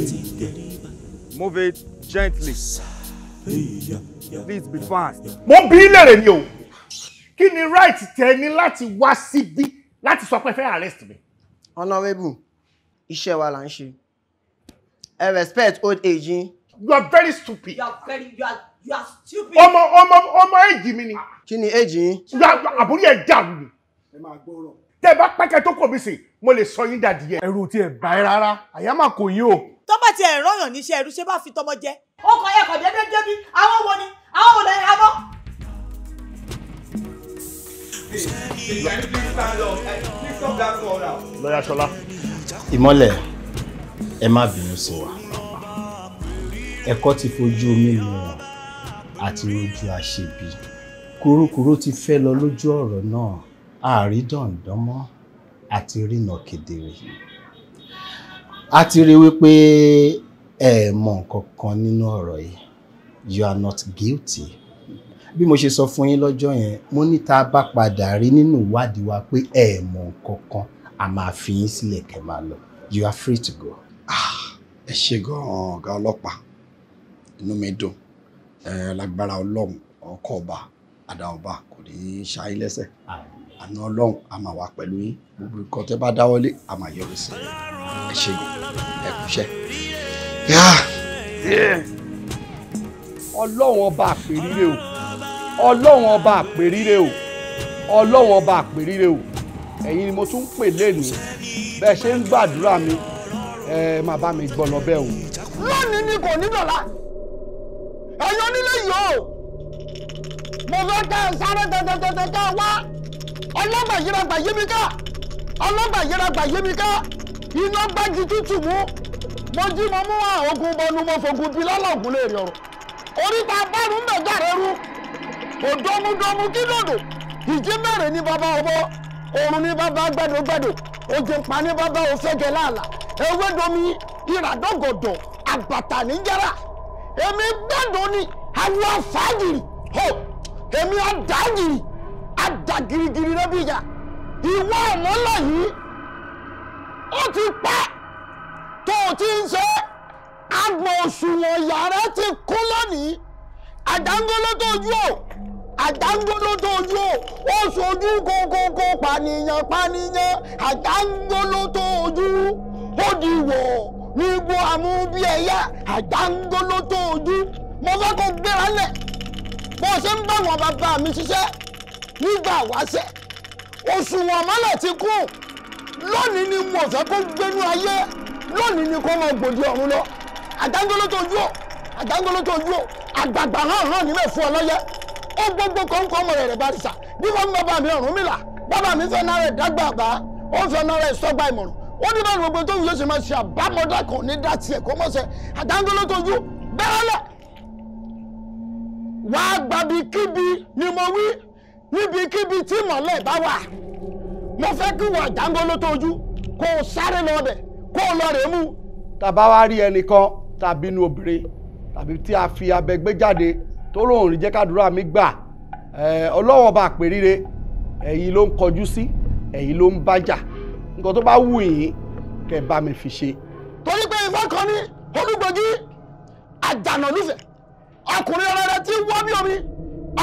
move it gently please be fast. mo bí lèrè ni o kí ni right tẹ ní láti wá síbí láti sọ pé fẹ́ arrest mi. honourable iṣẹ́ wa là ń ṣe i respect old age you are very stupid. you are very you are you are stupid. ọmọ ọmọ ọmọ èjì mi ni. kí ni èjì yín. àbúrò ẹ̀ dàrú ni. ẹ máa gbọ́rọ̀. tẹ́ ẹ bá pẹ́kẹ́ tó kò mí sí mo lè sọ yín dàdí yẹn. ẹrù tí ẹ bá ẹ rárá àyà máa kò yín o. tó bá ti ẹ̀ rọ̀yàn níṣẹ́ ẹrù ṣé bá fi tọmọ jẹ. ó kọ ẹ̀kọ́ déédéé débi àwọn wo ni àwọn wo lẹ́yìn abọ́ lọ́yà ṣọlá. ìmọ̀lẹ̀ ẹ má bínú sí wa ẹ̀kọ́ ti fojú omi mu àti ojú àṣebí kúrúkúrú ti fẹ́ lọ lójú ọ̀rọ̀ náà àárí dandan mọ́ àti rìnà kedere a ti rí wípé ẹ mọ nǹkan kan nínú ọ̀rọ̀ yìí you are not guilty bí mo ṣe sọ fún yín lọ́jọ́ yẹn mo ní tá bá padà rí nínú ìwádìí wa pé ẹ mọ̀ nǹkan kan a máa fi yín sílẹ̀ kẹ́ máa lọ you are free to go. Ah, ẹ ṣe gan-an ọ̀gá ọlọ́pàá inú mi dùn ẹ lágbára ọlọ́run ọkọ̀ ọba àdáọba kò ní í ṣáyé lẹ́sẹ̀ àná ọlọ́run a máa wà pẹ̀lú yín gbogbo nǹkan tẹ́ bá dáwọ́lé a máa yọrí sí ẹ ṣe ẹ kúṣẹ́. ọlọ́run ọba àpèrírè o ọlọ́run ọba àpèríre o ọlọ́run ọba àpèríre o ẹ̀yin ni mo tún pè lénìí bẹ́ẹ̀ ṣe ń gbàdúrà mi ẹ máa bá mi gbọ́ lọ bẹ́ẹ̀ o. lónìí ni kò ní dọ̀la ẹ̀yin onílé yìí o mo fẹ́ ká ẹ sáré tẹ́tẹ́tẹ́tẹ́ ká wá ọlọ́gbà yíra gbà yé mi ká ọlọ́gbà yíra gbà yé mi ká iná gbági tútù mú mo jí mo mú àwọn ogun bọnu mo fògùn bí lọ́lọ́gùn lè rí ọ̀rọ̀ oríta bọ́ọ̀lù ń bẹ̀ jáde rú òdòmúdòmú kí lòdò ìjì mẹ́rin ní bàbá ọbọ òrùn ní bàbá gbẹdọgbẹdọ òjìǹpa ní bàbá òfẹ́gẹ́ láàlà ewédomi ìràdọ́gọ̀dọ̀ àbàtà níjàrá èmi gbẹ́dọ̀ ni àwọn afáàgìrì ho èmi àdàgìrì àdàgìrìgìrì rẹ bíyà ìwọ ọmọlá yìí ó ti pẹ́ tó o ti ń ṣe agbọ̀n òṣùwọ̀n yàrá ti kú lónìí àdángọ́lótó ojú ò àjàngbóló tó yó ó sojú kókókó pànìyàn pànìyàn àjàngbóló tó yó ó di wọ̀ nígbó amúbíẹ̀yà àjàngbóló tó yó mo fẹ́ kó gbéra lẹ̀ bó ṣe ń bá wọn bàbá mi ṣiṣẹ́ nígbà wáṣẹ́ òṣùwọ̀n mọ́lẹ̀ ti kú lónìí ni mo fẹ́ kó gbénú ayé lónìí ni kó máa gbòdì ọ̀run lọ àjàngbóló tó yó àjàngbóló tó yó àgbàgbà hàn hàn nílẹ̀ fún ọ lọ́yẹ́ ó gbogbo kọ́ńkọ́ ọmọ rẹ̀ rẹ̀ bá ti sà bí wọ́n bá mi ọ̀rùn mi là bàbá mi fẹ́ náà rẹ̀ dágbà bá ó fẹ́ náà rẹ̀ sọ́gbà ìmọ̀ràn ó ní báyìí gbogbo tóun yóò ṣe máa ṣe àbámọ́dá kan ní dátì ẹ̀kọ́ mọ́sẹ̀ àdáńgọ́lọ́ tójú bẹ́ẹ̀ lẹ̀ wà á gbàbí kíbi ni mo wí níbikíbi tí mọ̀lẹ́ bá wà mo fẹ́ kí wà àdáńgọ́lọ́ tójú kó o sáré lọ bẹ̀ kó o lọ rè mú. tàbá wá rí ẹnìkan tàbí inú obìnrin tàbí tí a fi abẹ gbé jáde tó lóun rí jẹ́ kádùúrà mi gbà ọlọ́wọ́n bá pè ríre ẹ̀yin ló ń kọjú sí ẹ̀yin ló ń bájà nǹkan tó bá wù yín kẹ́ bá mi fi ṣe. torí pé ifá kan ní olúgbòjì àjànà lùfẹ̀ ọkùnrin ẹrẹ tí ń wá bí omi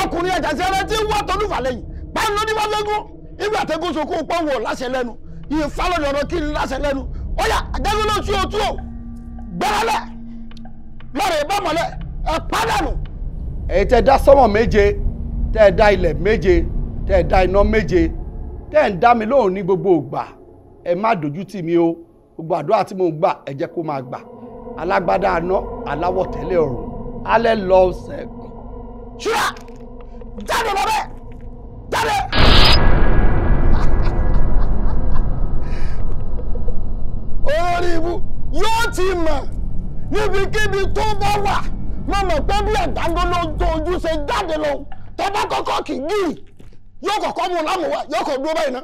ọkùnrin ẹjàsí ẹrẹ tí ń wá tọlúfà lẹ́yìn báyìí ló ní wá lẹ́gùn ìgbà tẹ́gùn sunkún pọ́n wò láṣẹ lẹ́nu ìfá lọ́dọ̀ ọ̀rọ̀ kí n láṣẹ lẹ́nu ó yà àjẹgùn ló tú o tú o gbẹ́rẹ́lẹ̀ lọ́rẹ̀ ìbámọ̀lẹ̀ ẹ̀ pádànù èyí tẹ́ dá sọ́mọ̀ méje tẹ́ dá ilẹ̀ méje tẹ́ dá iná méje tẹ́ ń dá mi gbogbo ògbà má o gbogbo àdúrà tí mo gbà ẹ jẹ́ kó máa gbà alágbádá àná aláwọ̀ tẹ́lẹ̀ ọ̀run alẹ́ lọ sẹ́kù. ṣúra jáde lọ bẹ́ẹ̀ jáde. <laughs> orí ibu yóò ti mọ̀ níbikíbi tó bá wà. mo mọ̀ pé bí ẹ̀dáńgọ́lọ́ ojú ṣe jáde lọ tọ́ba kọ́kọ́ kì í gírì yóò kọ́kọ́ mu lámùwá yóò kọ́ dúró báyìí ná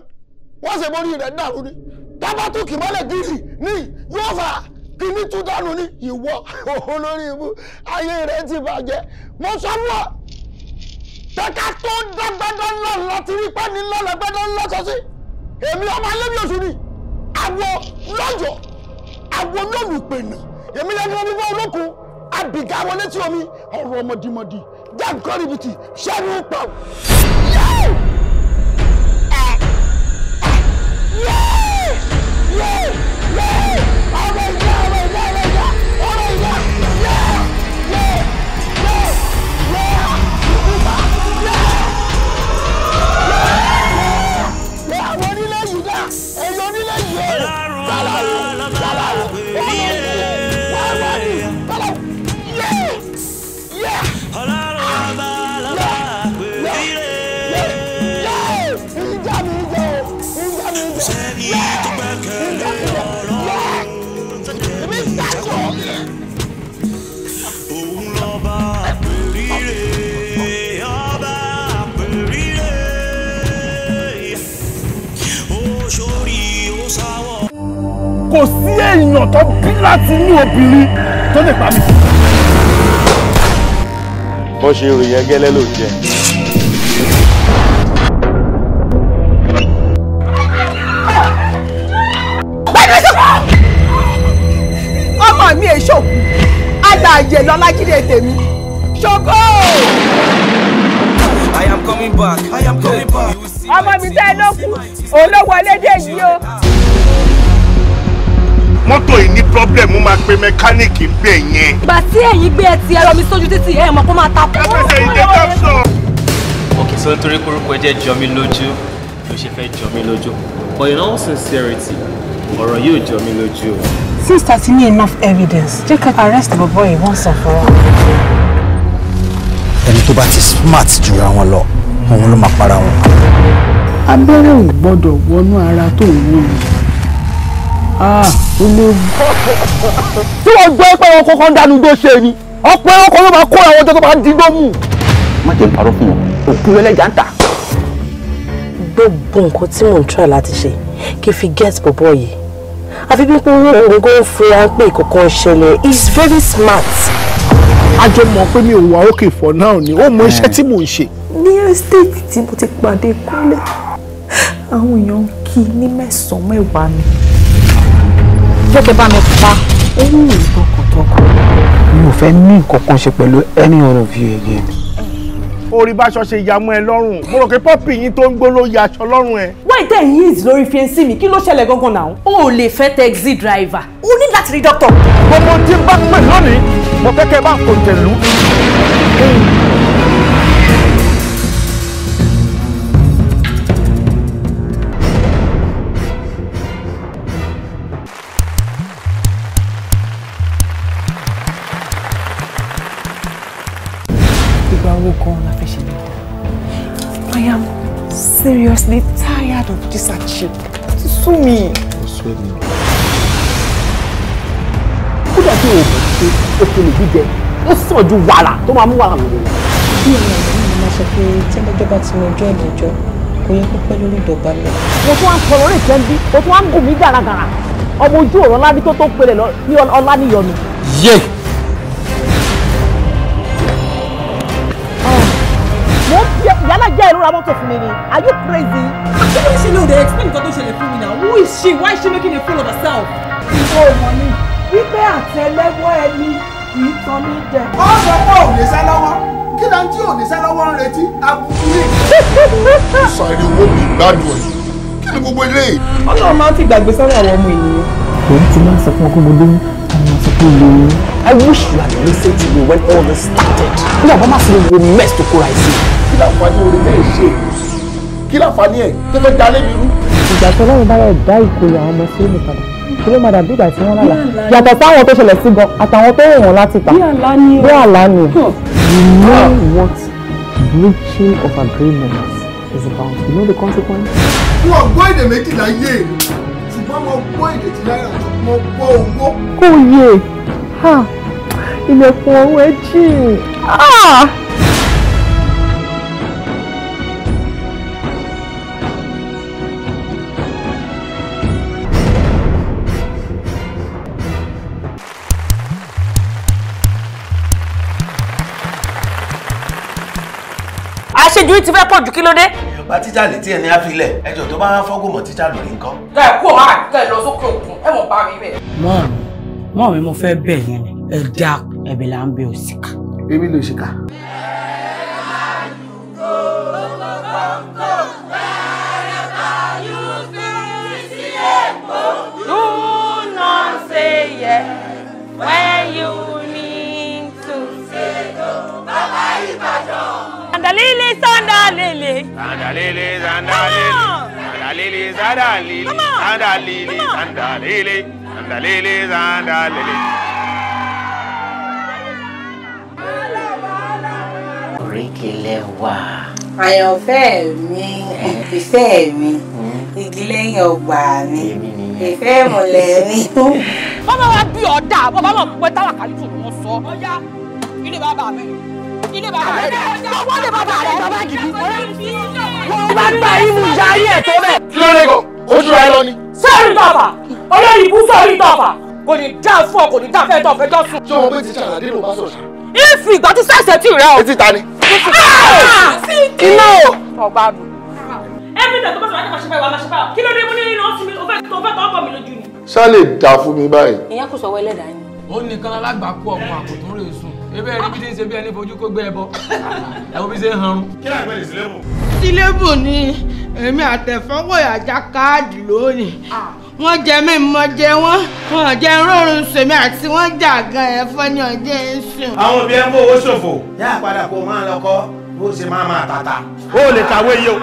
wọ́n ṣe borí rẹ̀ dàrú ni tọ́ba tún kì í mọ́lẹ̀ gírì ní yóò fà kíní tún dànù ní ìwọ <laughs> olórí ibú ayé rẹ̀ ti bàjẹ́ mo sọ fún ọ tẹ́ka tó dágbádá ńlá láti rí pẹ́ ní ńlá lẹ́gbẹ́dá ńlá sọ sí èmi ọmọ alẹ́bí oṣù ni àwọ̀ lọ́jọ́ àwọ̀ lọ́lùpẹ̀nà èmi lẹ́nu ọmọ olókun abìgá wọlé tí omi ọ̀rọ̀ ọmọdémọdé jáǹkọ́ rìbìtì ṣẹ́nu pa. Yeah! Yeah! Yeah! sí èèyàn tó bí láti inú obìnrin tó lè pa mí. bó ṣe rò yẹn gẹ́lẹ́ ló jẹ. ọmọ mi èso àgbàyè lọ́lájídé tèmi ṣoko. I am coming back. I am coming back. ọmọ mi tẹ́ ló kú òun ló wọlé dé yìí o mọ́tò yìí ní problem mo máa pe mẹkáníìkì bẹ̀ yẹn. ìgbà tí ẹ̀yin gbé ẹ ti ẹrọ mi sójú títì ẹ̀ mọ̀ kó máa ta. ẹ fẹsẹ̀ ìdè capsule. òkè sọ nítorí korúkọ jẹ́ jọ lójú ló ṣe fẹ́ jọ lójú but in all sincerity ọ̀rọ̀ yóò jọ mí lójú o. since there's no enough evidence jẹ́ ká arrest bọ̀bọ̀ yìí once for all. ẹni tó bá ti smart jura wọn lọ òun ló máa para wọn. abẹ́rẹ́ ò gbọ́dọ̀ wọnú ara tó ń wó ni. Ah, tí wọ́n gbọ́ pé wọn kọ́kọ́ ń dánú gbó ṣe ni ọ̀pọ̀ ẹ̀rọ kan ló máa kó àwọn ọjọ́ tó máa dín gbó má jẹ́ ìparọ́ fún wọn òkú ẹlẹ́jà ń tà. gbogbo nǹkan tí mò ń try láti ṣe kí n fi get bọ̀bọ̀ yìí àfi bí pé òun kò ń fura pé ìkọ̀kan ṣẹlẹ̀ he is very smart. a jọ pé mi ò wá òkè for now ni ó mọ iṣẹ́ tí mò ń ṣe. ní estate tí mo ti pàdé kúlẹ̀ àwọn èèyàn kì í ní mẹ́sàn-án mẹ́wàá ni jẹ́ kẹ́ bá mi pa ó wù mí tọkàntọkàn mi ò fẹ́ ní nǹkan kan ṣe pẹ̀lú any one of you again. orí bá aṣọ ṣe ìyàmú ẹ lọ́rùn mo rò pé pọ́pì yín tó ń gbó ló ya aṣọ lọ́rùn ẹ. wáyé tẹ̀ yín ìdí lórí fiẹ́nsì mi kí ló ṣẹlẹ̀ gangan náà. o ò lè fẹ́ taxi driver o ní láti rí dókítà. gbogbo tí n bá pè lónìí mo fẹ́ kẹ́ bá kò tẹ̀lú. seriously tired of this hardship. Ti sú mi. you sú ẹ̀mí. Kódà tí o ṣe òkèlè jíjẹ, ó sàn ju wàrà tó máa mú wàrà lòdì. Bí ọ̀nà ìlú mi máa sọ pé tẹ́lẹ́jọ́ bá ti mọjọ́ ìlẹ́jọ́, kò yẹ kó pẹ́ lórí ìdọ̀bálẹ̀. Mo tún wá ń sọ̀rọ̀ orí ìfẹ́ bí, mo tún wá ń gùn mí gàràgàrà. Ọmọ ojú ọ̀rọ̀ ńlá ní tó tó pelẹ̀ ní ọlá níyọnu. Yéè! ra mọ́tò fún mi ni are you crazy. àṣírí ṣe ló dé explain nǹkan tó ṣẹlẹ̀ fún mi now who is she why is she making a fool of herself. ìwọ ọmọ ni wípé àtẹ́lẹwọ́ ẹni kì í tan ní jẹ. ọ sọ pé ò ní sẹ́ lọ́wọ́ kí ló ń tí ò ní sẹ́ lọ́wọ́ ń retí aburú ni. sáré owó mi gbádùn ẹ̀ kí ni gbogbo eléyìí. ọlọ́run máa ń ti gbàgbé sọ́rọ̀ àwọn ọmọ ènìyàn. òun ti máa ń sọ fún ọkọ gbogbo Hello. I wish you had listened to me when all this started. Ní àbámá sí ni mo mess to. kóra ẹsẹ̀. Kí láǹfààní orí bẹ́ẹ̀ ṣe? Kí láǹfààní ẹ̀ tó fẹ́ dalé mi rú? Ìgbà tó lọ́rùn bá yẹ dá ìkòyà àwọn ọmọ sí ìmùpadà. Kí ló máa dàbí ìgbà tí wọ́n lálàá? Yàtọ̀ sáwọn tó ṣẹlẹ̀ sí gan, àtàwọn tó wọ̀n láti tà. Bí àlá ni o. Bí àlá ni o. You know ah. what breaching of agreements is about. You know the consequence? Wọ́n gbọ́ èdè méjìlá yé, ṣùgbọ́n mo gbọ́ èdè tí láyà tó mo gbọ́ owó. kò yẹ ilẹ̀kùn ọ̀rọ̀ ẹ jìn. àṣejù yìí ti fẹ́ pọ̀ jù kí ló dé bá tíjà létí ẹ̀ ní àfilẹ̀ ẹjọ́ tó bá wá fọ́gùn mọ́ tíjà lórí nǹkan. ká ẹ kú ọ̀hún àti ẹ lọ sókè òkun ẹ mọ̀ bá mi bẹ̀. mọ́ mi mọ́ mi mo fẹ́ bẹ̀ yẹn ni ẹ dá ẹ̀bẹ̀ là ń bẹ òṣìkà. èmi ló ṣìkà. Where you Zandalele. Zandalele, Zandalele. Zandalele, Zandalele. Zandalele, Zandalele. Zandalele, Zandalele. Oríkèlè wà. Àyànfẹ́ mi, ìfẹ́ mi, hmm. igi lẹ́yìn ọgbà mi, ìfẹ́ ìmọ̀lẹ̀ mi. Bàbá wa bí ọ̀dà, bàbá náà pẹ́ tálákà ní tòun wọn sọ. Ọ̀ya, ilé bàbá mi ilé bàbá rẹ lọ́wọ́ lè bàbá rẹ bàbá gidi. wọ́n bá gba imú ya ayé ẹ̀ tó bẹ́ẹ̀. kí ló dé gan ojú ẹ lọ ni. sẹ́ẹ̀rì tọ̀fà olórí ibú sọ̀rí tọ̀fà kò ní dá fún ọ kò ní dá fẹ́ tọ̀fẹ́ jọ sùn. ṣé wọn pé ti ṣàlàdé ló bá sọ̀rọ̀ ṣá. ìfì ìgbà tí sẹ́ẹ̀sẹ̀ tì rẹ o. etí ta ni. iná o. ọgbà dùn. ẹbí ìdàgbọ́ bá sọ̀rọ̀ àti màṣẹ́fẹ́ wa màṣẹ́fẹ́ wa kí ló dé mú ní iná sí mi o fẹ́ tó fẹ́ tọ́ ọkọ mi lójú ni. ṣá lè dà fún mi báyìí. ìyẹn kò sọ wọ ẹlẹ́dàá ó ní kán alágbàá kú ọmọ àkùtù rè sùn ebe ẹni bí tí ń ṣe bí ẹni fojú kó gbé ẹbọ ẹwọ bí ṣe ń hanrun. kí láì pẹ́ lè sílẹ̀bù. sílẹ̀bù ni èmi àtẹ̀fọ́wọ́yà já káàdì lónìí wọ́n jẹ mí mọ́ jẹ wọ́n wọ́n jẹ rọrùn sèmi àti wọ́n jà gan ẹ̀ fọ́ni ọjọ́ èso. àwọn òbí ẹ ń bó owó ṣòfò. yá padà kó máa lọ kọ́ bó ṣe máa máa tàtà. ó lè kàwé yìí o.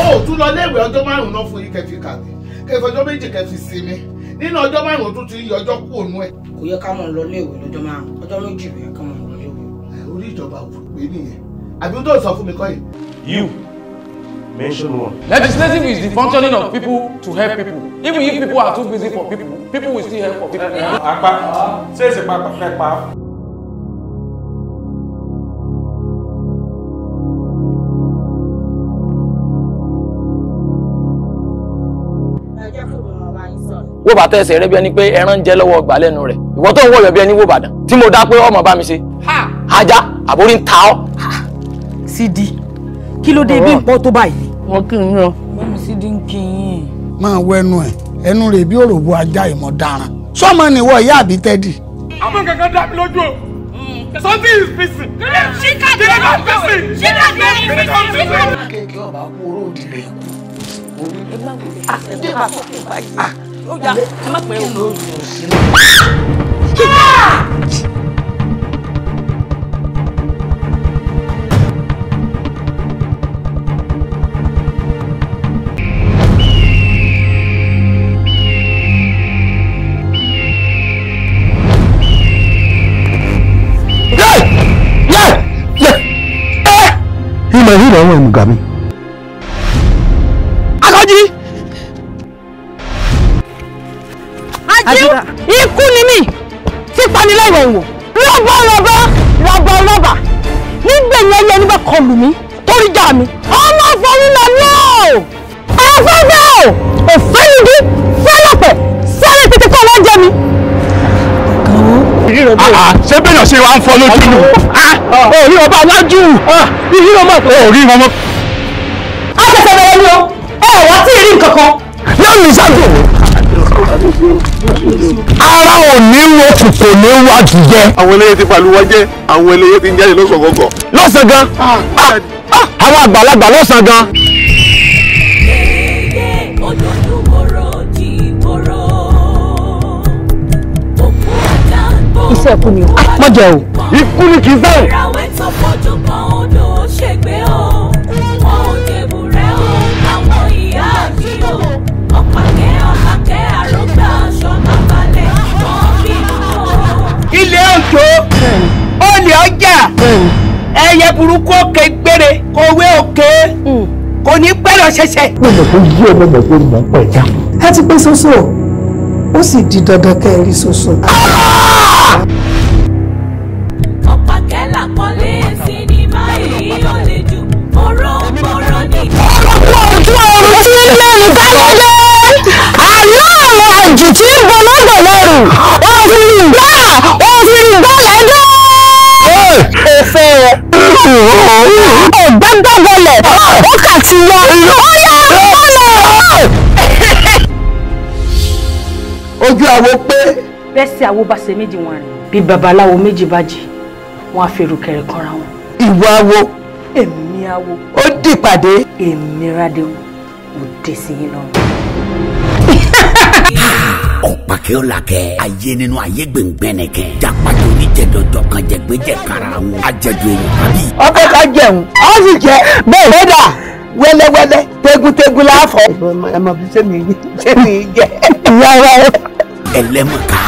ó tún lọ léèwé ọjọ́ márùn-ún náà fún yín kẹfì kàwé kẹfì ọjọ́ méjì kẹfì sinmi nínú ọjọ́ márùn-ún tún ti yí ọjọ́ kú òun kò yẹ ká mọ̀ lọ léèwé lọ́jọ́ márùn-ún ọjọ́ méjì ló ká mọ̀ orí ìjọba ò pé nìyẹn àbí tó sọ fún mi kọ́ yìí. you mention one. legislative is the functioning of people to help people even if people are too busy for people people will still help for people. àpá ṣé èsì pa pàpẹ́ pa. wó bá tẹ́ ẹsẹ̀ rẹ bí ẹni pé ẹran ń jẹ lọ́wọ́ ọgbà lẹ́nu rẹ̀ ìwọ tó ń wọ̀yọ̀ bí ẹni wó bàdàn tí mo dá pé ọmọ bá mi ṣe ajá àbórí ń ta ọ́. Sidi kí ló dé bí nǹkan tó báyìí. wọn kì í yan. bẹ́ẹ̀ni Sidi ń kí yín. máa wọ ẹnu ẹ ẹnu rẹ bí òròbó ajá ìmọ̀ daran sọmọ nìwọ ìyá àbí tẹ́dì. àmọ́ kankan dá mi lójú o something is missing. ṣí ká dé ṣí ká dé ṣí ká dé ṣí ká dé. ọba kú oró òdìrẹ kú. àdé ah, máa sọ ah, fún báyìí. ó yà má pẹ́ òun. hii da wani mugami Àkànjí Àjìù ikú ni mí tí pani lewe ìwọ lobo lobo lobo loba ni gbe yen le ni ba kọlù mí torí ja mi ọmọ forí na lo afẹ́fẹ́ o ofeyidi fẹ́lọ́pẹ̀ sẹ́rẹ̀ tètè kọ́ lọ́jẹ́ mi. ṣé bẹ́ẹ̀ náà ṣe wá ń fọ́ lójú nù. <laughs> Ah. orí ọba alájú ìrí ọmọ orí ọmọ. a ṣẹ̀ṣẹ̀ bẹ̀rẹ̀ ni o ẹ ẹ̀ wá sí ìrí nǹkan kan. lẹ́nu sábẹ̀ ara ò ní wo kòkò ní wájú jẹ. àwọn eléyìí ti pàlùwọ jẹ àwọn eléyìí ti ń jáde lọ́sàn gọ́gọ́. lọ́sàn gan ah, ah, àwọn àgbàlagbà lọ́sàn gan. iṣẹ́ ẹ̀kú ni o. má jẹ o ikú ni kì í sẹ́wọ̀n. ilé òjò olè ọjà ẹyẹ burúkú òkè gbére kòwé òkè kò ní gbẹ́rọ̀ ṣẹ̀ṣẹ̀. mo mọ̀ yí ọmọ mọ̀ pé mo mọ̀ ẹ ti pé soso ó sì di dandan kẹ́ soso. gbọ́dọ̀ lẹ́rù òfin gbà òfin gbà lẹ́dọ̀. òfin ọ̀gbẹ́ gbọ́gbọ́lẹ̀ ó kà ti wá ó yà bọ́lẹ̀. ojú àwo pé. bẹ́ẹ̀ sí àwo bá ṣe méjì wọn rìn bí babaláwo méjì bá jì wọn á fèrò kẹrẹ kanra wọn. ìwà wo. èmi awo. ó dìpàdé. èmi rádéwò òde sí yín lọ́rùn. ọ̀pá àlàáfíà làkẹ́ ayé nínú ayé gbẹ̀ngbẹ̀ nìkẹ́ jápàtó oníjẹ̀dọ̀jọ̀ kan jẹ̀gbẹ́jẹ̀ kára wọn àjẹjọ èèyàn kábí. ọkọ ká jẹun a sì jẹ bẹ́ẹ̀ lọdà wẹ́lẹ́wẹ́lẹ́ tẹgútẹgú láàfọ. ẹ mọ bí sẹ́mi jẹ́. ìyá wa ẹlẹ́mọ̀ká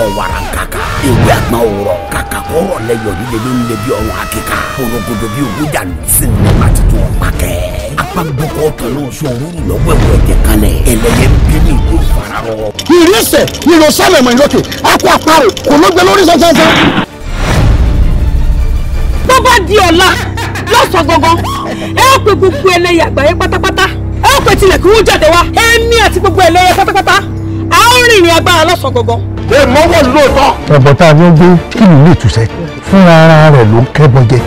ọ̀wàràǹkàkà ewé àgbọn òwúrọ̀ kàkà kọ́rọ̀ lẹ́yọ̀ nílé ló ń lé bí ọrùn akíkà orogodo bí ogún dànù sinimá láti tún ọ̀pá kẹ́. apagbọ́kọ̀ tọ̀nà sọ̀rọ̀ lọ́wọ́ ẹ̀wọ̀ ẹ̀jẹ̀ kalẹ̀ ẹlẹ́yẹ ń bí ní ìlú farahàn. ìrísẹ̀ ìlú sálẹ̀mọ̀ ìlókè akọ àparò kò ló gbẹ lórí sọ́sọ́sọ́. bó bá di ọ̀la lọ́sàn-án gangan ẹ ó pe gbogbo ẹlẹ́yẹ àgbáyé pátápátá ẹ ó pe tilẹ̀kùn jáde wá èmi àti gbogbo ẹlẹ́yẹ pátápátá a ó rìnrìn agbára lọ́sàn-án gangan èèmọ̀ wọ̀ lóòótọ́. ọ̀bọ̀tà ni ó gbé kí ni ilé ìtúsẹ́ fúnra rẹ̀ ló ń kẹ́bọ jẹ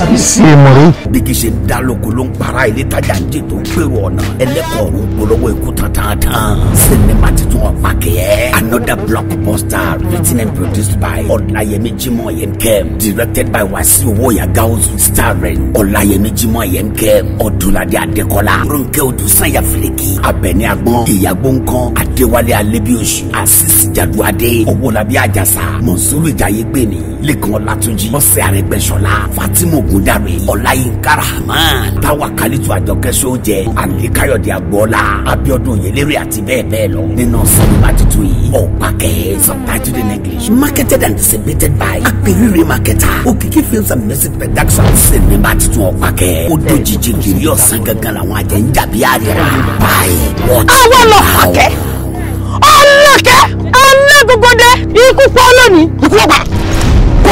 àbí sí èèmọ̀ bí kì í ṣe dá ló ń para ilé tajà ń tó ń pèrò ọ̀nà ẹlẹ́kọ̀ọ́ ọ̀run polówó ikú tantantan sinimá titun ọ̀pá kẹ́ẹ́ another blockbuster written and produced by ọ̀làyẹmí jimoh yemkem directed by wasiu woya gaozu starring ọ̀làyẹmí jimoh yemkem ọ̀dúnladé adékọ́lá ronke odùsányà fìlẹ̀kì abẹ́ni agbọ́n ìyàgbọ́n kan adéwálé alẹ́bíoṣù àṣìṣ jàdúadé owólabí àjàsà mọ̀nsúrù ìjàyégbèmí lẹ́kàn ọ̀làtúnjì ọ̀sẹ̀ àrẹ̀gbẹ̀ṣ fáṣọlá fatima ogundare ọláyínká rahman táwákálítù àjọkẹ́ sóúnjẹ àlékáyọ̀dé agbọ́lá abíọ́dún yẹlẹ́rì àti bẹ́ẹ̀ bẹ́ẹ̀ lọ nínú sinimá tuntun yìí ọ̀pákẹ́ subtitled in marketed and distributed by apirire marketer òkìkí films and music productions sinimá tuntun ọ̀pákẹ́ ó dojijì kiri ọ̀sán gangan làwọn àjẹ́ ń jàbí àríra báyìí wọ́n ti. àwọn lọ pàkẹ́ ọlọ́kẹ́ alágógódé ikú pọ́ lónìí ikú ọ̀pá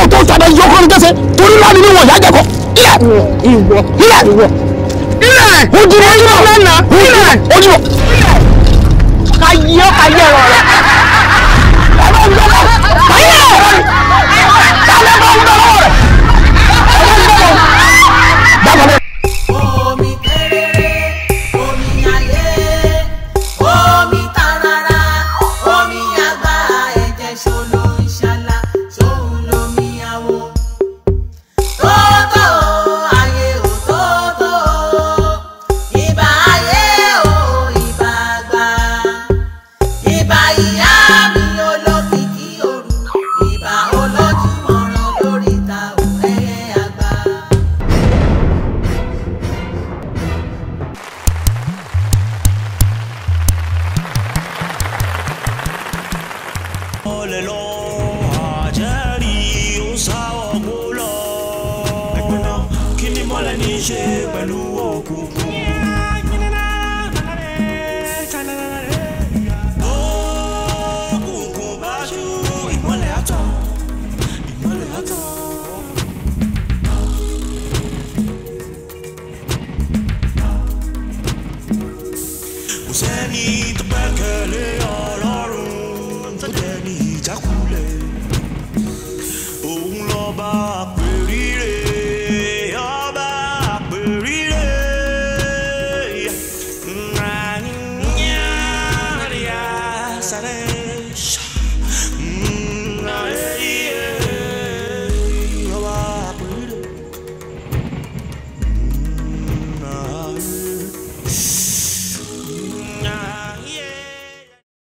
kó tó tàbí yọkọ ní tẹsẹ torí láti ní wọn yá jẹkọ. ilẹ̀ ìwọ ilẹ̀ ìwọ ilẹ̀ ojúmọ̀ ojúmọ̀ ojúmọ̀ ojúmọ̀. kàyé kàyé rọrùn.